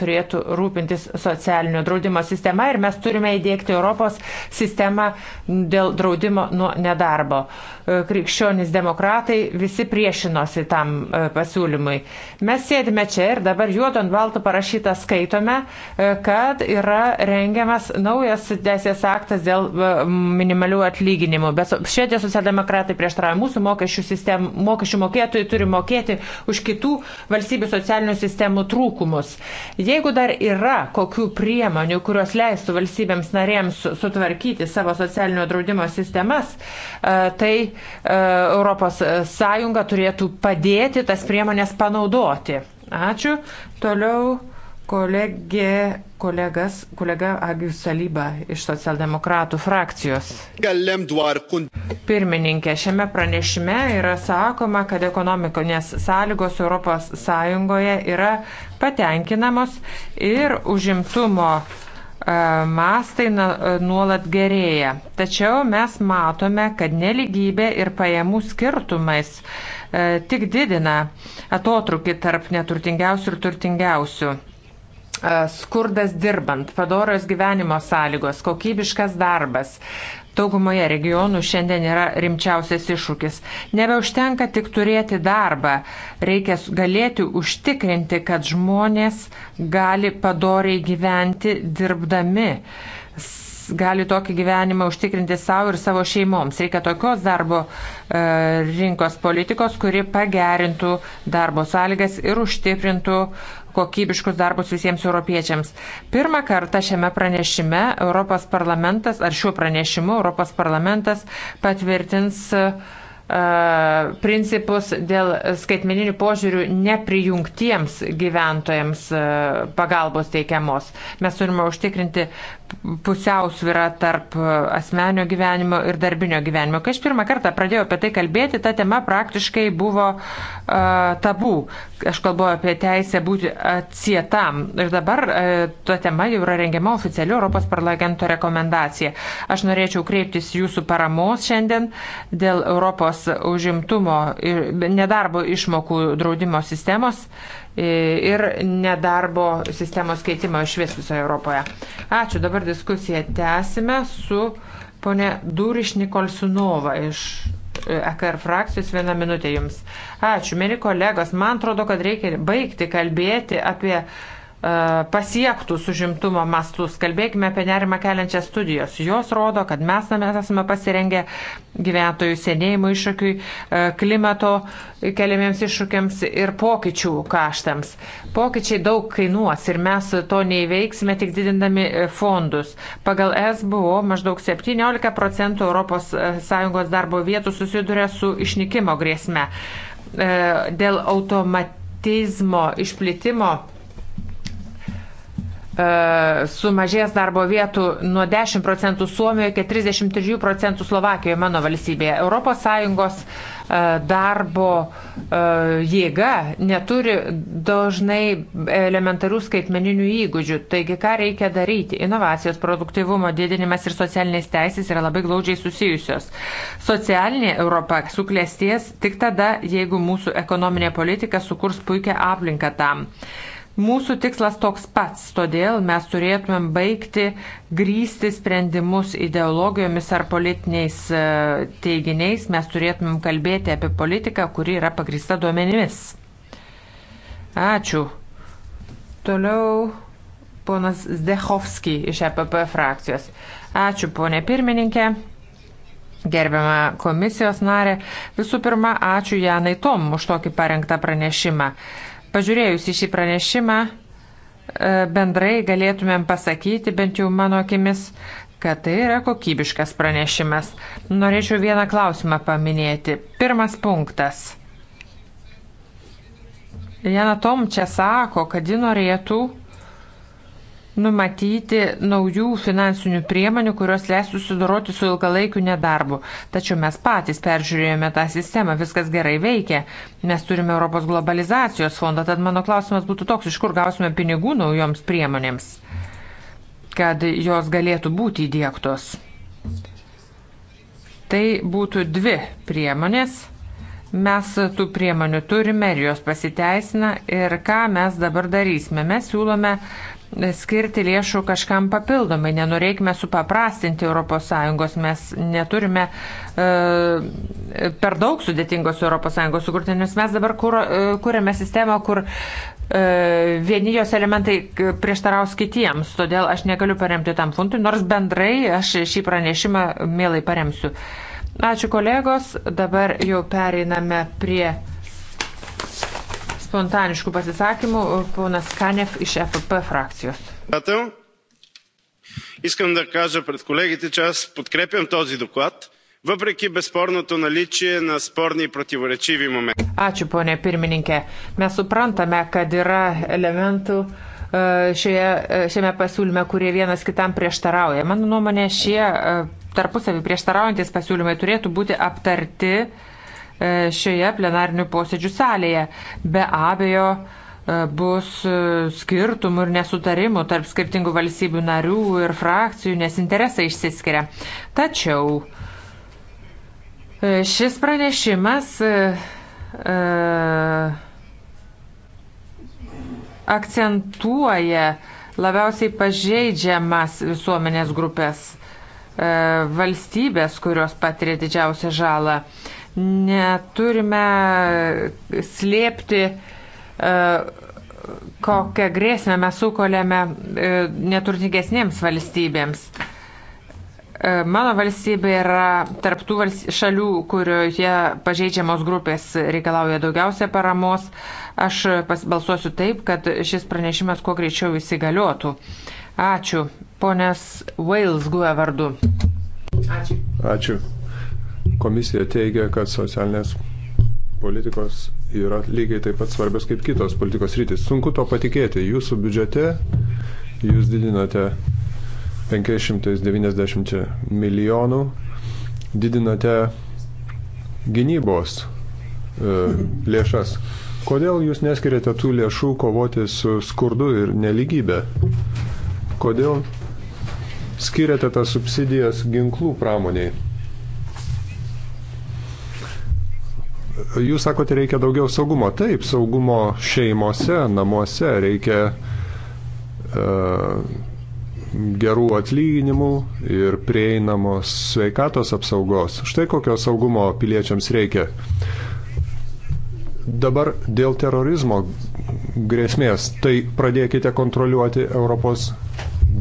turėtų rūpintis socialinio draudimo sistema ir mes turime įdėkti Europos sistemą dėl draudimo nuo nedarbo. E, krikščionys demokratai visi priešinosi tam e, pasiūlymui. Mes sėdime čia ir dabar juodo ant balto parašytą skaitome kad yra rengiamas naujas teisės aktas dėl e, minimalių atlyginimų. Bet šiandien socialdemokratai prieštarauja mūsų mokesčių, sistem, mokesčių mokėtojai turi mokėti už kitų valstybių socialinių sistemų trūkumus. Jeigu dar yra kokių priemonių, kurios leistų valstybėms narėms sutvarkyti savo socialinio draudimo sistemas, e, tai ES turėtų padėti tas priemonės panaudoti. Ačiū. Toliau kolegė, kolegas, kolega Agius Salyba iš socialdemokratų frakcijos. Pirmininkė, šiame pranešime yra sakoma, kad ekonomikonės sąlygos ES yra patenkinamos ir užimtumo e, mastai e, nuolat gerėja. Tačiau mes matome, kad neligybė ir pajamų skirtumais e, tik didina atotrukį tarp neturtingiausių ir turtingiausių skurdas dirbant, padoros gyvenimo sąlygos, kokybiškas darbas, Daugumoje regionų šiandien yra rimčiausias iššūkis. Nebeužtenka tik turėti darbą, reikia galėti užtikrinti, kad žmonės gali padoriai gyventi dirbdami, gali tokį gyvenimą užtikrinti savo ir savo šeimoms. Reikia tokios darbo e, rinkos politikos, kuri pagerintų darbo sąlygas ir užtikrintų e, kokybiškus darbus visiems europiečiams. Pirmą kartą šiame pranešime Europos parlamentas, ar šiuo pranešimu Europos parlamentas patvirtins e, principus dėl skaitmeninių požiūrių neprijungtiems gyventojams e, pagalbos teikiamos. Mes turime užtikrinti, pusiausvyrą tarp asmenio gyvenimo ir darbinio gyvenimo. Kai aš pirmą kartą pradėjau apie tai kalbėti, ta tema praktiškai buvo uh, tabų. Aš kalbu apie teisę būti atsietam. Ir dabar uh, ta tema jau yra rengiama oficialiu Europos parlamento rekomendacija. Aš norėčiau kreiptis jūsų paramos šiandien dėl Europos užimtumo ir nedarbo išmokų draudimo sistemos E, ir nedarbo sistemos keitimo iš vis visoje Europoje. Ačiū, dabar diskusiją tęsime su ponė Dūriš Nikolsunova iš EKR e frakcijos vieną minutę jums. Ačiū, mėly kolegos, man atrodo, kad reikia baigti kalbėti apie E, pasiektų sužimtumo mastus. Kalbėkime apie nerimą keliančias studijos. Jos rodo, kad mes esame pasirengę gyventojų senėjimo iššūkiui, e, klimato keliamiems iššūkiams ir pokyčių kaštams. Pokyčiai daug kainuos ir mes to neįveiksime tik didindami e, fondus. Pagal S buvo maždaug 17 procentų ES darbo vietų susiduria su išnykimo grėsme. Dėl automatizmo išplitimo E, sumažės darbo vietų nuo 10 procentų Suomijoje iki 33 procentų Slovakijoje, mano valstybėje. ES e, darbo e, jėga neturi dažnai elementarių skaitmeninių įgūdžių. Taigi, ką reikia daryti? Inovacijos, produktivumo didinimas ir socialinės teisės yra labai glaudžiai susijusios. Socialinė Europa suklėsties tik tada, jeigu mūsų ekonominė politika sukurs puikią aplinką tam. Mūsų tikslas toks pats, todėl mes turėtumėm baigti grįsti sprendimus ideologijomis ar politiniais e, teiginiais, mes turėtumėm kalbėti apie politiką, kuri yra pagrįsta duomenimis. Ačiū. Toliau ponas Zdechovski iš EPP frakcijos. Ačiū, ponė pirmininkė. Gerbiama komisijos narė, visų pirma, ačiū Janai Tom už tokį parengtą pranešimą. Uh, Pažiūrėjus į šį pranešimą, e, bendrai galėtumėm pasakyti, bent jau mano akimis, kad tai yra kokybiškas pranešimas. Norėčiau vieną klausimą paminėti. Pirmas punktas. Jana Tom čia sako, kad ji norėtų numatyti naujų finansinių priemonių, kurios leis susidoroti su ilgalaikiu nedarbu. Tačiau mes patys peržiūrėjome tą sistemą, viskas gerai veikia. Mes turime Europos globalizacijos fondą, tad mano klausimas būtų toks, iš kur gausime pinigų naujoms priemonėms, kad jos galėtų būti įdėktos. Tai būtų dvi priemonės mes tų priemonių turime ir jos pasiteisina. Ir ką mes dabar darysime? Mes siūlome skirti lėšų kažkam papildomai. Nenorėkime supaprastinti ES, mes neturime e, per daug sudėtingos ES sukurti, nes mes dabar kur, e, kūrėme sistemą, kur e, vieni jos elementai prieštaraus kitiems, todėl aš negaliu paremti tam funtui, nors bendrai aš šį pranešimą mielai paremsiu. Ačiū kolegos, dabar jau pereiname prie spontaniškų pasisakymų. Ponas Kanev iš FP frakcijos. Ател, искам да кажа пред колегите, че аз подкрепям този доклад, въпреки безспорното наличие на спорни и противоречиви моменти. Ačiū, ponė pirmininkė. Mes suprantame, kad yra elementų e, šioje, e, šiame pasiūlyme, kurie vienas kitam prieštarauja. Mano nuomonė, šie e, tarpusavį prieštaraujantis pasiūlymai turėtų būti aptarti uh, E, šioje plenarnių posėdžių salėje. Be abejo, e, bus e, skirtumų ir nesutarimų tarp skirtingų valstybių narių ir frakcijų, nes interesai išsiskiria. Tačiau šis pranešimas akcentuoja labiausiai pažeidžiamas visuomenės grupės valstybės, kurios patiria didžiausią žalą neturime slėpti, e, kokią grėsmę mes sukoliame e, neturtingesnėms valstybėms. E, mano valstybė yra tarptų šalių, kurioje pažeidžiamos grupės reikalauja daugiausia paramos. Aš balsuosiu taip, kad šis pranešimas kuo greičiau įsigaliotų. Ačiū. Ponės Wales guė vardu. Ačiū. Ačiū. Komisija teigia, kad socialinės politikos yra lygiai taip pat svarbios kaip kitos politikos rytis. Sunku to patikėti. Jūsų biudžete jūs didinate 590 milijonų, didinate gynybos e, lėšas. Kodėl jūs neskiriate tų lėšų kovoti su skurdu ir neligybė? Kodėl skiriate tas subsidijas ginklų pramoniai? Jūs sakote, reikia daugiau saugumo. Taip, saugumo šeimose, namuose reikia uh, gerų atlyginimų ir prieinamos sveikatos apsaugos. Štai kokio saugumo piliečiams reikia. Dabar dėl terorizmo grėsmės, tai pradėkite kontroliuoti Europos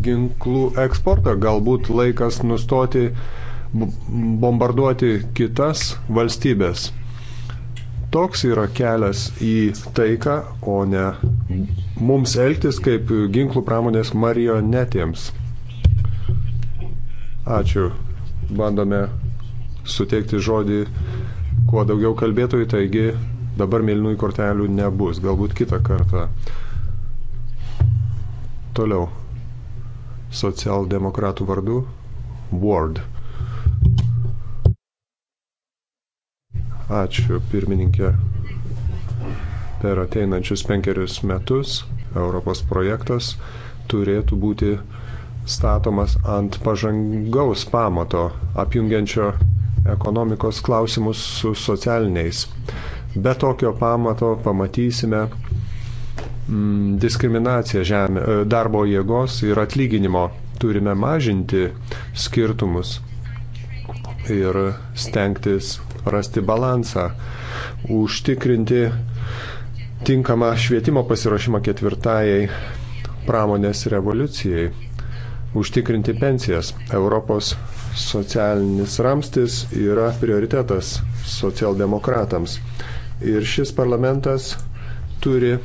ginklų eksportą. Galbūt laikas nustoti bombarduoti kitas valstybės. Toks yra kelias į taiką, o ne mums elgtis kaip ginklų pramonės marionetėms. Ačiū. Bandome suteikti žodį kuo daugiau kalbėtojų, taigi dabar mėlynųjų kortelių nebus, galbūt kitą kartą. Toliau. Socialdemokratų vardu Ward. Ačiū, pirmininkė. Per ateinančius penkerius metus Europos projektas turėtų būti statomas ant pažangaus pamato, apjungiančio ekonomikos klausimus su socialiniais. Be tokio pamato pamatysime mm, diskriminaciją žemė, e, darbo jėgos ir atlyginimo. Turime mažinti skirtumus ir stengtis rasti balansą, užtikrinti tinkamą švietimo pasiruošimą ketvirtajai pramonės revoliucijai, užtikrinti pensijas. Europos socialinis ramstis yra prioritetas socialdemokratams. Ir šis parlamentas turi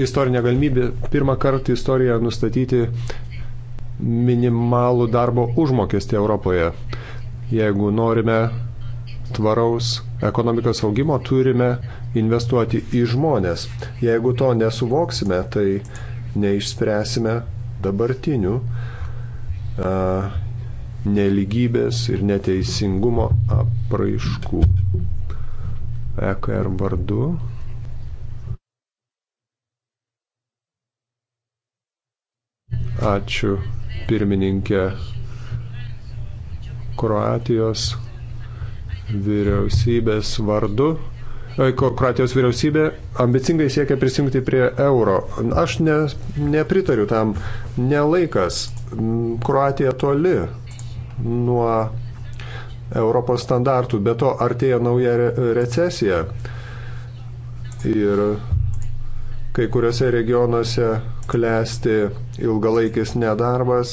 istorinę galimybę pirmą kartą istoriją nustatyti minimalų darbo užmokestį Europoje. Jeigu norime tvaraus ekonomikos augimo turime investuoti į žmonės. Jeigu to nesuvoksime, tai neišspręsime dabartinių a, neligybės ir neteisingumo apraiškų. EKR vardu. Ačiū pirmininkė Kroatijos vyriausybės vardu e, Kroatijos vyriausybė ambicingai siekia prisijungti prie euro. Aš ne, nepritariu tam, nelaikas. Kroatija toli nuo Europos standartų, be to artėja nauja re recesija. Ir kai kuriuose regionuose klesti ilgalaikis nedarbas,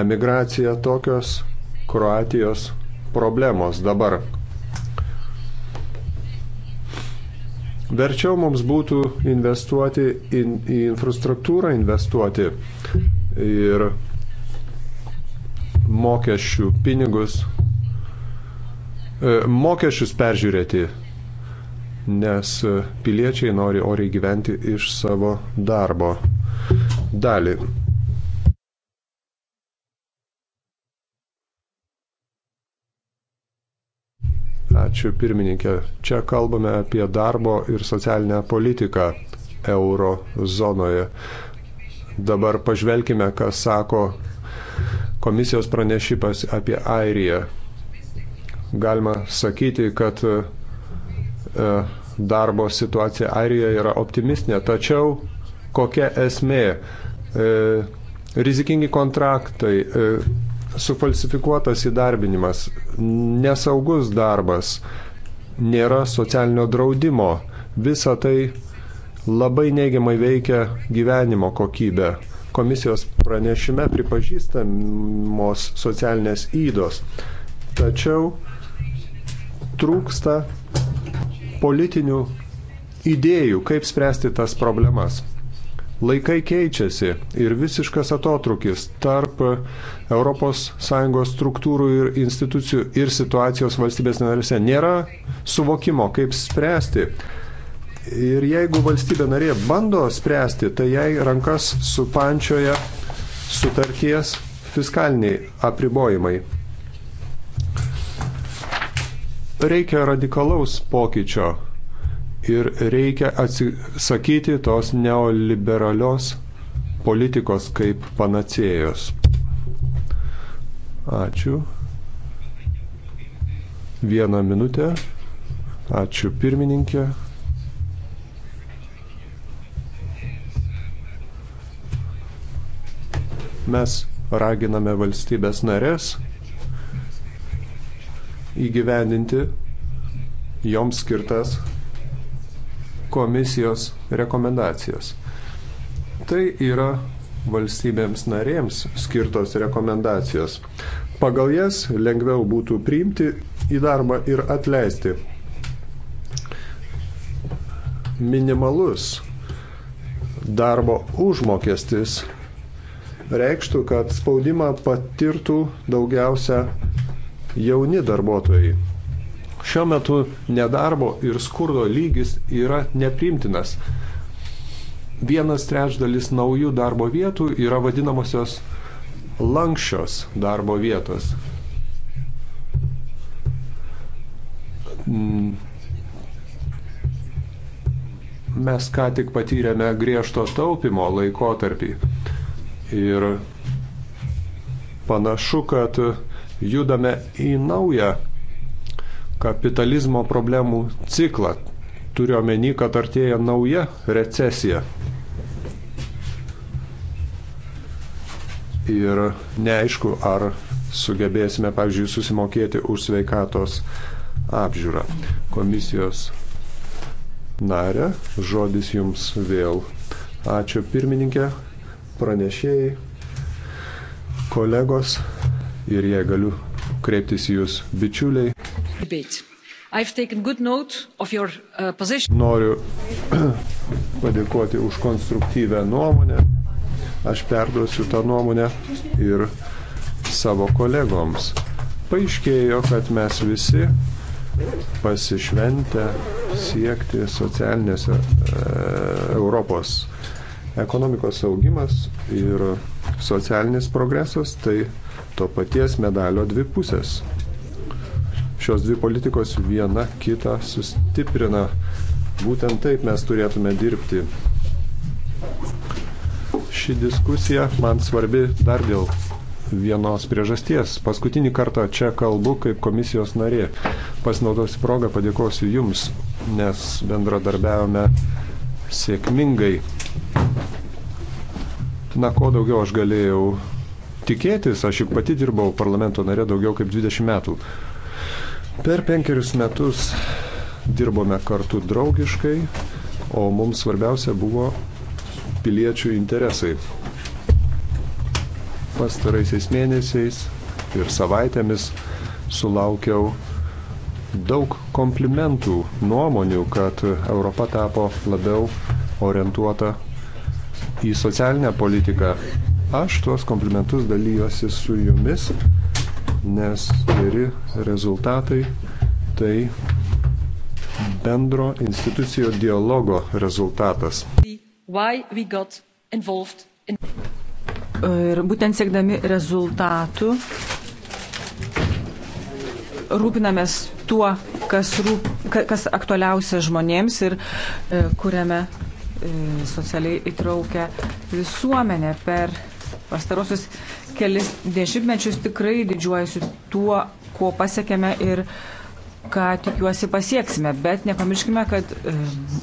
emigracija tokios Kroatijos problemos dabar. Verčiau mums būtų investuoti in, į infrastruktūrą, investuoti ir mokesčių pinigus, e, mokesčius peržiūrėti, nes piliečiai nori oriai gyventi iš savo darbo dalį. Ačiū pirmininkė. Čia kalbame apie darbo ir socialinę politiką euro zonoje. Dabar pažvelkime, ką sako komisijos pranešimas apie Airiją. Galima sakyti, kad e, darbo situacija Airijoje yra optimistinė, tačiau kokia esmė? E, rizikingi kontraktai, e, sufalsifikuotas įdarbinimas, nesaugus darbas, nėra socialinio draudimo. Visa tai labai neigiamai veikia gyvenimo kokybę. Komisijos pranešime pripažįstamos socialinės įdos. Tačiau trūksta politinių idėjų, kaip spręsti tas problemas. Laikai keičiasi ir visiškas atotrukis tarp ES struktūrų ir institucijų ir situacijos valstybės narėse nėra suvokimo, kaip spręsti. Ir jeigu valstybė narė bando spręsti, tai jai rankas supančioja sutarties fiskaliniai apribojimai. Reikia radikalaus pokyčio ir reikia atsisakyti tos neoliberalios politikos kaip panacėjos. Ačiū. Vieną minutę. Ačiū pirmininkė. Mes raginame valstybės narės įgyvendinti joms skirtas komisijos rekomendacijos. Tai yra valstybėms narėms skirtos rekomendacijos. Pagal jas lengviau būtų priimti į darbą ir atleisti. Minimalus darbo užmokestis reikštų, kad spaudimą patirtų daugiausia jauni darbuotojai. Šiuo metu nedarbo ir skurdo lygis yra neprimtinas. Vienas trečdalis naujų darbo vietų yra vadinamosios lankščios darbo vietos. Mm. Mes ką tik patyrėme griežto taupimo laikotarpį ir panašu, kad judame į naują kapitalizmo problemų ciklą. Turiu omeny, kad artėja nauja recesija. Ir neaišku, ar sugebėsime, pavyzdžiui, susimokėti už sveikatos apžiūrą. Komisijos narė, žodis jums vėl. Ačiū pirmininkė, pranešėjai, kolegos ir jei galiu kreiptis į jūs bičiuliai, debate. I've taken good note of your uh, position. Noriu padėkoti už konstruktyvę nuomonę. Aš perduosiu tą nuomonę ir savo kolegoms. Paaiškėjo, kad mes visi pasišventę siekti socialinės e, Europos ekonomikos augimas ir socialinis progresas, tai to paties medalio dvi pusės. Šios dvi politikos viena kitą sustiprina. Būtent taip mes turėtume dirbti. Ši diskusija man svarbi dar dėl vienos priežasties. Paskutinį kartą čia kalbu kaip komisijos narė. Pasinaudosiu progą, padėkosiu Jums, nes bendradarbiavome sėkmingai. Na, ko daugiau aš galėjau tikėtis, aš juk pati dirbau parlamento narė daugiau kaip 20 metų. Per penkerius metus dirbome kartu draugiškai, o mums svarbiausia buvo piliečių interesai. Pastaraisiais mėnesiais ir savaitėmis sulaukiau daug komplimentų, nuomonių, kad Europa tapo labiau orientuota į socialinę politiką. Aš tuos komplimentus dalyjosi su jumis nes geri rezultatai tai bendro institucijo dialogo rezultatas. Ir būtent siekdami rezultatų rūpinamės tuo, kas, rūp, kas aktualiausia žmonėms ir e, kuriame e, socialiai įtraukia visuomenę per pastarosius kelis dešimtmečius tikrai didžiuojasi tuo, ko pasiekėme ir ką tikiuosi pasieksime. Bet nepamirškime, kad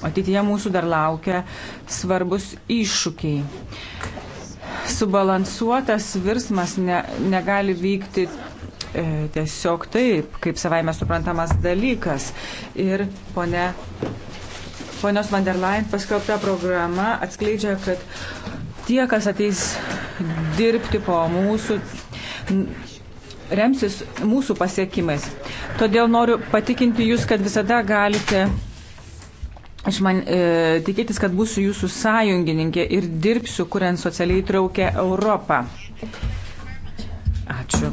ateityje mūsų dar laukia svarbus iššūkiai. Subalansuotas virsmas ne, negali vykti e, tiesiog taip, kaip savaime suprantamas dalykas. Ir pone, ponios van der Leyen paskelbta programa atskleidžia, kad tie, kas ateis dirbti po mūsų, remsis mūsų pasiekimais. Todėl noriu patikinti Jūs, kad visada galite Aš man e, tikėtis, kad būsiu jūsų sąjungininkė ir dirbsiu, kuriant socialiai traukę Europą. Ačiū.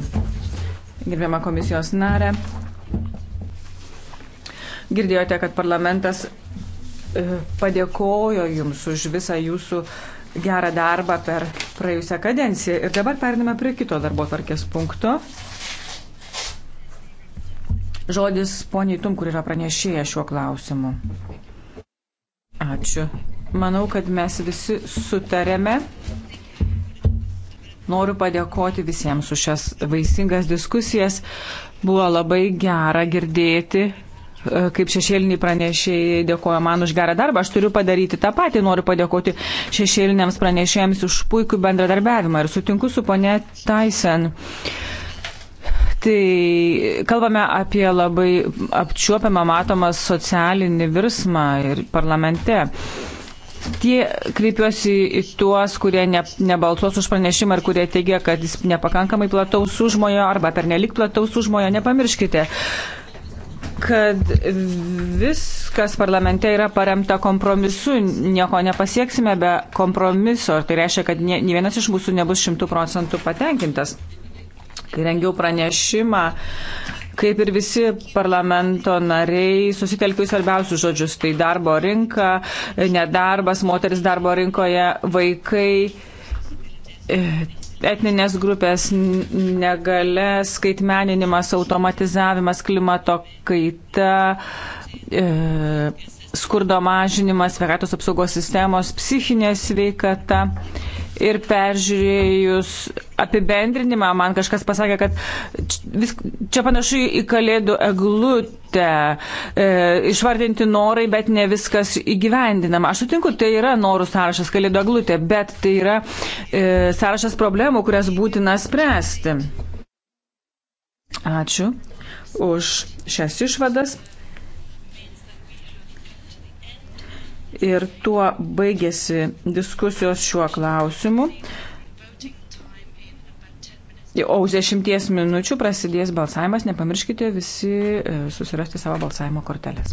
Gerbiama komisijos narė. Girdėjote, kad parlamentas e, padėkojo jums už visą jūsų e, gerą darbą per praėjusią kadenciją. Ir dabar periname prie kito darbo tvarkės punkto. Žodis poniai Tum, kur yra pranešėja šiuo klausimu. Ačiū. Manau, kad mes visi sutarėme. Noriu padėkoti visiems už šias vaisingas diskusijas. Buvo labai gera girdėti E, kaip šešėliniai pranešėjai dėkoja man už gerą darbą. Aš turiu padaryti tą patį, noriu padėkoti šešėliniams pranešėjams už puikų bendradarbiavimą ir sutinku su ponė Tyson. Tai kalbame apie labai apčiuopiamą matomą socialinį virsmą ir parlamente. Tie kreipiuosi į tuos, kurie ne, nebalsuos už pranešimą ir kurie teigia, kad jis nepakankamai plataus užmojo arba per nelik plataus užmojo. Nepamirškite, kad viskas parlamente yra paremta kompromisu, nieko nepasieksime be kompromiso. Ir tai reiškia, kad ne, ne vienas iš mūsų nebus šimtų procentų patenkintas. Kai rengiau pranešimą, kaip ir visi parlamento nariai, susitelkiu į svarbiausius žodžius - tai darbo rinka, nedarbas, moteris darbo rinkoje, vaikai etninės grupės negale, skaitmeninimas, automatizavimas, klimato kaita, e, skurdo mažinimas, sveikatos apsaugos sistemos, psichinė sveikata ir peržiūrėjus apibendrinimą, man kažkas pasakė, kad vis, čia panašu į kalėdų eglutę, e, išvardinti norai, bet ne viskas įgyvendinama. Aš sutinku, tai yra norų sąrašas kalėdų eglutė, bet tai yra e, sąrašas problemų, kurias būtina spręsti. Ačiū už šias išvadas. Ir tuo baigėsi diskusijos šiuo klausimu. O už dešimties minučių prasidės balsavimas. Nepamirškite visi e, susirasti savo balsavimo korteles.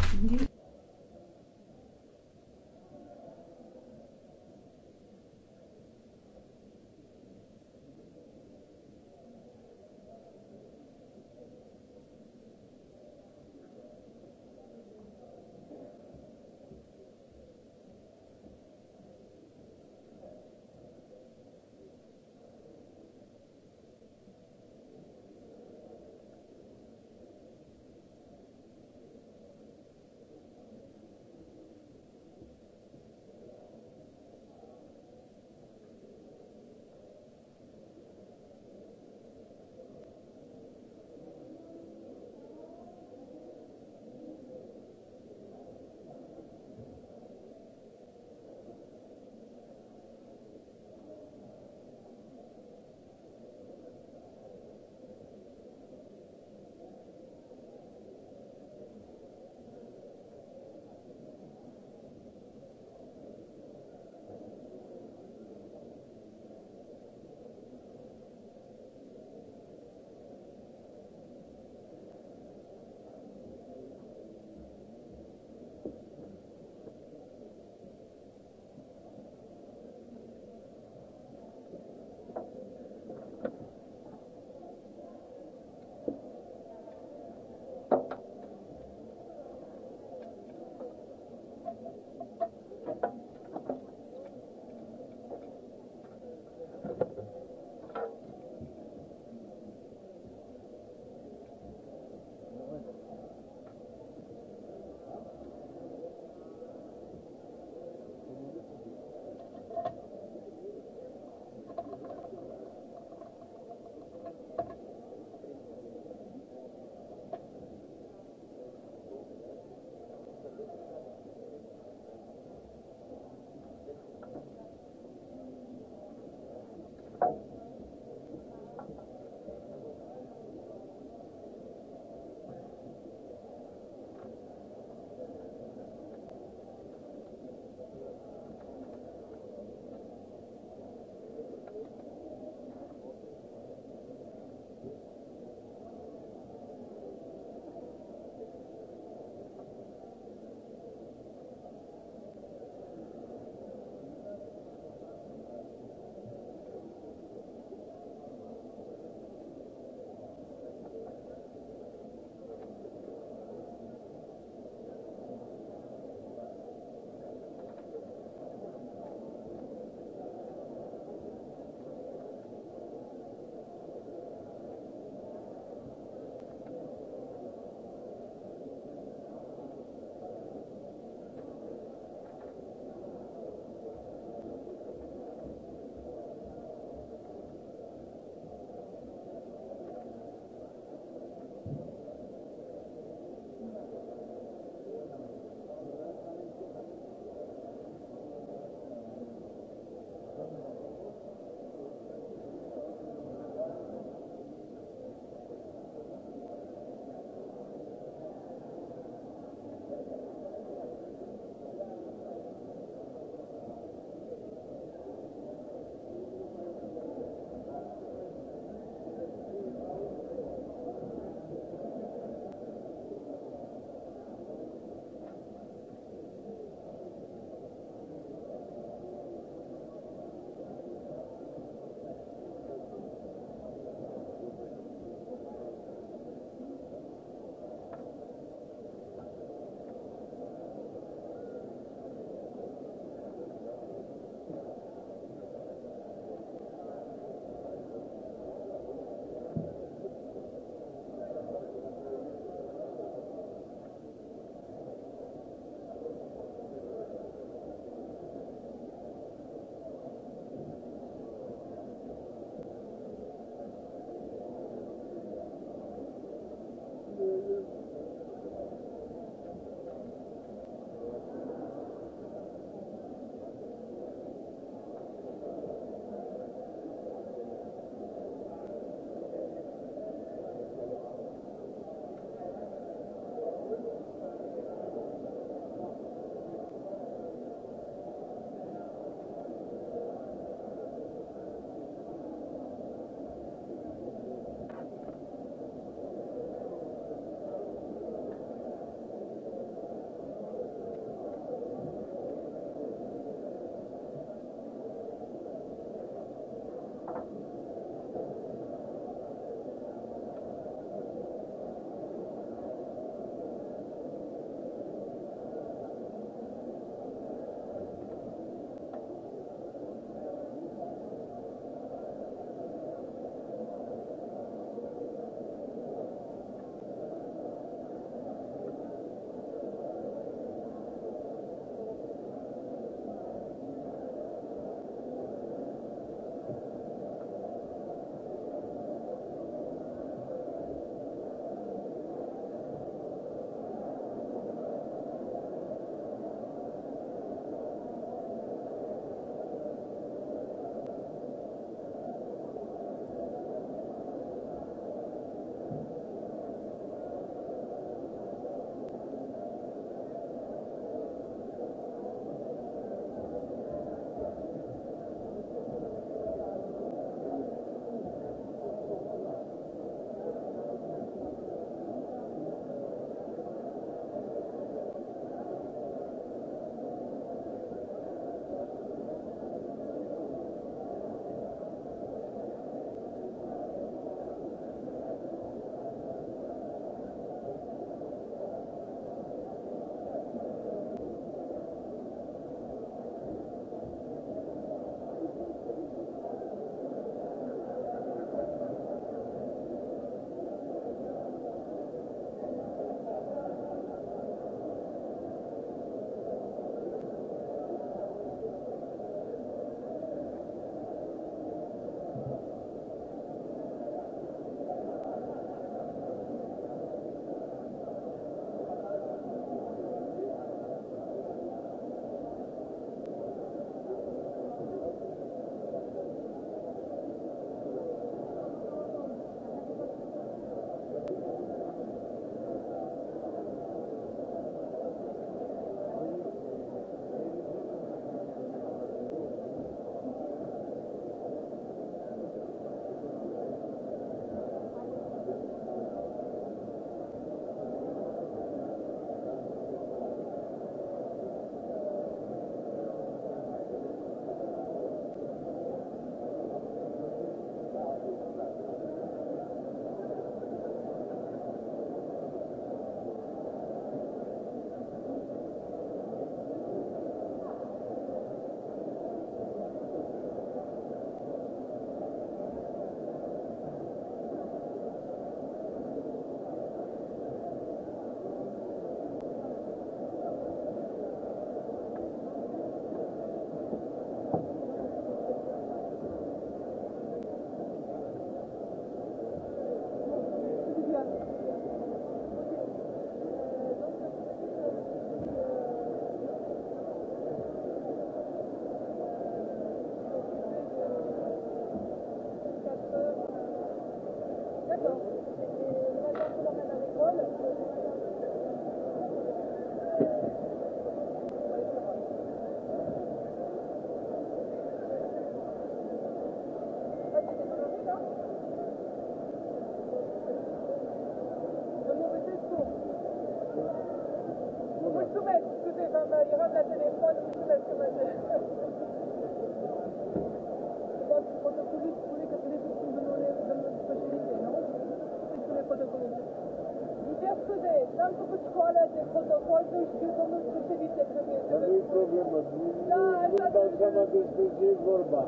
seama despre ce e vorba.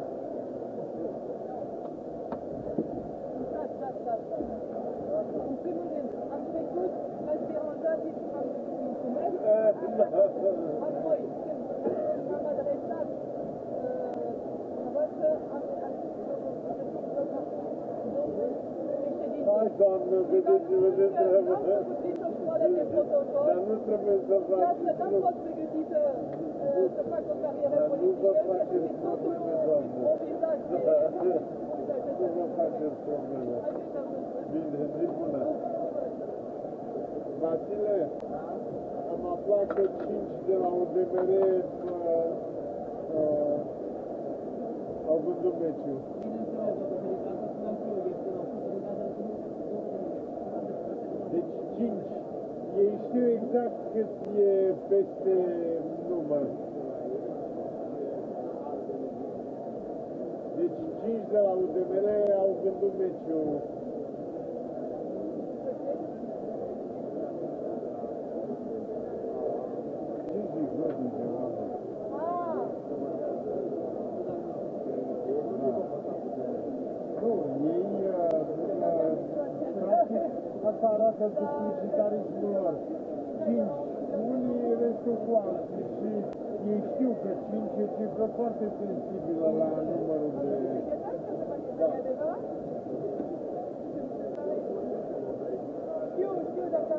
În primul rând, am trecut asperozate și am mulțumesc. Apoi, când m-am adresat dumneavoastră, am Hai, doamnă, vedeți-vă de treabă. Dar nu trebuie să faci. Dar să dăm pot performele. Bine, nu bună. Vasile, am aflat că 5 de la UDMR uh, uh, au vândut meciul. Deci 5. Ei știu exact cât e peste număr. 5 de la UDMR au gândit meciul. Asta arată publicitarii lor. 5 unii, restul cu alții și ei știu că sunt se cifră foarte sensibilă la numărul de... Da. Știu, știu, dacă...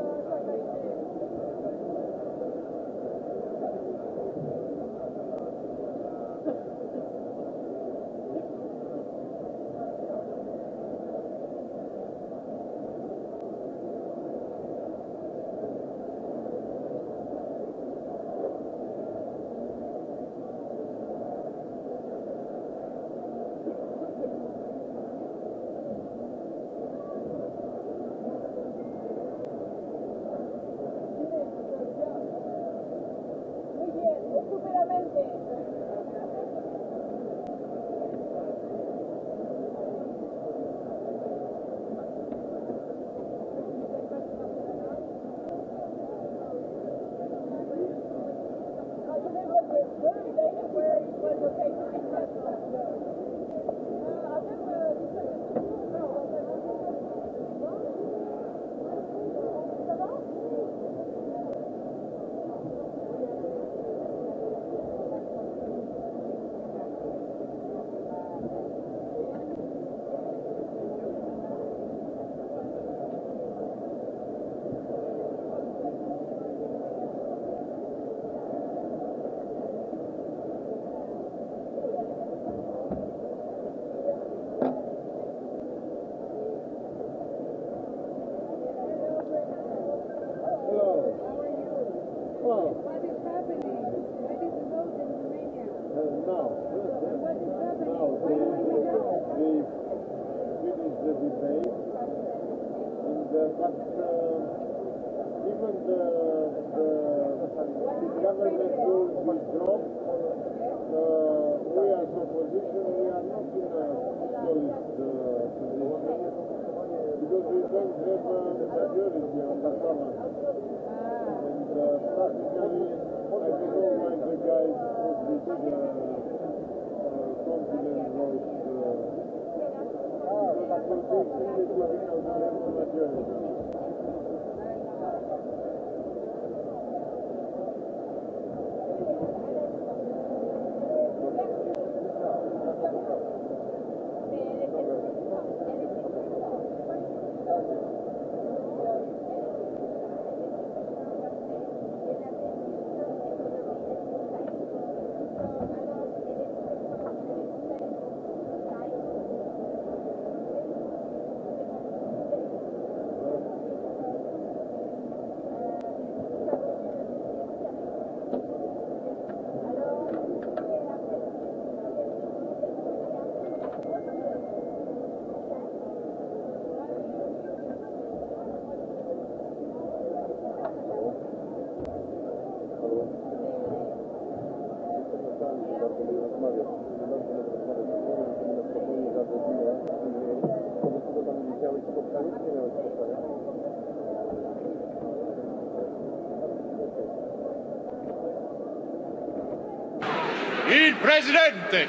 Il presidente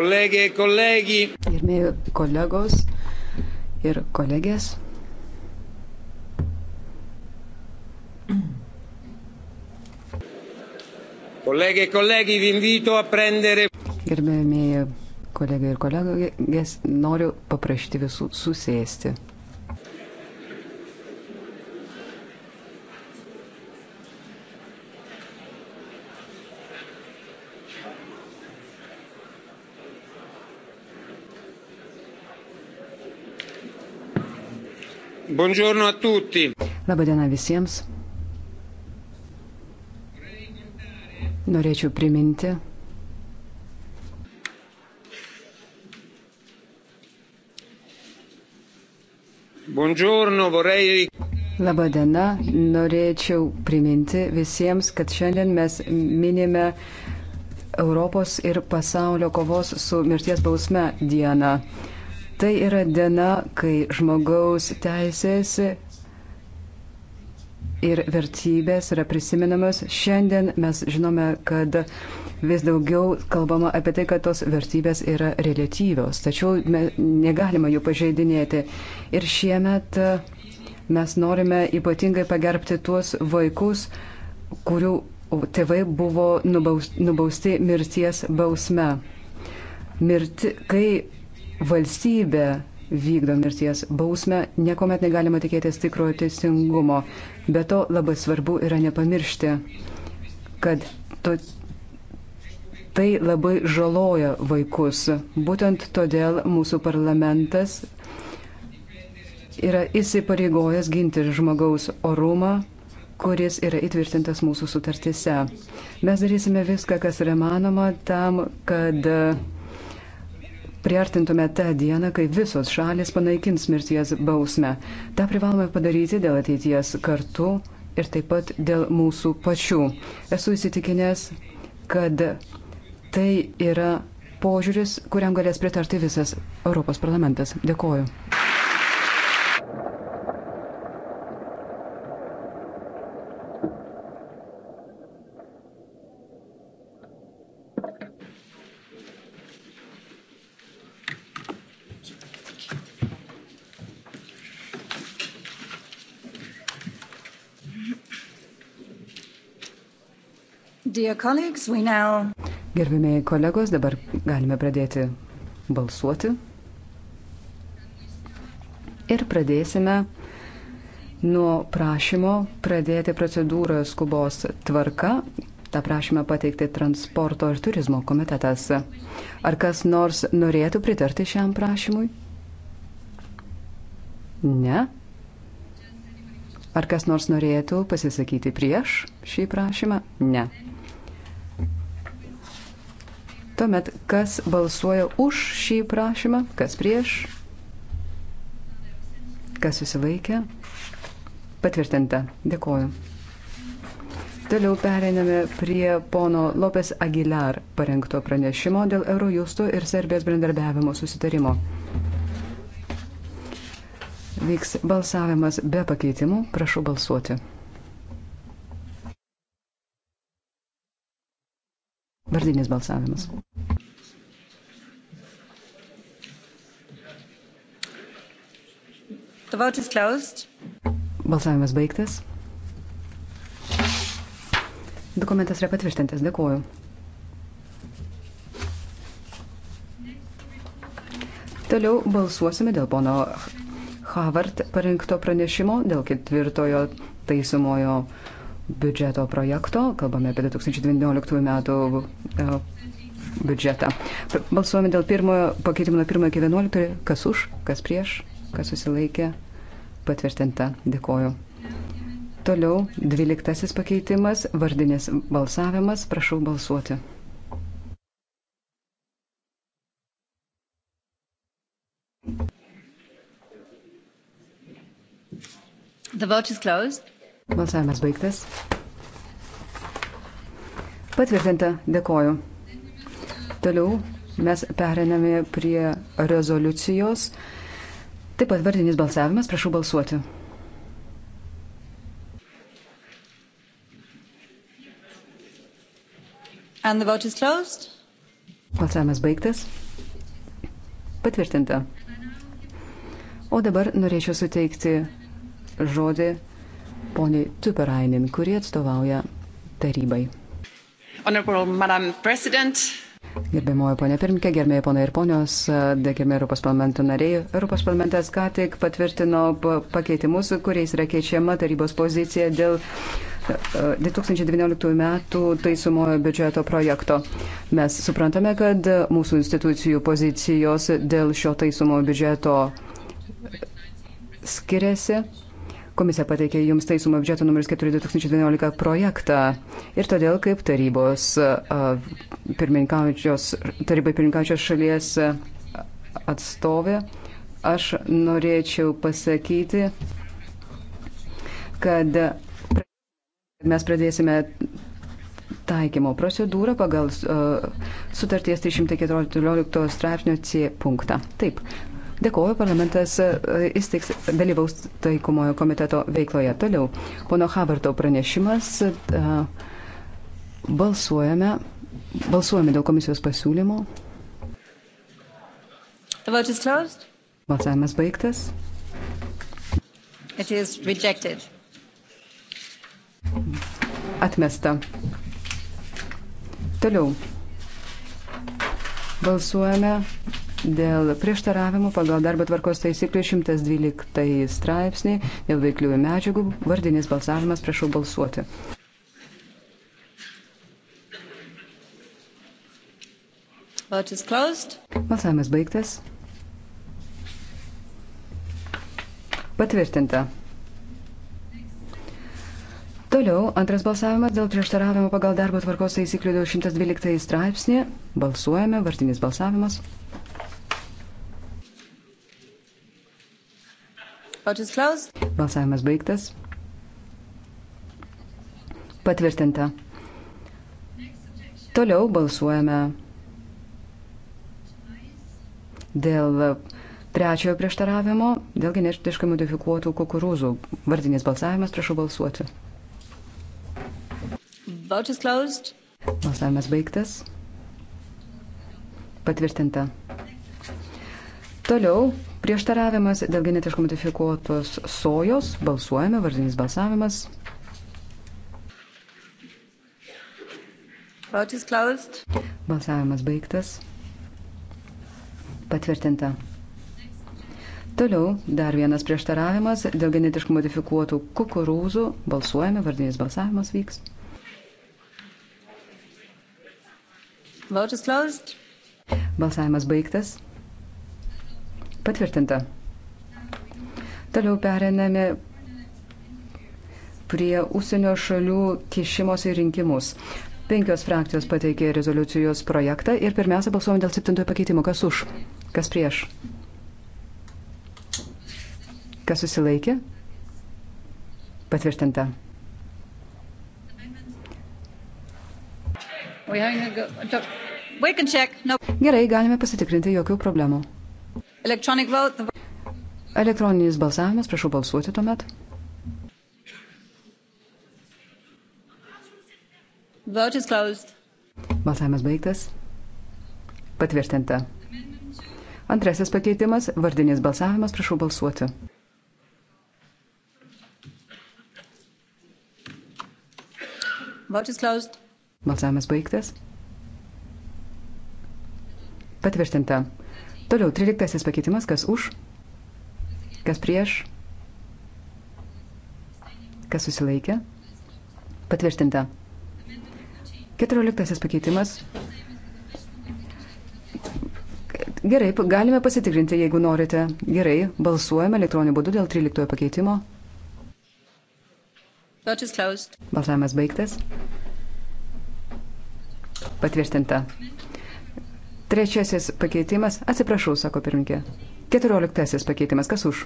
Kolegė, e kolegi. Gerbėjai kolegos ir kolegės. Kolegė, e kolegi, vi invito a prendere. Gerbėjai kolegai ir kolegės, noriu paprašyti visų susėsti. Buongiorno a tutti. Labadiena visiems. Norėčiau priminti. Buongiorno, vorrei. Labadiena, norėčiau priminti visiems, kad šiandien mes minime Europos ir pasaulio kovos su mirties bausme dieną. Tai yra diena, kai žmogaus teisės ir vertybės yra prisiminamos. Šiandien mes žinome, kad vis daugiau kalbama apie tai, kad tos vertybės yra relatyvios, tačiau negalima jų pažeidinėti. Ir šiemet mes norime ypatingai pagerbti tuos vaikus, kurių tėvai buvo nubausti mirties bausme. Mirti, kai valstybę vykdant mirties bausmę, niekuomet negalima tikėtis tikrojo teisingumo. Be to labai svarbu yra nepamiršti, kad to, tai labai žaloja vaikus. Būtent todėl mūsų parlamentas yra įsipareigojęs ginti žmogaus orumą kuris yra įtvirtintas mūsų sutartise. Mes darysime viską, kas yra manoma, tam, kad uh, priartintume tą dieną, kai visos šalis panaikins mirties bausmę. Ta privalome padaryti dėl ateities kartu ir taip pat dėl mūsų pačių. Esu įsitikinęs, kad tai yra požiūris, kuriam galės pritarti visas Europos parlamentas. Dėkoju. Now... Gerbimieji kolegos, dabar galime pradėti balsuoti. Ir pradėsime nuo prašymo pradėti procedūrą skubos tvarka. Ta prašymą pateikti transporto ir turizmo komitetas. Ar kas nors norėtų pritarti šiam prašymui? Ne. Ar kas nors norėtų pasisakyti prieš šį prašymą? Ne. Tuomet, kas balsuoja už šį prašymą, kas prieš, kas susilaikė. Patvirtinta. Dėkoju. Toliau pereiname prie pono Lopes Aguilar parengto pranešimo dėl Eurojusto ir Serbijos bendarbiavimo susitarimo. Vyks balsavimas be pakeitimų. Prašau balsuoti. Vardinis balsavimas. Balsavimas baigtas. Dokumentas yra patvirtintas. Dėkuoju. Toliau balsuosime dėl pono Havard parinkto pranešimo dėl ketvirtojo taisomojo biudžeto projekto, kalbame apie 2019 metų e, biudžetą. Balsuojame dėl pirmojo pakeitimo nuo 1 iki 11, kas už, kas prieš, kas susilaikė, patvirtinta, dėkoju. Toliau 12 pakeitimas, vardinės balsavimas, prašau balsuoti. The vote is closed. Balsavimas baigtas. Patvirtinta, dėkoju. Toliau mes periname prie rezoliucijos. Taip pat vardinis balsavimas, prašau balsuoti. Balsavimas baigtas. Patvirtinta. O dabar norėčiau suteikti žodį poniai Tuperainin, kurie atstovauja tarybai. Gerbiamoji ponė pirmininkė, gerbėjai ponai ir ponios, e, gerbėjai Europos parlamento nariai. Europos parlamentas ką tik patvirtino pakeitimus, kuriais yra keičiama tarybos pozicija dėl 2019 e, e, metų taisomojo biudžeto projekto. Mes suprantame, kad mūsų institucijų pozicijos dėl šio taisomojo biudžeto skiriasi Komisija pateikė jums taisomą biudžeto numeris 4-2011 projektą ir todėl kaip tarybos pirmininkaujančios, tarybai pirmininkaujančios šalies atstovė, aš norėčiau pasakyti, kad mes pradėsime taikymo procedūrą pagal uh, sutarties 314 straipsnio C punktą. Taip, Dėkuoju, parlamentas e, įsteigs dalyvaus taikomojo komiteto veikloje. Toliau, pono Havarto pranešimas. E, balsuojame. Balsuojame dėl komisijos pasiūlymo. Balsavimas baigtas. Atmesta. Toliau. Balsuojame dėl prieštaravimų pagal darbo tvarkos taisyklių 112 straipsnį dėl veikliųjų medžiagų vardinis balsavimas prašau balsuoti. Balsavimas baigtas. Patvirtinta. Toliau antras balsavimas dėl prieštaravimo pagal darbo tvarkos taisyklių 212 straipsnį. Balsuojame, vartinis balsavimas. Balsavimas baigtas. Patvirtinta. Toliau balsuojame dėl trečiojo prieštaravimo, dėl genetiškai modifikuotų kukurūzų. Vardinis balsavimas, prašau balsuoti. Balsavimas baigtas. Patvirtinta. Toliau prieštaravimas dėl genetiškai modifikuotos sojos. Balsuojame, vardinis balsavimas. Balsavimas baigtas. Patvirtinta. Toliau dar vienas prieštaravimas dėl genetiškai modifikuotų kukurūzų. Balsuojame, vardinis balsavimas vyks. Balsavimas baigtas. Patvirtinta. Toliau periname prie užsienio šalių kišimos į rinkimus. Penkios frakcijos pateikė rezoliucijos projektą ir pirmiausia balsuojame dėl septintojo pakeitimo. Kas už? Kas prieš? Kas susilaikė? Patvirtinta. Gerai, galime pasitikrinti jokių problemų. Elektroninis balsavimas, prašau balsuoti tuomet. Balsavimas baigtas. Patvirtinta. Antrasis pakeitimas - vardinis balsavimas, prašau balsuoti. Balsavimas baigtas. Patvirtinta. Toliau, 13 pakeitimas, kas už, kas prieš, kas susilaikė, patvirtinta. 14 pakeitimas. Gerai, galime pasitikrinti, jeigu norite. Gerai, balsuojame elektroniniu būdu dėl 13 pakeitimo. Balsavimas baigtas. Patvirtinta. Trečiasis pakeitimas, atsiprašau, sako pirmininkė. Keturioliktasis pakeitimas, kas už?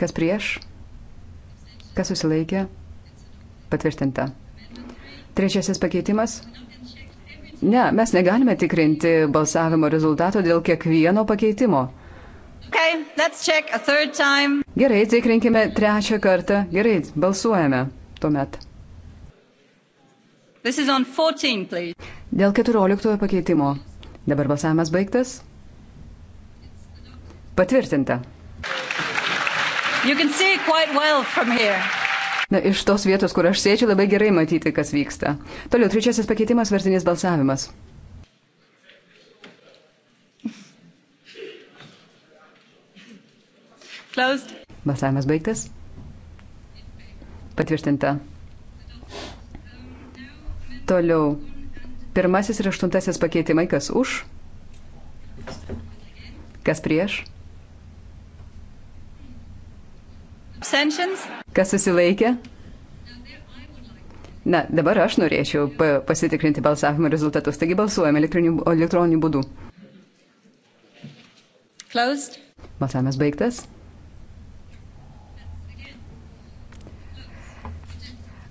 Kas prieš? Kas susilaikė? Patvirtinta. Trečiasis pakeitimas. Ne, mes negalime tikrinti balsavimo rezultato dėl kiekvieno pakeitimo. Okay, Gerai, tikrinkime trečią kartą. Gerai, balsuojame tuomet. 14, Dėl 14 pakeitimo. Dabar balsavimas baigtas. Patvirtinta. Well Na, iš tos vietos, kur aš sėdžiu, labai gerai matyti, kas vyksta. Toliau, trečiasis pakeitimas - vertinis balsavimas. Closed. Balsavimas baigtas. Patvirtinta. Toliau. Pirmasis ir aštuntasis pakeitimai, kas už, kas prieš. Kas susilaikė? Na, dabar aš norėčiau pasitikrinti balsavimo rezultatus. Taigi balsuojame elektroniniu, elektroniniu būdu. Closed. Balsavimas baigtas.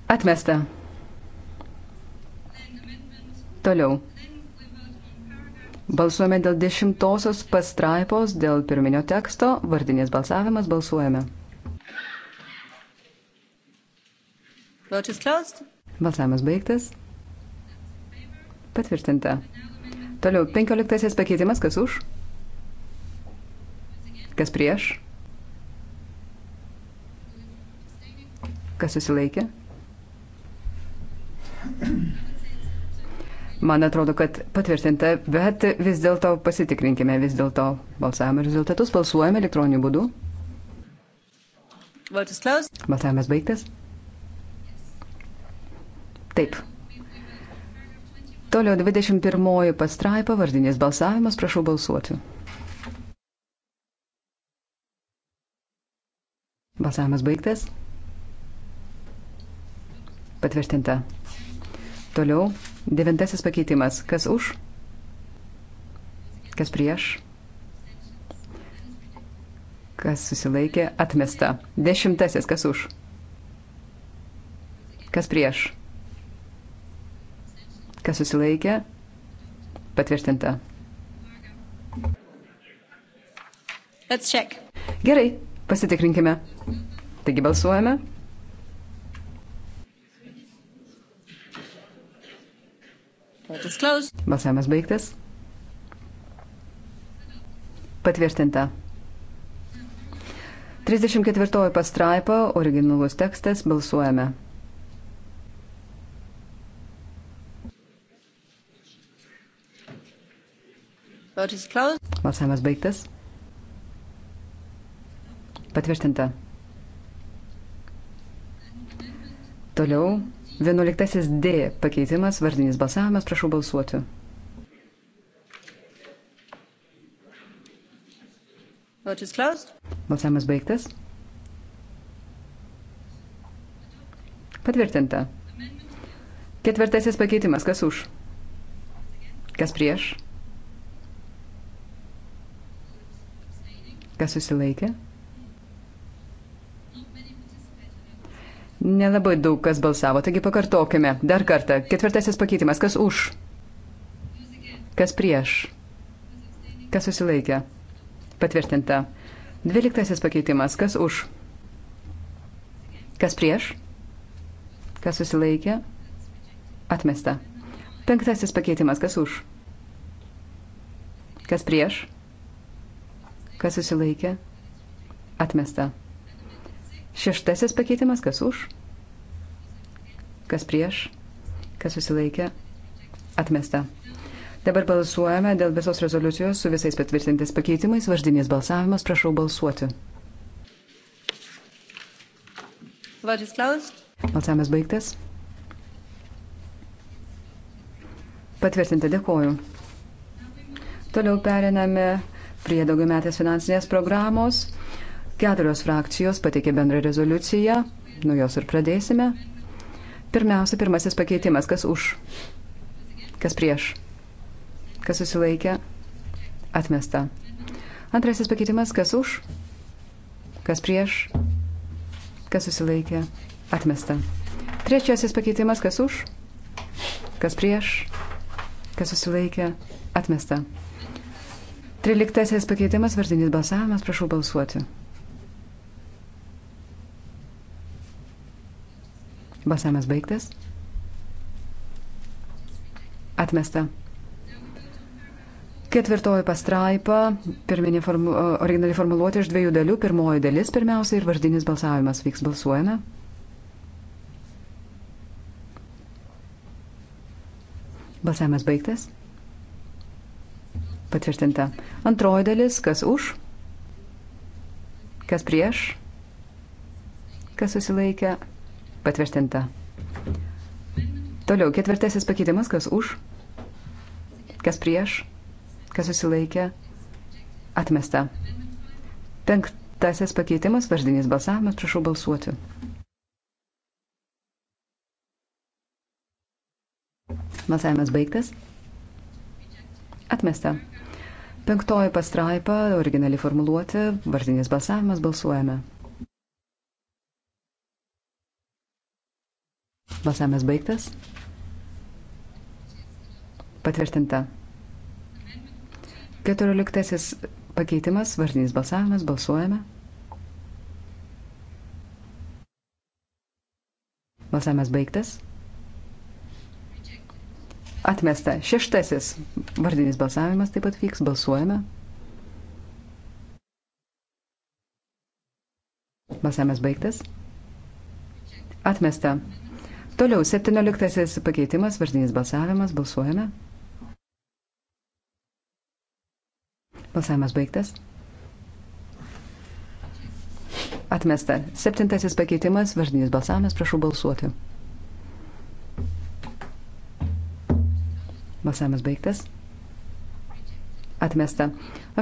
Atmesta. Toliau. Balsuojame dėl dešimtosios pastraipos, dėl pirminio teksto. Vardinės balsavimas balsuojame. Balsavimas baigtas. Patvirtinta. Toliau, penkioliktasis pakeitimas, kas už? Kas prieš? Kas susilaikė? Man atrodo, kad patvirtinta, bet vis dėlto pasitikrinkime vis dėlto balsavimo rezultatus. Balsuojame elektroniniu būdu. Balsavimas baigtas. Taip. Toliau 21 pastraipa vardinės balsavimas, prašau balsuoti. Balsavimas baigtas. Patvirtinta. Toliau Devintasis pakeitimas. Kas už? Kas prieš? Kas susilaikė? Atmesta. Dešimtasis. Kas už? Kas prieš? Kas susilaikė? Patvirtinta. Gerai, pasitikrinkime. Taigi balsuojame. Balsavimas baigtas. Patvirtinta. 34 pastraipa, originalus tekstas, balsuojame. Balsavimas baigtas. Patvirtinta. Toliau Vienuoliktasis D pakeitimas, vardinis balsavimas, prašau balsuoti. Balsavimas baigtas. Patvirtinta. Ketvirtasis pakeitimas, kas už? Kas prieš? Kas susilaikė? Nelabai daug kas balsavo, taigi pakartokime. Dar kartą. Ketvirtasis pakeitimas. Kas už? Kas prieš? Kas susilaikė? Patvirtinta. Dvyliktasis pakeitimas. Kas už? Kas prieš? Kas susilaikė? Atmesta. Penktasis pakeitimas. Kas už? Kas prieš? Kas susilaikė? Atmesta. Šeštasis pakeitimas. Kas už? kas prieš, kas susilaikė, atmesta. Dabar balsuojame dėl visos rezoliucijos su visais patvirtintais pakeitimais. Vardinės balsavimas, prašau balsuoti. Balsavimas baigtas. Patvirtinti dėkoju. Toliau periname prie daugiametės finansinės programos. Keturios frakcijos pateikė bendrą rezoliuciją. Nuo jos ir pradėsime. Pirmiausia, pirmasis pakeitimas, kas už, kas prieš, kas susilaikė, atmesta. Antrasis pakeitimas, kas už, kas prieš, kas susilaikė, atmesta. Trečiasis pakeitimas, kas už, kas prieš, kas susilaikė, atmesta. Triliktasis pakeitimas, vardinis balsavimas, prašau balsuoti. Balsavimas baigtas. Atmesta. Ketvirtoji pastraipa, pirminė formu, originali formuluotė iš dviejų dalių. Pirmoji dalis pirmiausia ir vardinis balsavimas vyks balsuojame. Balsavimas baigtas. Patvirtinta. Antroji dalis, kas už, kas prieš, kas susilaikė, Patvirtinta. Toliau ketvirtasis pakeitimas, kas už, kas prieš, kas susilaikė, atmesta. Penktasis pakeitimas, vardinis balsavimas, prašau balsuoti. Balsavimas baigtas. Atmesta. Penktoji pastraipa, originali formuluoti, vardinis balsavimas, balsuojame. Balsavimas baigtas. Patvirtinta. 14 pakeitimas, vardinis balsavimas, balsuojame. Balsavimas baigtas. Atmesta. Šeštasis vardinis balsavimas taip pat vyks, balsuojame. Balsavimas baigtas. Atmesta. Toliau, 17 pakeitimas, vardinis balsavimas, balsuojame. Balsavimas baigtas. Atmesta. Septintasis pakeitimas, vardinis balsavimas, prašau balsuoti. Balsavimas baigtas. Atmesta.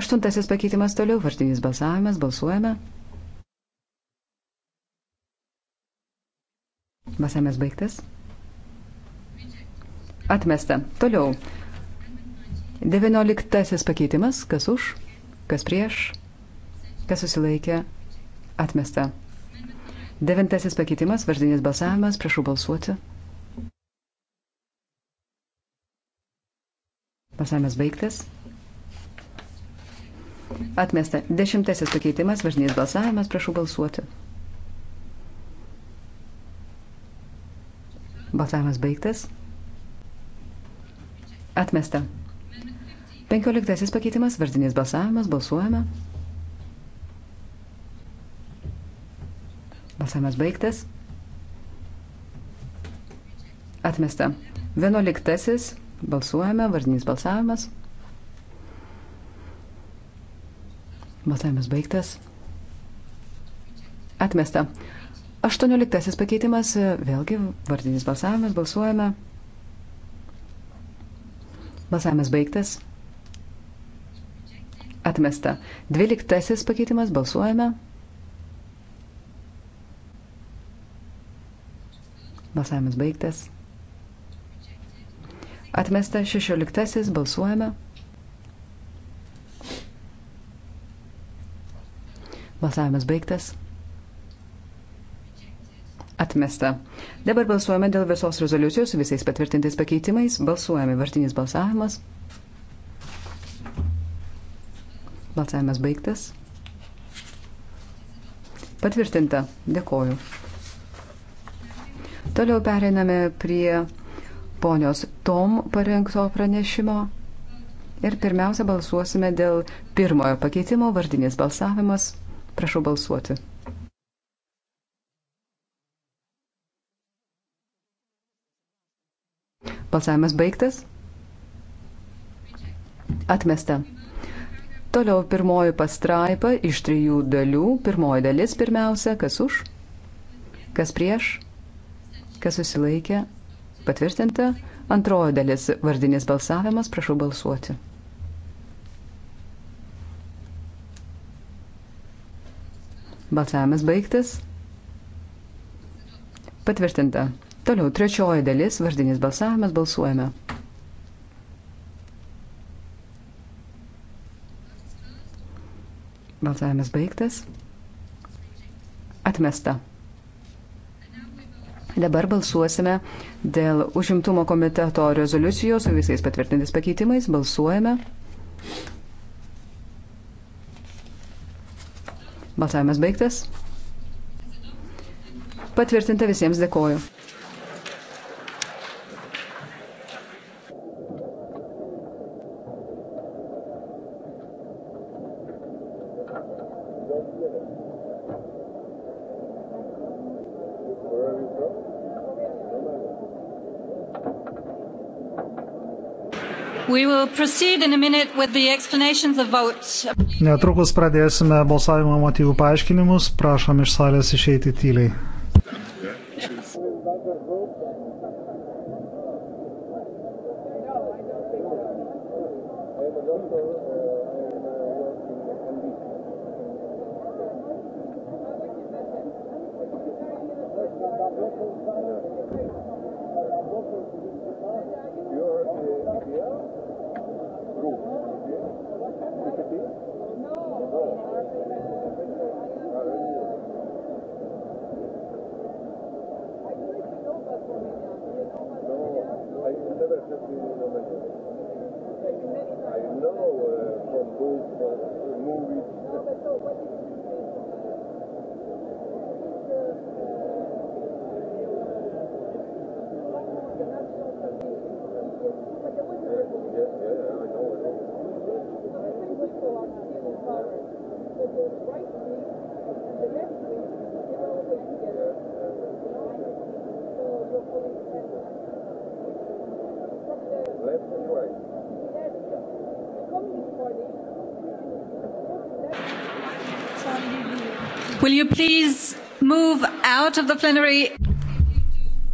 Aštuntasis pakeitimas toliau, vardinis balsavimas, balsuojame. Basamės baigtas. Atmesta. Toliau. 19 pakeitimas. Kas už, kas prieš, kas susilaikė. Atmesta. 9 pakeitimas. Vardinis balsavimas. Prašau balsuoti. Balsavimas baigtas. Atmesta. 10 pakeitimas. Vardinis balsavimas. Prašau balsuoti. Balsavimas baigtas. Atmesta. Penkioliktasis pakeitimas, vardinis balsavimas, balsuojame. Balsavimas baigtas. Atmesta. Vienuoliktasis, balsuojame, vardinis balsavimas. Balsavimas baigtas. Atmesta. 18 pakeitimas, vėlgi vardinis balsavimas, balsuojame. Balsavimas baigtas. Atmesta. 12 pakeitimas, balsuojame. Balsavimas baigtas. Atmesta 16. Balsuojame. Balsavimas baigtas. Atmesta. Dabar balsuojame dėl visos rezoliucijos su visais patvirtintais pakeitimais. Balsuojame. Vartinis balsavimas. Balsavimas baigtas. Patvirtinta. Dėkoju. Toliau pereiname prie ponios Tom parengto pranešimo. Ir pirmiausia balsuosime dėl pirmojo pakeitimo vardinis balsavimas. Prašau balsuoti. Balsavimas baigtas. Atmesta. Toliau pirmoji pastraipa iš trijų dalių. Pirmoji dalis pirmiausia, kas už, kas prieš, kas susilaikė, patvirtinta. Antroji dalis vardinis balsavimas, prašau balsuoti. Balsavimas baigtas. Patvirtinta. Toliau, trečioji dalis, vardinis balsavimas, balsuojame. Balsavimas baigtas. Atmesta. Dabar balsuosime dėl užimtumo komiteto rezoliucijos su visais patvirtintis pakeitimais. Balsuojame. Balsavimas baigtas. Patvirtinta visiems dėkoju. Netrukus pradėsime balsavimo motyvų paaiškinimus. Prašom iš salės išeiti tyliai.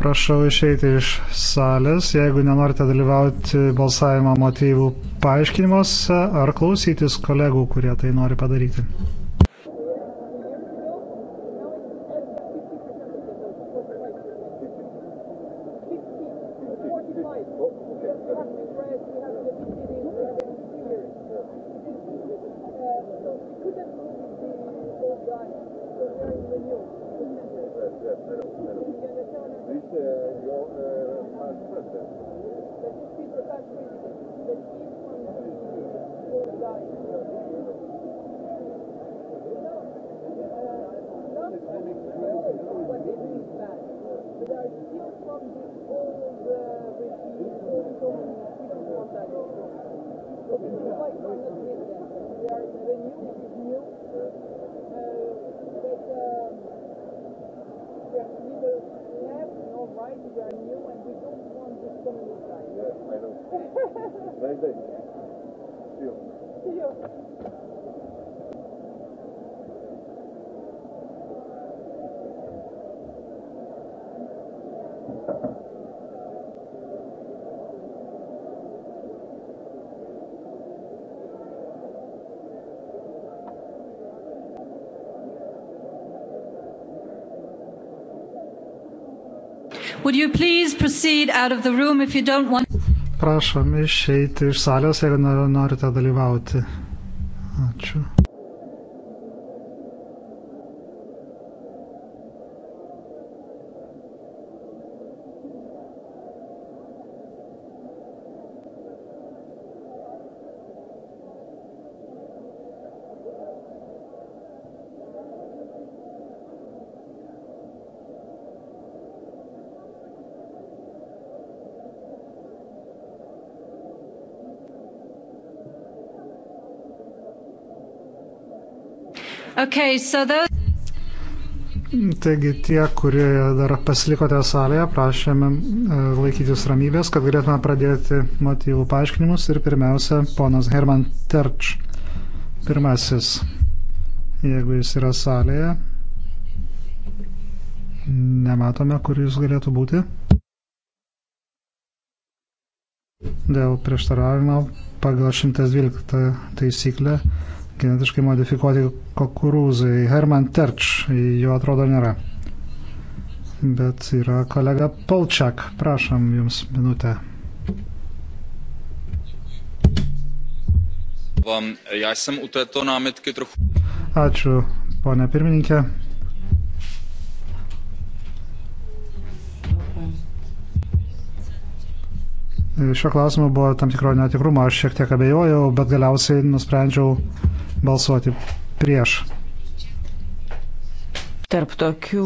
Prašau išeiti iš salės, jeigu nenorite dalyvauti balsavimo motyvų paaiškinimuose ar klausytis kolegų, kurie tai nori padaryti. Want... Prašom išeiti iš salės, jeigu norite dalyvauti Okay, so those... Taigi tie, kurie dar pasilikote salėje, prašėme e, laikytis ramybės, kad galėtume pradėti motyvų paaiškinimus ir pirmiausia, ponas Herman Terč, pirmasis, jeigu jis yra salėje, nematome, kur jis galėtų būti. Dėl prieštaravimo pagal 112 taisyklę genetiškai modifikuoti kukurūzai. Herman Terč, jo atrodo nėra. Bet yra kolega Polčak, prašom jums minutę. Já jsem u této námitky trochu. Ačiū, ponia pirmininkė. Šiuo klausimu buvo tam tikro netikrumo, aš šiek tiek abejojau, bet galiausiai nusprendžiau balsuoti prieš. Tarp tokių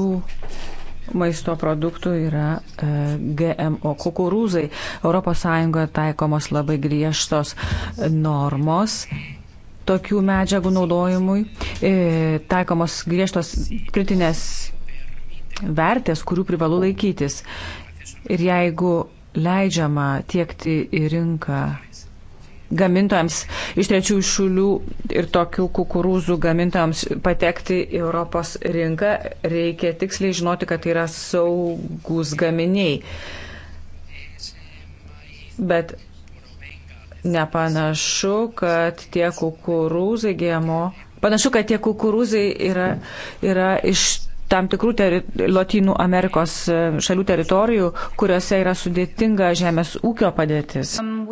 maisto produktų yra e, GMO kukurūzai. ES taikomos labai griežtos normos tokių medžiagų naudojimui, e, taikomos griežtos kritinės vertės, kurių privalu laikytis. Ir jeigu leidžiama tiekti į rinką gamintojams iš trečiųjų šalių ir tokių kukurūzų gamintojams patekti į Europos rinką, reikia tiksliai žinoti, kad tai yra saugus gaminiai. Bet nepanašu, kad tie kukurūzai GMO. Panašu, kad tie kukurūzai yra, yra iš tam tikrų teri, Latinų Amerikos e, šalių teritorijų, kuriuose yra sudėtinga žemės ūkio padėtis. Um,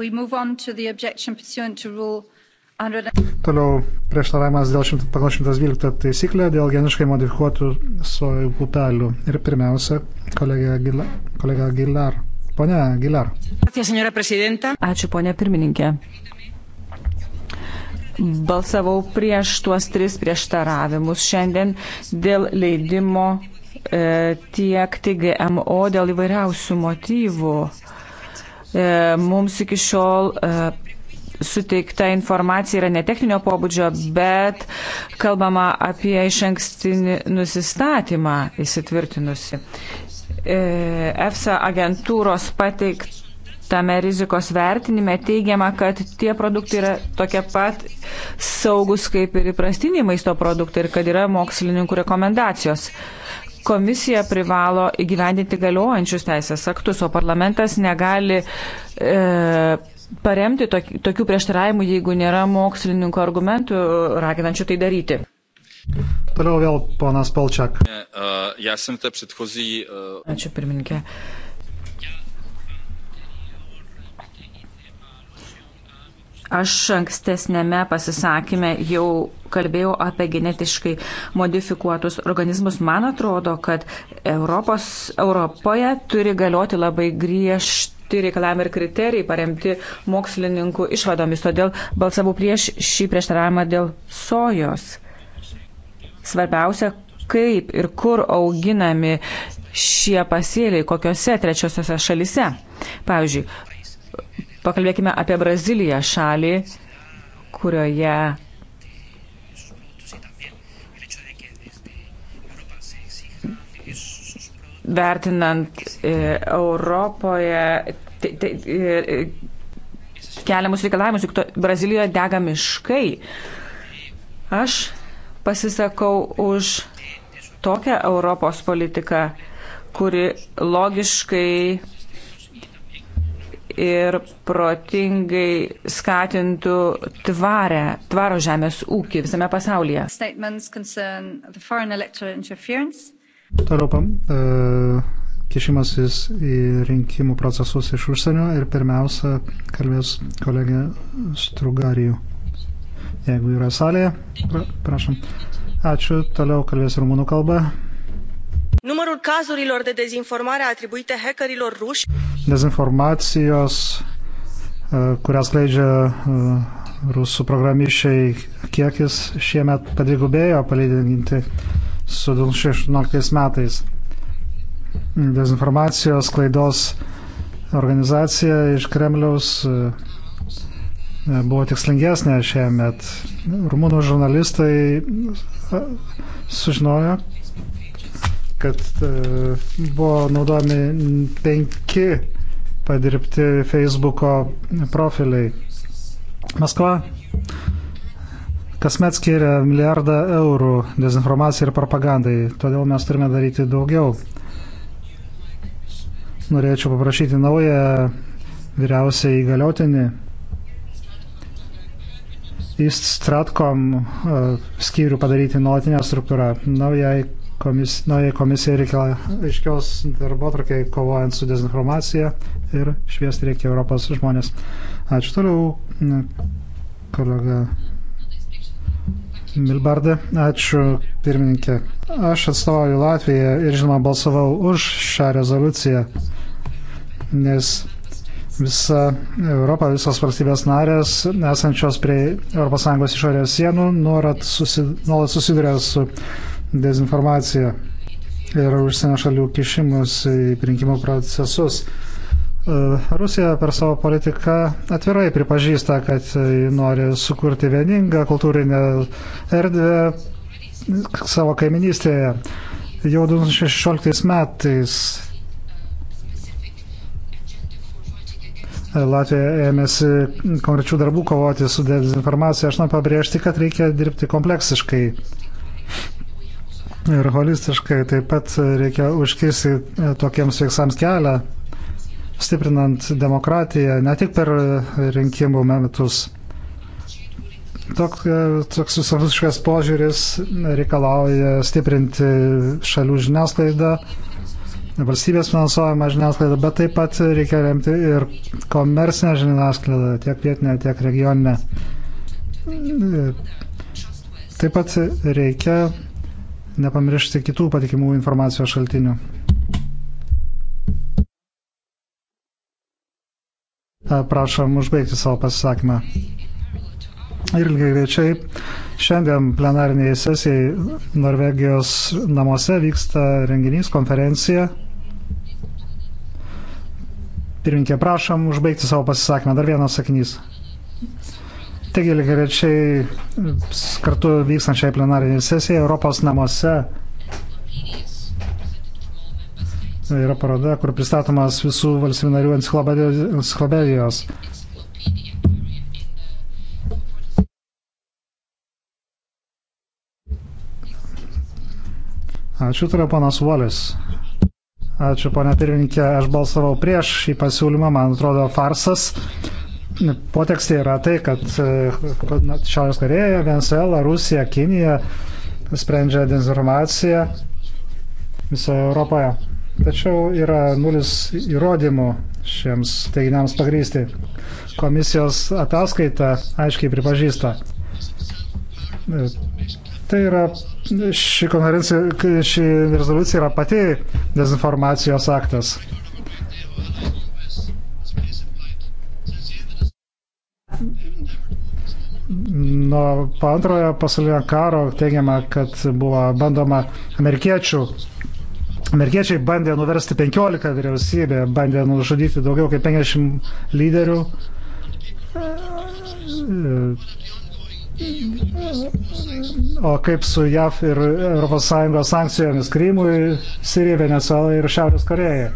Toliau prieštaravimas dėl 112 taisyklę dėl geniškai modifikuotų sojų pupelių. Ir pirmiausia, kolega, Gila, kolega Gilar. Pone Gilar. Ačiū, ponė pirmininkė balsavau prieš tuos tris prieštaravimus šiandien dėl leidimo e, tiekti GMO dėl įvairiausių motyvų. E, mums iki šiol e, suteikta informacija yra netechninio pobūdžio, bet kalbama apie iš ankstinį nusistatymą įsitvirtinusi. E, EFSA agentūros pateikt tame rizikos vertinime teigiama, kad tie produktai yra tokie pat saugus kaip ir įprastiniai maisto produktai ir kad yra mokslininkų rekomendacijos. Komisija privalo įgyvendinti galiojančius teisės aktus, o parlamentas negali e, paremti tokių prieštaravimų, jeigu nėra mokslininkų argumentų raginančių tai daryti. Toliau vėl ponas Palčiak. E, e, e, Ačiū pirmininkė. Aš ankstesnėme pasisakymė jau kalbėjau apie genetiškai modifikuotus organizmus. Man atrodo, kad Europos, Europoje turi galioti labai griežti kiti reikalavimai ir kriterijai paremti mokslininkų išvadomis. Todėl balsavau prieš šį prieštaravimą dėl sojos. Svarbiausia, kaip ir kur auginami šie pasėliai, kokiuose trečiosiuose šalise. Pavyzdžiui, Pakalbėkime apie Braziliją, šalį, kurioje vertinant e, Europoje te, te, e, e, keliamus reikalavimus, juk to, Brazilijoje dega miškai. Aš pasisakau už tokią Europos politiką, kuri logiškai ir protingai skatintų tvarę, tvaro žemės ūkį visame pasaulyje. Toliau uh, kišimasis į rinkimų procesus iš užsienio ir pirmiausia kalbės kolegė Strugarijų. Jeigu yra salėje, prašom. Ačiū, toliau kalbės rumunų kalba. Numărul cazurilor de dezinformare atribuite hackerilor ruși. Dezinformacijos, kurias uh, leidžia uh, rusų programišiai, kiekis šiemet padvigubėjo palyginti su 2016 metais. Dezinformacijos klaidos organizacija iš Kremliaus uh, buvo tikslingesnė šiemet. Rumunų žurnalistai sužinojo, kad e, buvo naudojami penki padirbti Facebook'o profiliai. Maskva kasmet skiria milijardą eurų dezinformacijai ir propagandai, todėl mes turime daryti daugiau. Norėčiau paprašyti naują vyriausiai įgaliotinį į Stratcom e, skyrių padaryti nuolatinę struktūrą. Naujai komis, naujai komisijai reikia aiškios darbo trakiai kovojant su dezinformacija ir šviesti reikia Europos žmonės. Ačiū toliau, kolega Milbardė. Ačiū, pirmininkė. Aš atstovauju Latviją ir, žinoma, balsavau už šią rezoliuciją, nes visa Europa, visos valstybės narės, esančios prie ES išorės sienų, nuolat susiduria su dezinformacija ir užsienio šalių kišimus į rinkimų procesus. E, Rusija per savo politiką atvirai pripažįsta, kad nori sukurti vieningą kultūrinę erdvę savo kaiminystėje. Jau 2016 metais Latvija ėmėsi konkrečių darbų kovoti su dezinformacija. Aš noriu pabrėžti, kad reikia dirbti kompleksiškai ir holistiškai taip pat reikia užkirsti e, tokiems veiksams kelią, stiprinant demokratiją ne tik per rinkimų metus. Toks, e, toks visapusiškas požiūris reikalauja stiprinti šalių žiniasklaidą, valstybės finansuojama žiniasklaida, bet taip pat reikia remti ir komersinę žiniasklaidą, tiek vietinę, tiek regioninę. E, taip pat reikia nepamiršti kitų patikimų informacijos šaltinių. Prašom užbaigti savo pasisakymą. Ir lygiai grečiai šiandien plenariniai sesijai Norvegijos namuose vyksta renginys, konferencija. Pirminkė, prašom užbaigti savo pasisakymą. Dar vienas sakinys. Taigi, lygiai kartu vykstančiai plenarinė sesija Europos namuose yra paroda, kur pristatomas visų valstybių narių enciklopedijos. Ačiū, turiu panas Volis. Ačiū, ponia pirmininkė, aš balsavau prieš šį pasiūlymą, man atrodo, farsas. Potekstė yra tai, kad e, Šiaurės Koreja, Venezuela, Rusija, Kinija sprendžia dezinformaciją visoje Europoje. Tačiau yra nulis įrodymų šiems teiginiams pagrysti. Komisijos ataskaita aiškiai pripažįsta. E, tai yra, ši, ši rezoliucija yra pati dezinformacijos aktas. nuo po antrojo pasaulinio karo teigiama, kad buvo bandoma amerikiečių. Amerikiečiai bandė nuversti 15 vyriausybę, bandė nužudyti daugiau kaip 50 lyderių. O kaip su JAV ir ES sankcijomis Krymui, Sirijai, Venezuelai ir Šiaurės Korejai?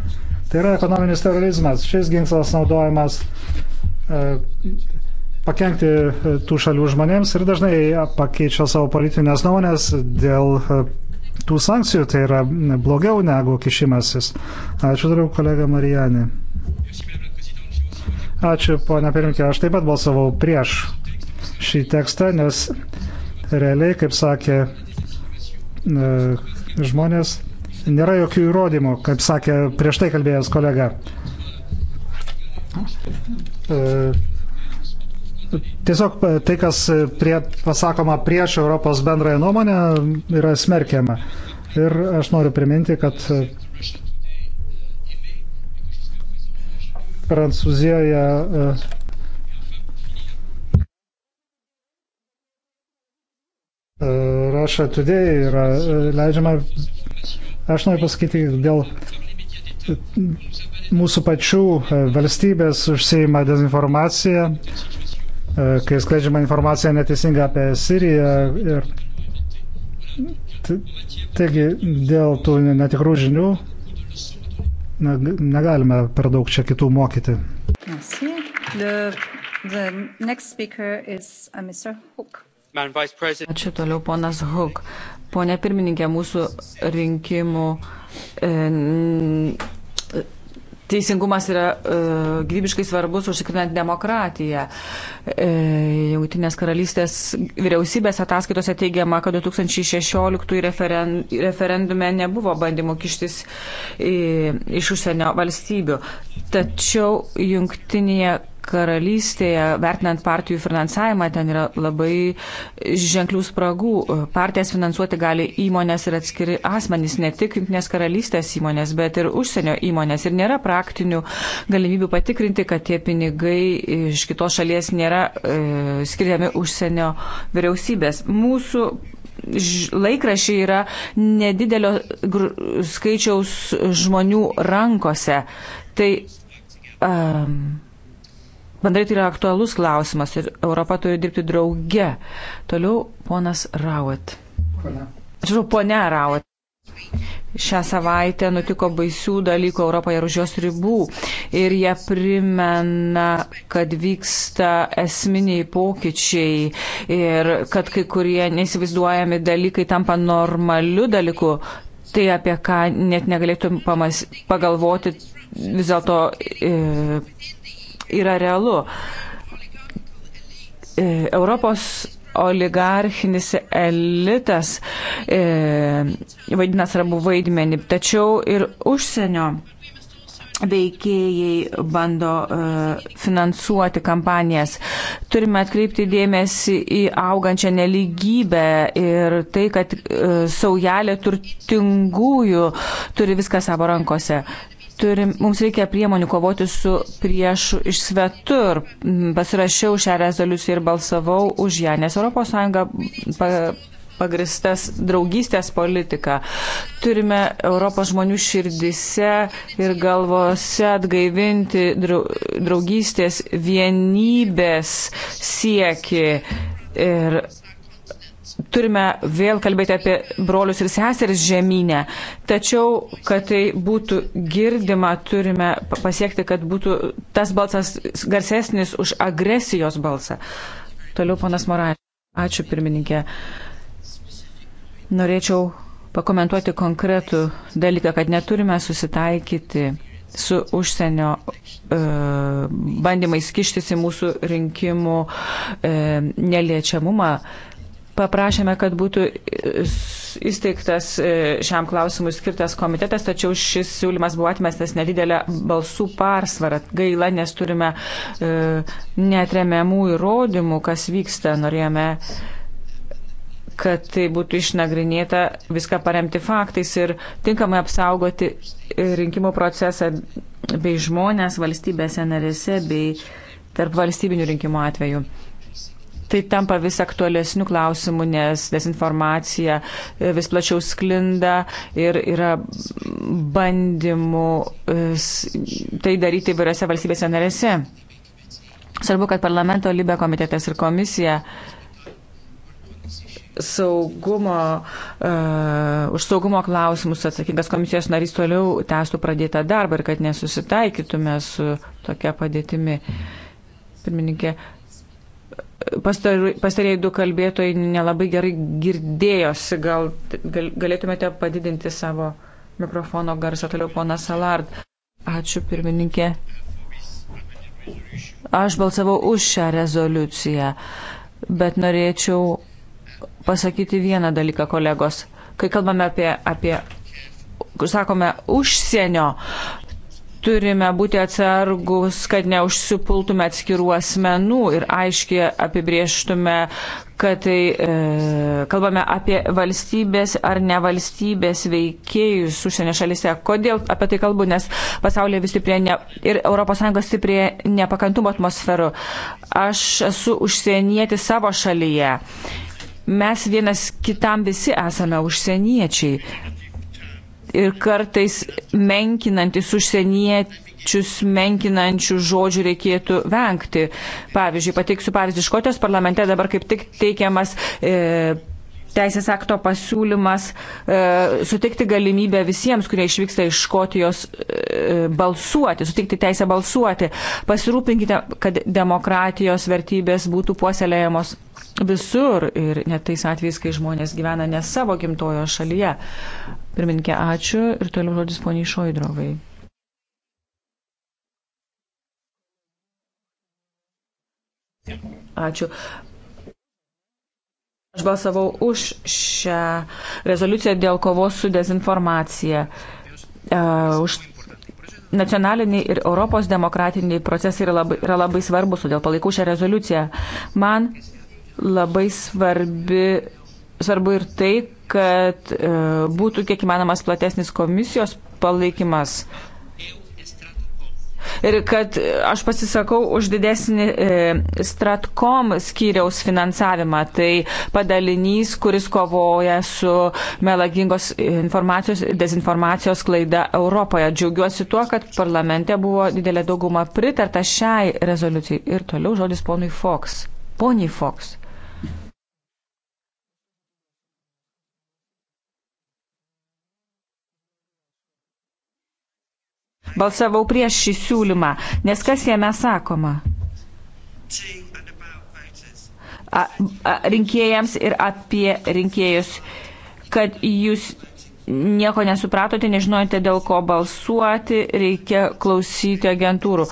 Tai yra ekonominis terorizmas. Šis ginklas naudojamas e, pakengti e, tų šalių žmonėms ir dažnai pakeičia savo politinės nuomonės dėl e, tų sankcijų, tai yra blogiau negu kišimasis. Ačiū darau kolega Marijanį. Ačiū, ponia pirmininkė, aš taip pat balsavau prieš šį tekstą, nes realiai, kaip sakė e, žmonės, nėra jokių įrodymų, kaip sakė prieš tai kalbėjęs kolega Tiesiog e, tai, kas e, prie, pasakoma prieš Europos bendrąją nuomonę, yra smerkiama. Ir aš noriu priminti, kad e, Prancūzijoje Russia Today yra leidžiama. Aš noriu pasakyti, dėl mūsų pačių valstybės užsieima dezinformacija E, kai skleidžiama informacija neteisinga apie Siriją. Ir... Taigi dėl tų netikrų žinių negalime per daug čia kitų mokyti. Uh, Ačiū toliau, ponas Hook. Pone pirmininkė, mūsų rinkimų e, teisingumas yra e, gyvybiškai svarbus užsikrinant demokratiją. E, Jautinės karalystės vyriausybės ataskaitose teigiama, kad 2016 referen, referendume nebuvo bandymų kištis į, iš užsienio valstybių. Tačiau jungtinėje karalystėje, vertinant partijų finansavimą, ten yra labai ženklių spragų. Partijas finansuoti gali įmonės ir atskiri asmenys, ne tik Junktinės karalystės įmonės, bet ir užsienio įmonės. Ir nėra praktinių galimybių patikrinti, kad tie pinigai iš kitos šalies nėra e, skiriami užsienio vyriausybės. Mūsų laikrašiai yra nedidelio skaičiaus žmonių rankose. Tai um, Bendrai tai yra aktualus klausimas ir Europa turi dirbti drauge. Toliau ponas Rauat. Žiūrėjau, ponia Rauat. Šią savaitę nutiko baisių dalykų Europoje ir už jos ribų. Ir jie primena, kad vyksta esminiai pokyčiai ir kad kai kurie neįsivaizduojami dalykai tampa normaliu dalyku. Tai apie ką net negalėtum pamas, pagalvoti vis dėlto e, yra realu. E, Europos oligarchinis elitas e, vaidina svarbu vaidmenį, tačiau ir užsienio veikėjai bando e, finansuoti kampanijas. Turime atkreipti dėmesį į augančią neligybę ir tai, kad e, saujelė turtingųjų turi viską savo rankose turim, mums reikia priemonių kovoti su priešu iš svetur. Pasirašiau šią rezoliuciją ir balsavau už ją, nes ES pa, pagristas draugystės politika. Turime Europos žmonių širdise ir galvose atgaivinti draugystės vienybės sieki. Ir turime vėl kalbėti apie brolius ir seseris žemynę. Tačiau, kad tai būtų girdima, turime pasiekti, kad būtų tas balsas garsesnis už agresijos balsą. Toliau, ponas Morai. Ačiū, pirmininkė. Norėčiau pakomentuoti konkretų dalyką, kad neturime susitaikyti su užsienio e, bandymais kištis į mūsų rinkimų e, neliečiamumą. E, Paprašėme, kad būtų e, įsteigtas e, šiam klausimui skirtas komitetas, tačiau šis siūlymas buvo atmestas nedidelę balsų persvarą. Gaila, nes turime e, netremiamų įrodymų, kas vyksta. Norėjome kad tai būtų išnagrinėta, viską paremti faktais ir tinkamai apsaugoti rinkimų procesą bei žmonės valstybėse narėse bei tarp valstybinių rinkimų atveju tai tampa vis aktualesnių klausimų, nes dezinformacija e, vis plačiau sklinda ir yra bandymų e, tai daryti įvairiose valstybėse narėse. Svarbu, kad parlamento lybė komitetas ir komisija saugumo, uh, už saugumo klausimus atsakingas komisijos narys toliau tęstų pradėtą darbą ir kad nesusitaikytume su tokia padėtimi. Pirmininkė, pastarėjai du kalbėtojai nelabai gerai girdėjosi, gal, gal galėtumėte padidinti savo mikrofono garsą toliau pona Salard. Ačiū pirmininkė. Aš balsavau už šią rezoliuciją, bet norėčiau pasakyti vieną dalyką, kolegos. Kai kalbame apie, apie sakome, užsienio turime būti atsargus, kad neužsipultume atskirų asmenų ir aiškiai apibrieštume, kad tai e, kalbame apie valstybės ar ne valstybės veikėjus užsienio šalise. Kodėl apie tai kalbu, nes pasaulyje vis stiprėja ne, ir ES stiprėja nepakantumo atmosferų. Aš esu užsienieti savo šalyje. Mes vienas kitam visi esame užsieniečiai ir kartais menkinantis užsieniečius menkinančių žodžių reikėtų vengti. Pavyzdžiui, pateiksiu pavyzdį, Škotijos parlamente dabar kaip tik teikiamas e, teisės akto pasiūlymas e, sutikti galimybę visiems, kurie išvyksta iš Škotijos e, balsuoti, sutikti teisę balsuoti. Pasirūpinkite, kad demokratijos vertybės būtų puoselėjamos visur ir net tais atvejais, kai žmonės gyvena ne savo gimtojo šalyje. Pirminkė, ačiū ir toliau žodis poniai Šoidrovai. Ačiū. Aš balsavau už šią rezoliuciją dėl kovos su dezinformacija. Uh, už nacionaliniai ir Europos demokratiniai procesai yra labai, yra labai svarbus, todėl palaikau šią rezoliuciją. Man labai svarbi, svarbu ir tai, kad uh, būtų kiek įmanomas platesnis komisijos palaikymas uh, ir kad e, aš pasisakau už didesnį e, Stratkom skyriaus finansavimą. Tai padalinys, kuris kovoja su melagingos informacijos ir dezinformacijos klaida Europoje. Džiaugiuosi tuo, kad parlamente buvo didelė dauguma pritarta šiai rezoliucijai. Ir toliau žodis ponui Fox. Poniai Fox. Balsavau prieš šį siūlymą, nes kas jame sakoma? A, a, rinkėjams ir apie rinkėjus, kad jūs nieko nesupratote, nežinojate dėl ko balsuoti, reikia klausyti agentūrų.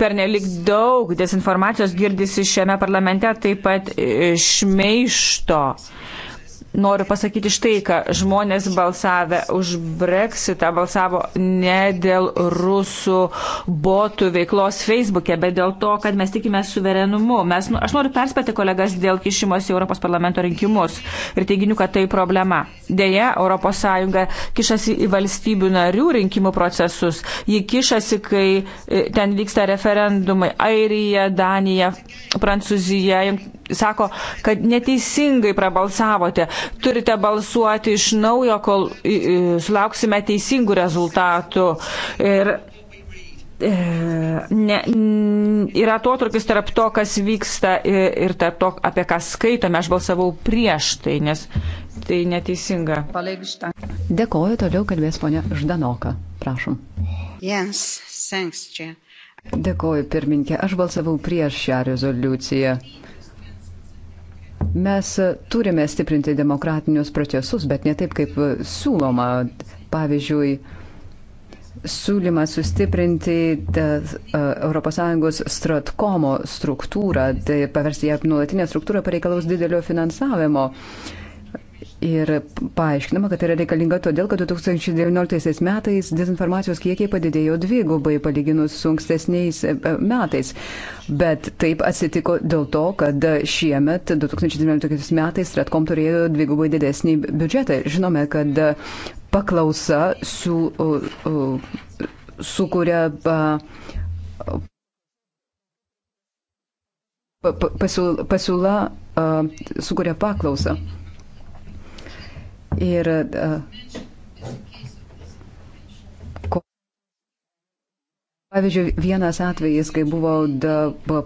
Per nelik daug dezinformacijos girdisi šiame parlamente, taip pat e, šmeišto. E, noriu pasakyti štai, kad žmonės balsavę už Brexitą balsavo ne dėl rusų botų veiklos Facebook'e, bet dėl to, kad mes tikime suverenumu. Mes, nu, aš noriu perspėti kolegas dėl kišimos į Europos parlamento rinkimus ir teiginių, kad tai problema. Deja, ES kišasi į valstybių narių rinkimų procesus. Ji kišasi, kai e, ten vyksta referendumai. Airija, Danija, Prancūzija sako, kad neteisingai prabalsavote turite balsuoti iš naujo, kol sulauksime teisingų rezultatų. Ir e, ne, yra atotrukis tarp to, kas vyksta ir, ir tarp to, apie ką skaitome. Aš balsavau prieš tai, nes tai neteisinga. Dėkoju, toliau kalbės ponia Ždanoka. Prašom. Yes, thanks, Dėkoju, pirmininkė. Aš balsavau prieš šią rezoliuciją. Mes turime stiprinti demokratinius procesus, bet ne taip, kaip siūloma. Pavyzdžiui, siūlymą sustiprinti ES stratkomo struktūrą, tai paversti ją nuolatinę struktūrą pareikalaus didelio finansavimo. Uh, Ir paaiškinama, kad tai yra reikalinga todėl, kad 2019 metais dezinformacijos kiekiai padidėjo dvigubai palyginus su ankstesniais e, e, metais. Bet taip atsitiko dėl to, kad šiemet 2019 metais Stratkom turėjo dvigubai didesnį biudžetą. Žinome, kad paklausa su, sukuria. Pasiūla, pasiūla uh, sukuria paklausą. Ir e, Pavyzdžiui, vienas atvejis, kai buvo da,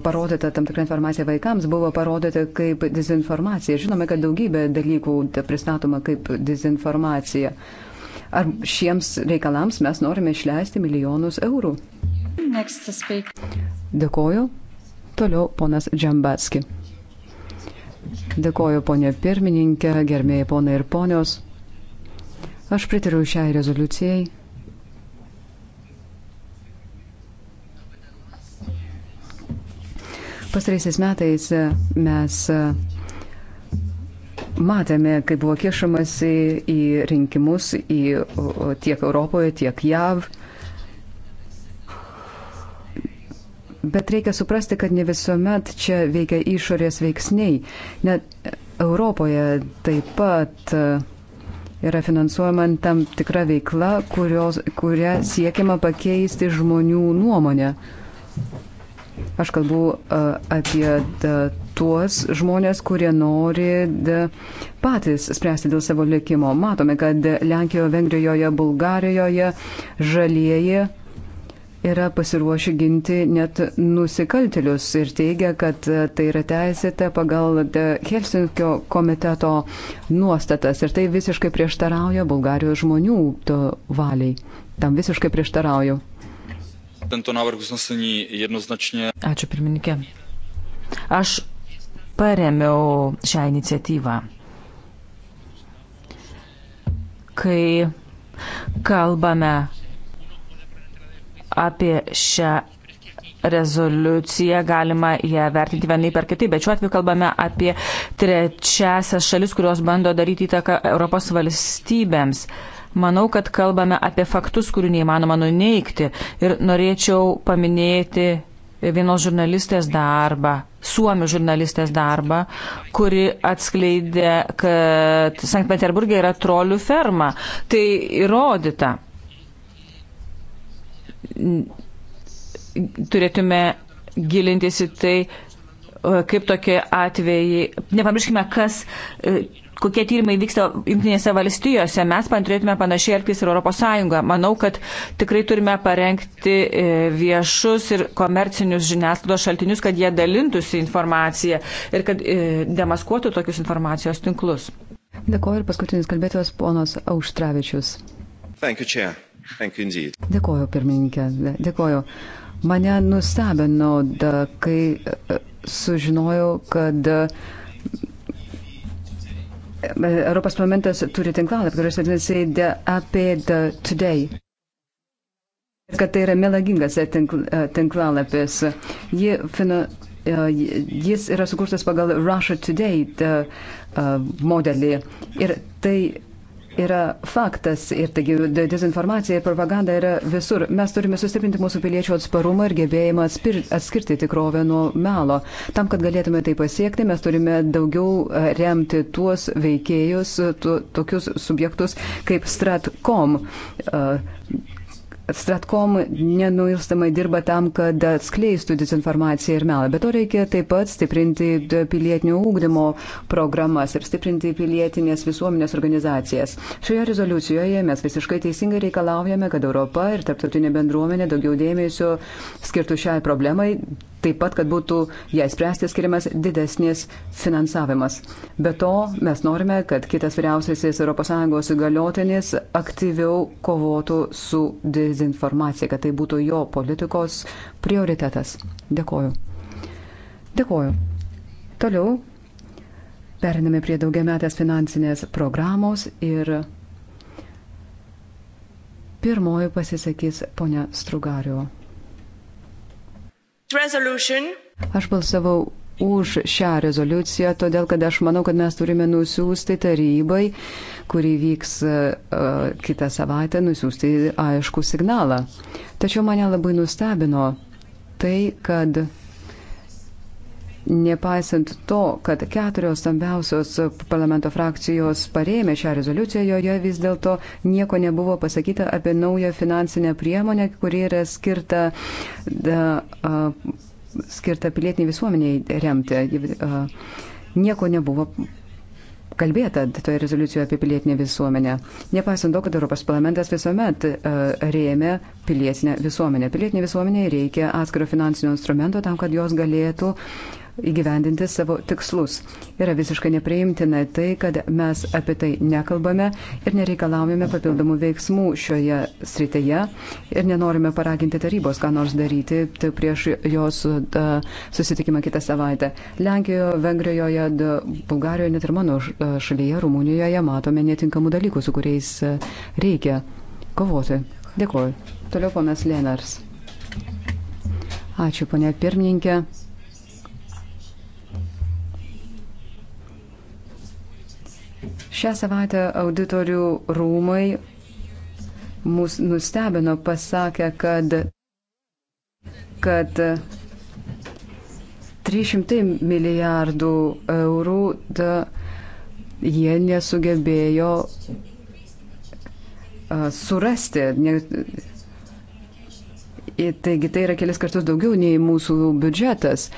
parodyta tam tikra informacija vaikams, buvo parodyta kaip dezinformacija. Žinome, kad daugybė dalykų da, pristatoma kaip dezinformacija. Ar šiems reikalams mes norime išleisti milijonus eurų? Dėkoju. Toliau ponas Džambatski. Dėkoju, ponė pirmininkė, gerbėjai ponai ir ponios. Aš pritariu šiai rezoliucijai. Pastaraisiais metais e, mes e, matėme, kaip buvo kišamasi į rinkimus į, tiek Europoje, tiek JAV. Bet reikia suprasti, kad ne visuomet čia veikia išorės veiksniai. Net Europoje taip pat e, yra finansuojama tam tikra veikla, kurios, kuria siekiama pakeisti žmonių nuomonę. Aš kalbu e, apie da, tuos žmonės, kurie nori da, patys spręsti dėl savo likimo. Matome, kad Lenkijoje, Vengrijoje, Bulgarijoje žalieji yra pasiruošę ginti net nusikaltelius ir teigia, kad tai yra teisėta pagal Helsinkio komiteto nuostatas ir tai visiškai prieštarauja Bulgarijos žmonių to valiai. Tam visiškai prieštarauju. Ačiū pirmininkė. Aš paremiau šią iniciatyvą. Kai kalbame apie šią rezoliuciją, galima ją vertinti vienaip ar kitaip, bet šiuo atveju kalbame apie trečiasias šalis, kurios bando daryti įtaką Europos valstybėms. Manau, kad kalbame apie faktus, kurių neįmanoma nuneikti ir norėčiau paminėti vienos žurnalistės darbą, suomių žurnalistės darbą, kuri atskleidė, kad Sankt Peterburgė yra trolių ferma. Tai įrodyta turėtume gilintis į tai, e, kaip tokie atvejai. Nepamirškime, kas, e, kokie tyrimai vyksta Junktinėse valstijose. Mes turėtume panašiai elgtis ir ES. Manau, kad tikrai turime parengti e, viešus ir komercinius žiniasklaidos šaltinius, kad jie dalintųsi informaciją ir kad demaskuotų tokius informacijos tinklus. Dėkuoju ir paskutinis kalbėtojas ponas Auštravičius. Thank you, Chair. Dėkoju, pirmininkė. Dėkoju. Mane nustebino, da, kai e, sužinojau, kad e, Europos parlamentas turi tinklalapį, kuris vadinasi The Apid Today. Kad tai yra melagingas tinkl, e, tinklalapis. Ji fina, jis yra sukurtas pagal Russia Today modelį. Ir tai yra faktas ir taigi dezinformacija ir propaganda yra visur. Mes turime sustiprinti mūsų piliečių atsparumą ir gebėjimą atspir, atskirti tikrovę nuo melo. Tam, kad galėtume tai pasiekti, mes turime daugiau e, remti tuos veikėjus, tu, tokius subjektus kaip Stratcom. Uh, kad Stratcom nenuilstamai dirba tam, kad atskleistų disinformaciją ir melą. Bet to reikia taip pat stiprinti pilietinio ūkdymo programas ir stiprinti pilietinės visuomenės organizacijas. Šioje rezoliucijoje mes visiškai teisingai reikalaujame, kad Europa ir tarptautinė bendruomenė daugiau dėmesio skirtų šiai problemai, taip pat, kad būtų jai spręsti skiriamas didesnis finansavimas. Be to, mes norime, kad kitas vyriausiasis ES įgaliotinis aktyviau kovotų su dezinformacija, kad tai būtų jo politikos prioritetas. Dėkoju. Dėkoju. Toliau periname prie daugiametės finansinės programos ir pirmoji pasisakys ponia Strugario. Aš balsavau už šią rezoliuciją, todėl kad aš manau, kad mes turime nusiųsti tarybai, kuri vyks uh, kitą savaitę, nusiųsti aišku signalą. Tačiau mane labai nustebino tai, kad Nepaisant to, kad keturios stambiausios parlamento frakcijos parėmė šią rezoliuciją, joje vis dėlto nieko nebuvo pasakyta apie naują finansinę priemonę, kuri yra skirta, da, a, skirta pilietiniai visuomeniai remti. A, nieko nebuvo kalbėta toje rezoliucijoje apie pilietinę visuomenę. Nepaisant to, kad Europos parlamentas visuomet uh, rėmė pilietinę visuomenę. Pilietinė visuomenė reikia atskiro finansinio instrumento tam, kad jos galėtų uh, įgyvendinti savo tikslus. Yra visiškai nepriimtina tai, kad mes apie tai nekalbame ir nereikalaujame papildomų veiksmų šioje srityje ir nenorime paraginti tarybos, ką nors daryti tai prieš jos susitikimą kitą savaitę. Lenkijoje, Vengrijoje, Bulgarijoje, net ir mano e, šalyje, Rumunijoje matome netinkamų dalykų, su kuriais e, reikia kovoti. Dėkuoju. Toliau ponas Lenars. Ačiū, ponė pirmininkė. Šią savaitę auditorių rūmai mus nustebino, pasakė, kad, kad 300 milijardų eurų da, jie nesugebėjo a, surasti. Ne, Taigi tai yra kelis kartus daugiau nei mūsų biudžetas. Uh,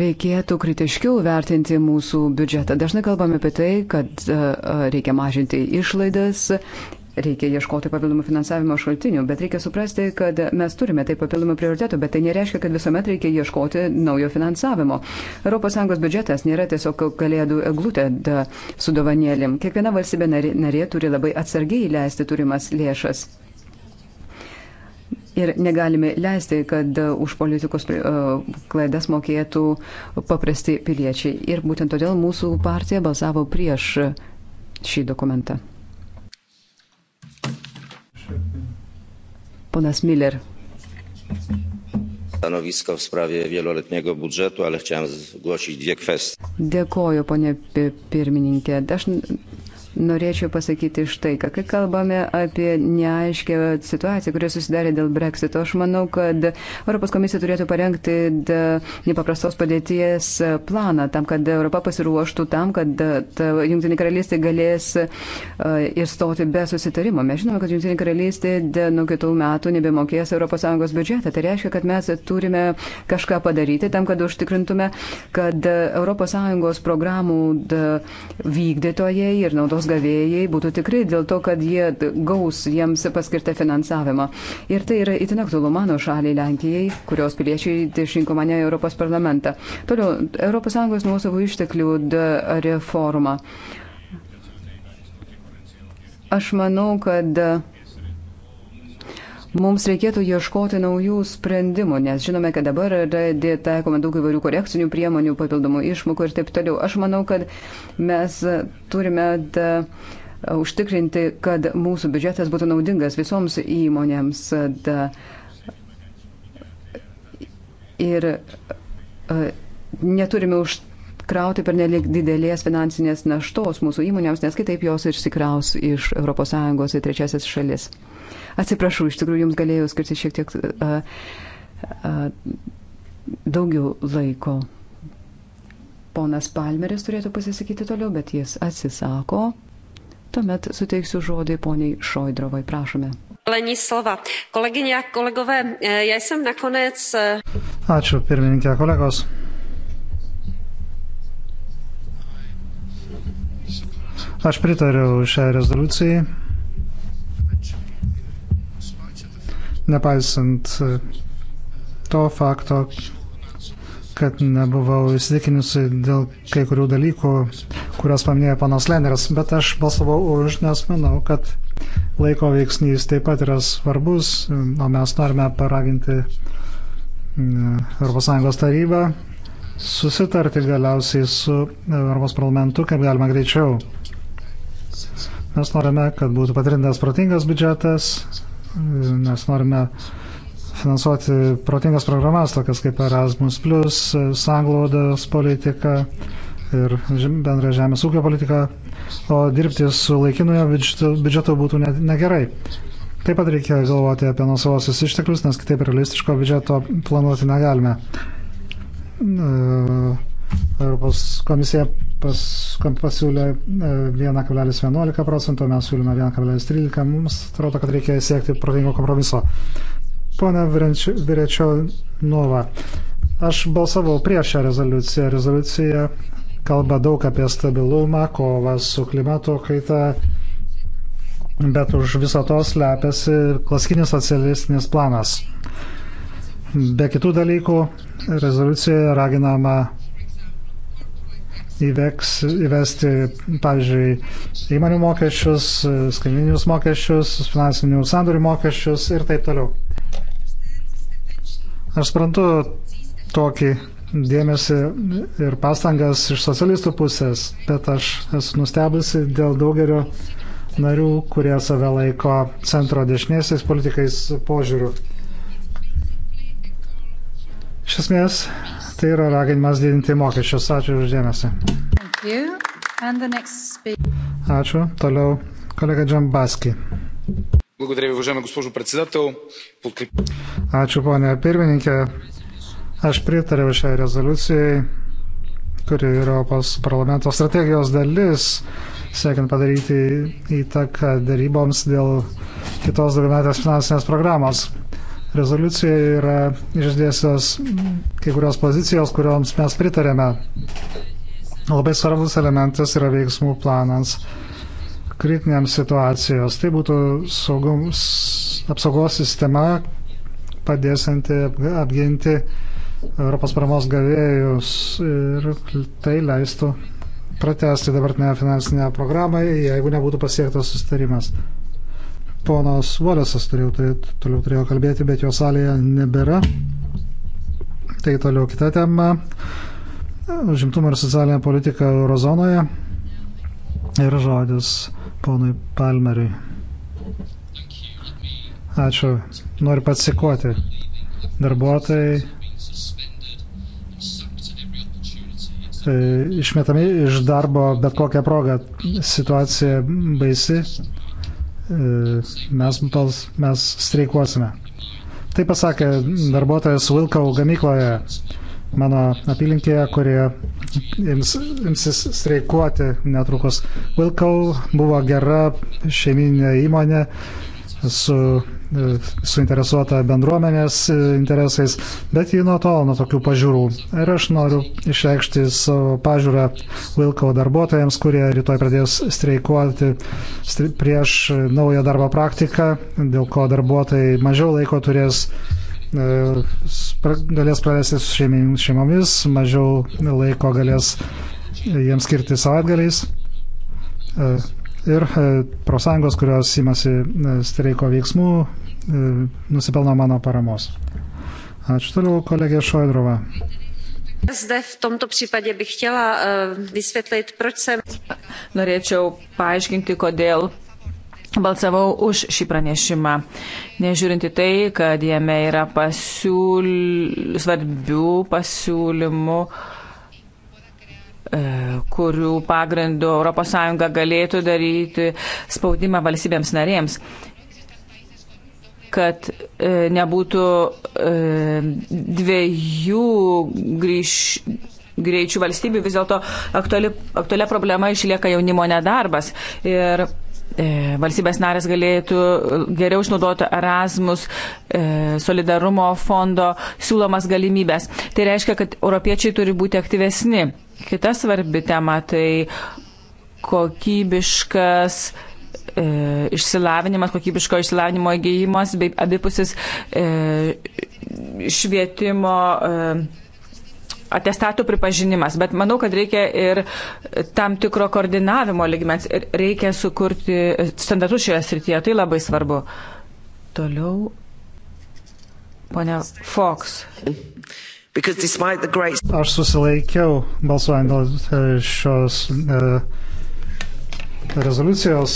Reikėtų kritiškiau vertinti mūsų biudžetą. Dažnai kalbame apie tai, kad e, e, reikia mažinti išlaidas, reikia ieškoti papildomų finansavimo šaltinių, bet reikia suprasti, kad mes turime tai papildomų prioritetų, bet tai nereiškia, kad visuomet reikia ieškoti naujo finansavimo. ES biudžetas nėra tiesiog kalėdų eglutė su dovanėlim. Kiekviena valstybė narė, narė turi labai atsargiai leisti turimas lėšas. Ir negalime leisti, kad e, už politikos e, klaidas mokėtų paprasti piliečiai. Ir būtent todėl mūsų partija balsavo prieš šį dokumentą. Ponas Miller. Stanowisko w sprawie wieloletniego budżetu, ale chciałem zgłosić dwie kwestie. Dėkoju, ponė pirmininkė. Aš Norėčiau pasakyti štai, ką, kai kalbame apie neaiškę situaciją, kuri susidarė dėl breksito, aš manau, kad Europos komisija turėtų parengti nepaprastos padėties planą tam, kad Europa pasiruoštų tam, kad Junktinė karalystė galės įstoti e, be susitarimo. Mes žinome, kad Junktinė karalystė nuo kitų metų nebemokės ES biudžetą. Tai reiškia, kad mes turime kažką padaryti tam, kad užtikrintume, kad ES programų vykdytojai ir naudos naudos gavėjai būtų tikri dėl to, kad jie gaus jiems paskirtą finansavimą. Ir tai yra itin aktualu mano šaliai Lenkijai, kurios piliečiai išrinko mane Europos parlamentą. Toliau, ES nuosavų išteklių reforma. Aš manau, kad Mums reikėtų ieškoti naujų sprendimų, nes žinome, kad dabar yra taikoma daug įvairių korekcinių priemonių, papildomų išmokų ir taip toliau. Aš manau, kad mes turime da, užtikrinti, kad mūsų biudžetas būtų naudingas visoms įmonėms. Da, ir a, e, neturime užkrauti per nelik didelės finansinės naštos mūsų įmonėms, nes kitaip jos išsikraus iš ES į trečiasis šalis. Atsiprašau, iš tikrųjų jums galėjau skirti šiek tiek uh, uh, daugiau laiko. Ponas Palmeris turėtų pasisakyti toliau, bet jis atsisako. Tuomet suteiksiu žodį poniai Šoidrovai, prašome. E, e, Ačiū, pirmininkė, kolegos. Aš pritariu šią rezoliuciją. nepaisant e, to fakto, kad nebuvau įsitikinusi dėl kai kurių dalykų, kuriuos paminėjo panas Leneris, bet aš balsavau už, nes manau, kad laiko veiksnys taip pat yra svarbus, o mes norime paraginti ES tarybą susitarti galiausiai su Europos parlamentu, kaip galima greičiau. Mes norime, kad būtų patrintas protingas biudžetas, Mes e, norime finansuoti protingas programas, tokias kaip Erasmus, sanglaudos e, politika ir bendra žemės ūkio politika, o dirbti su laikinojo biudžeto būtų negerai. Taip pat reikia galvoti apie nusavosius išteklius, nes kitaip realistiško biudžeto planuoti negalime. E, Europos komisija pas, pasiūlė 1,11 e, procento, mes siūlėme 1,13, mums atrodo, kad reikia siekti protingo kompromiso. Pone Virečio Nova, aš balsavau prieš šią rezoliuciją. Rezoliucija kalba daug apie stabilumą, kovą su klimato kaita, bet už viso to slepiasi klasikinis socialistinis planas. Be kitų dalykų rezoliucijoje raginama įveks, įvesti, pavyzdžiui, įmonių mokesčius, skaitmeninius mokesčius, finansinių sandorių mokesčius ir taip toliau. Aš suprantu tokį dėmesį ir pastangas iš socialistų pusės, bet aš esu nustebusi dėl daugelio narių, kurie save laiko centro dešinėsiais politikais požiūrių. Iš esmės, Tai yra raginimas didinti mokesčius. Ačiū už dėmesį. Ačiū. Toliau kolega Džambaski. Ačiū, ponė pirmininkė. Aš pritariau šiai rezoliucijai, kuri Europos parlamento strategijos dalis, siekiant padaryti įtaką daryboms dėl kitos daugiametės finansinės programos. Rezoliucijoje yra išdėstos kai kurios pozicijos, kurioms mes pritarėme. Labai svarbus elementas yra veiksmų planas kritiniams situacijos. Tai būtų saugums, apsaugos sistema, padėsanti apginti Europos paramos gavėjus ir tai leistų pratesti dabartinę finansinę programą, jeigu nebūtų pasiektas sustarimas. Ponas Volesas toliau turėjo kalbėti, bet jo salėje nebėra. Tai toliau kita tema. Žimtumo ir socialinė politika eurozonoje. Ir žodis ponui Palmeriui. Ačiū. Noriu patsikuoti. Darbuotojai e, išmetami iš darbo bet kokią progą. Situacija baisi mes, bals, mes streikuosime. Tai pasakė darbuotojas Vilkau gamykloje mano apylinkėje, kurie ims, imsis streikuoti netrukus. Vilkau buvo gera šeiminė įmonė su E, suinteresuota bendruomenės e, interesais, bet ji nuo tol nuo tokių pažiūrų. Ir aš noriu išreikšti savo pažiūrą Vilko darbuotojams, kurie rytoj pradės streikuoti prieš naują darbo praktiką, dėl ko darbuotojai mažiau laiko turės e, galės praleisti su šeimomis, mažiau laiko galės jiems skirti savaitgaliais ir e, prosąjungos, kurios imasi e, streiko veiksmų, e, nusipelno mano paramos. Ačiū toliau, kolegė Šojdrova. Zde v tomto případě bych chtěla vysvětlit, proč jsem. Norėčiau paaiškinti, kodėl balsavau už šį pranešimą. Nežiūrinti tai, kad jame yra pasiūl... svarbių pasiūlymų uh, E, kurių pagrindų ES galėtų daryti spaudimą valstybėms narėms kad e, nebūtų e, dviejų grįž, greičių valstybių, vis dėlto aktuali, aktualia problema išlieka jaunimo nedarbas. Ir E, valstybės narės galėtų geriau išnaudoti Erasmus e, solidarumo fondo siūlomas galimybės. Tai reiškia, kad europiečiai turi būti aktyvesni. Kita svarbi tema tai kokybiškas e, išsilavinimas, kokybiško išsilavinimo įgyjimas bei abipusis e, švietimo. E, atestatų pripažinimas, bet manau, kad reikia ir tam tikro koordinavimo ligmens ir reikia sukurti standartus šioje srityje, tai labai svarbu. Toliau, ponia Fox. Aš susilaikiau balsuojant dėl e, šios e, rezoliucijos,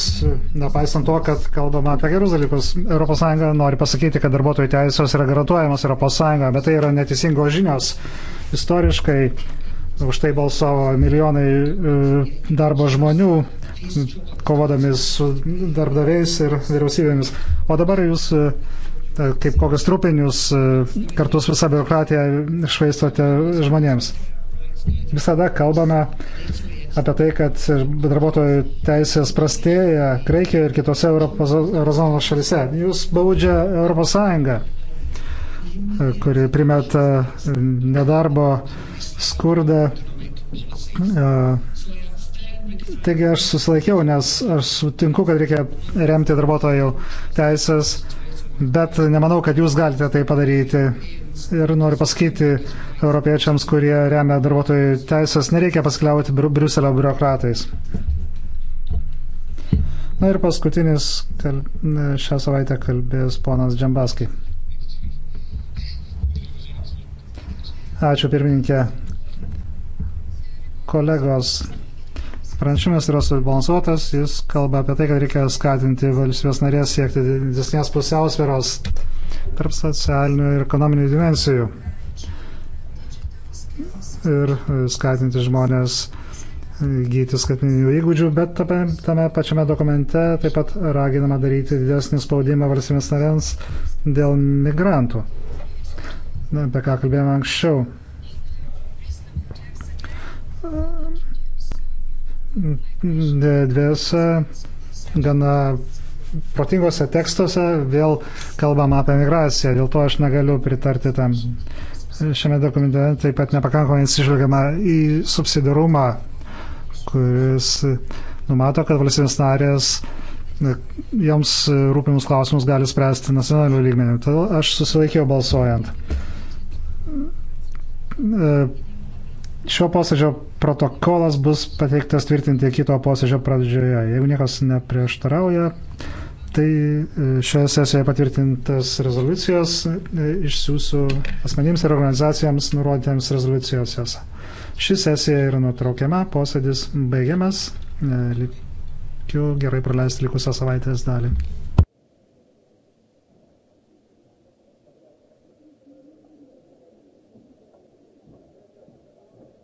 nepaisant to, kad kalbama apie gerus dalykus. ES nori pasakyti, kad darbuotojų teisės yra garantuojamos ES, bet tai yra neteisingos žinios. E, Istoriškai už tai balsavo milijonai e, darbo žmonių, kovodami su darbdaviais ir vyriausybėmis. O dabar jūs e, e, kaip kokius trupinius kartu su visa biurokratija švaistote žmonėms. Visada kalbame apie tai, kad darbuotojų teisės prastėja Graikijoje ir kitose Europos, Eurozonos šalise. Jūs baudžia ES kuri primeta nedarbo skurdą. Taigi aš susilaikiau, nes aš sutinku, kad reikia remti darbuotojų teisės, bet nemanau, kad jūs galite tai padaryti. Ir noriu pasakyti europiečiams, kurie remia darbuotojų teisės, nereikia paskliauti Briuselio biurokratais. Na ir paskutinis šią savaitę kalbės ponas Džambaskai. Ačiū pirmininkė. Kolegos, pranešimas yra subalansuotas, jis kalba apie tai, kad reikia skatinti valstybės narės siekti didesnės pusiausvėros tarp socialinių ir ekonominių dimensijų ir skatinti žmonės gyti skaitmeninių įgūdžių, bet tame, tame pačiame dokumente taip pat raginama daryti didesnį spaudimą valstybės narėms dėl migrantų na, apie ką kalbėjome anksčiau. Dviese gana protingose tekstuose vėl kalbam apie migraciją, dėl to aš negaliu pritarti tam. Šiame dokumente taip pat nepakankamai atsižvelgiama į subsidarumą, kuris numato, kad valstybės narės joms rūpimus klausimus gali spręsti nacionalinių lygmenių. Todėl aš susilaikiau balsuojant. E, šio posėdžio protokolas bus pateiktas tvirtinti kito posėdžio pradžioje. Jeigu niekas neprieštarauja, tai e, šioje sesijoje patvirtintas rezoliucijos e, išsiųsiu asmenims ir organizacijoms nurodytiems rezoliucijose. Ši sesija yra nutraukiama, posėdis baigiamas, likiu gerai praleisti likusią savaitės dalį.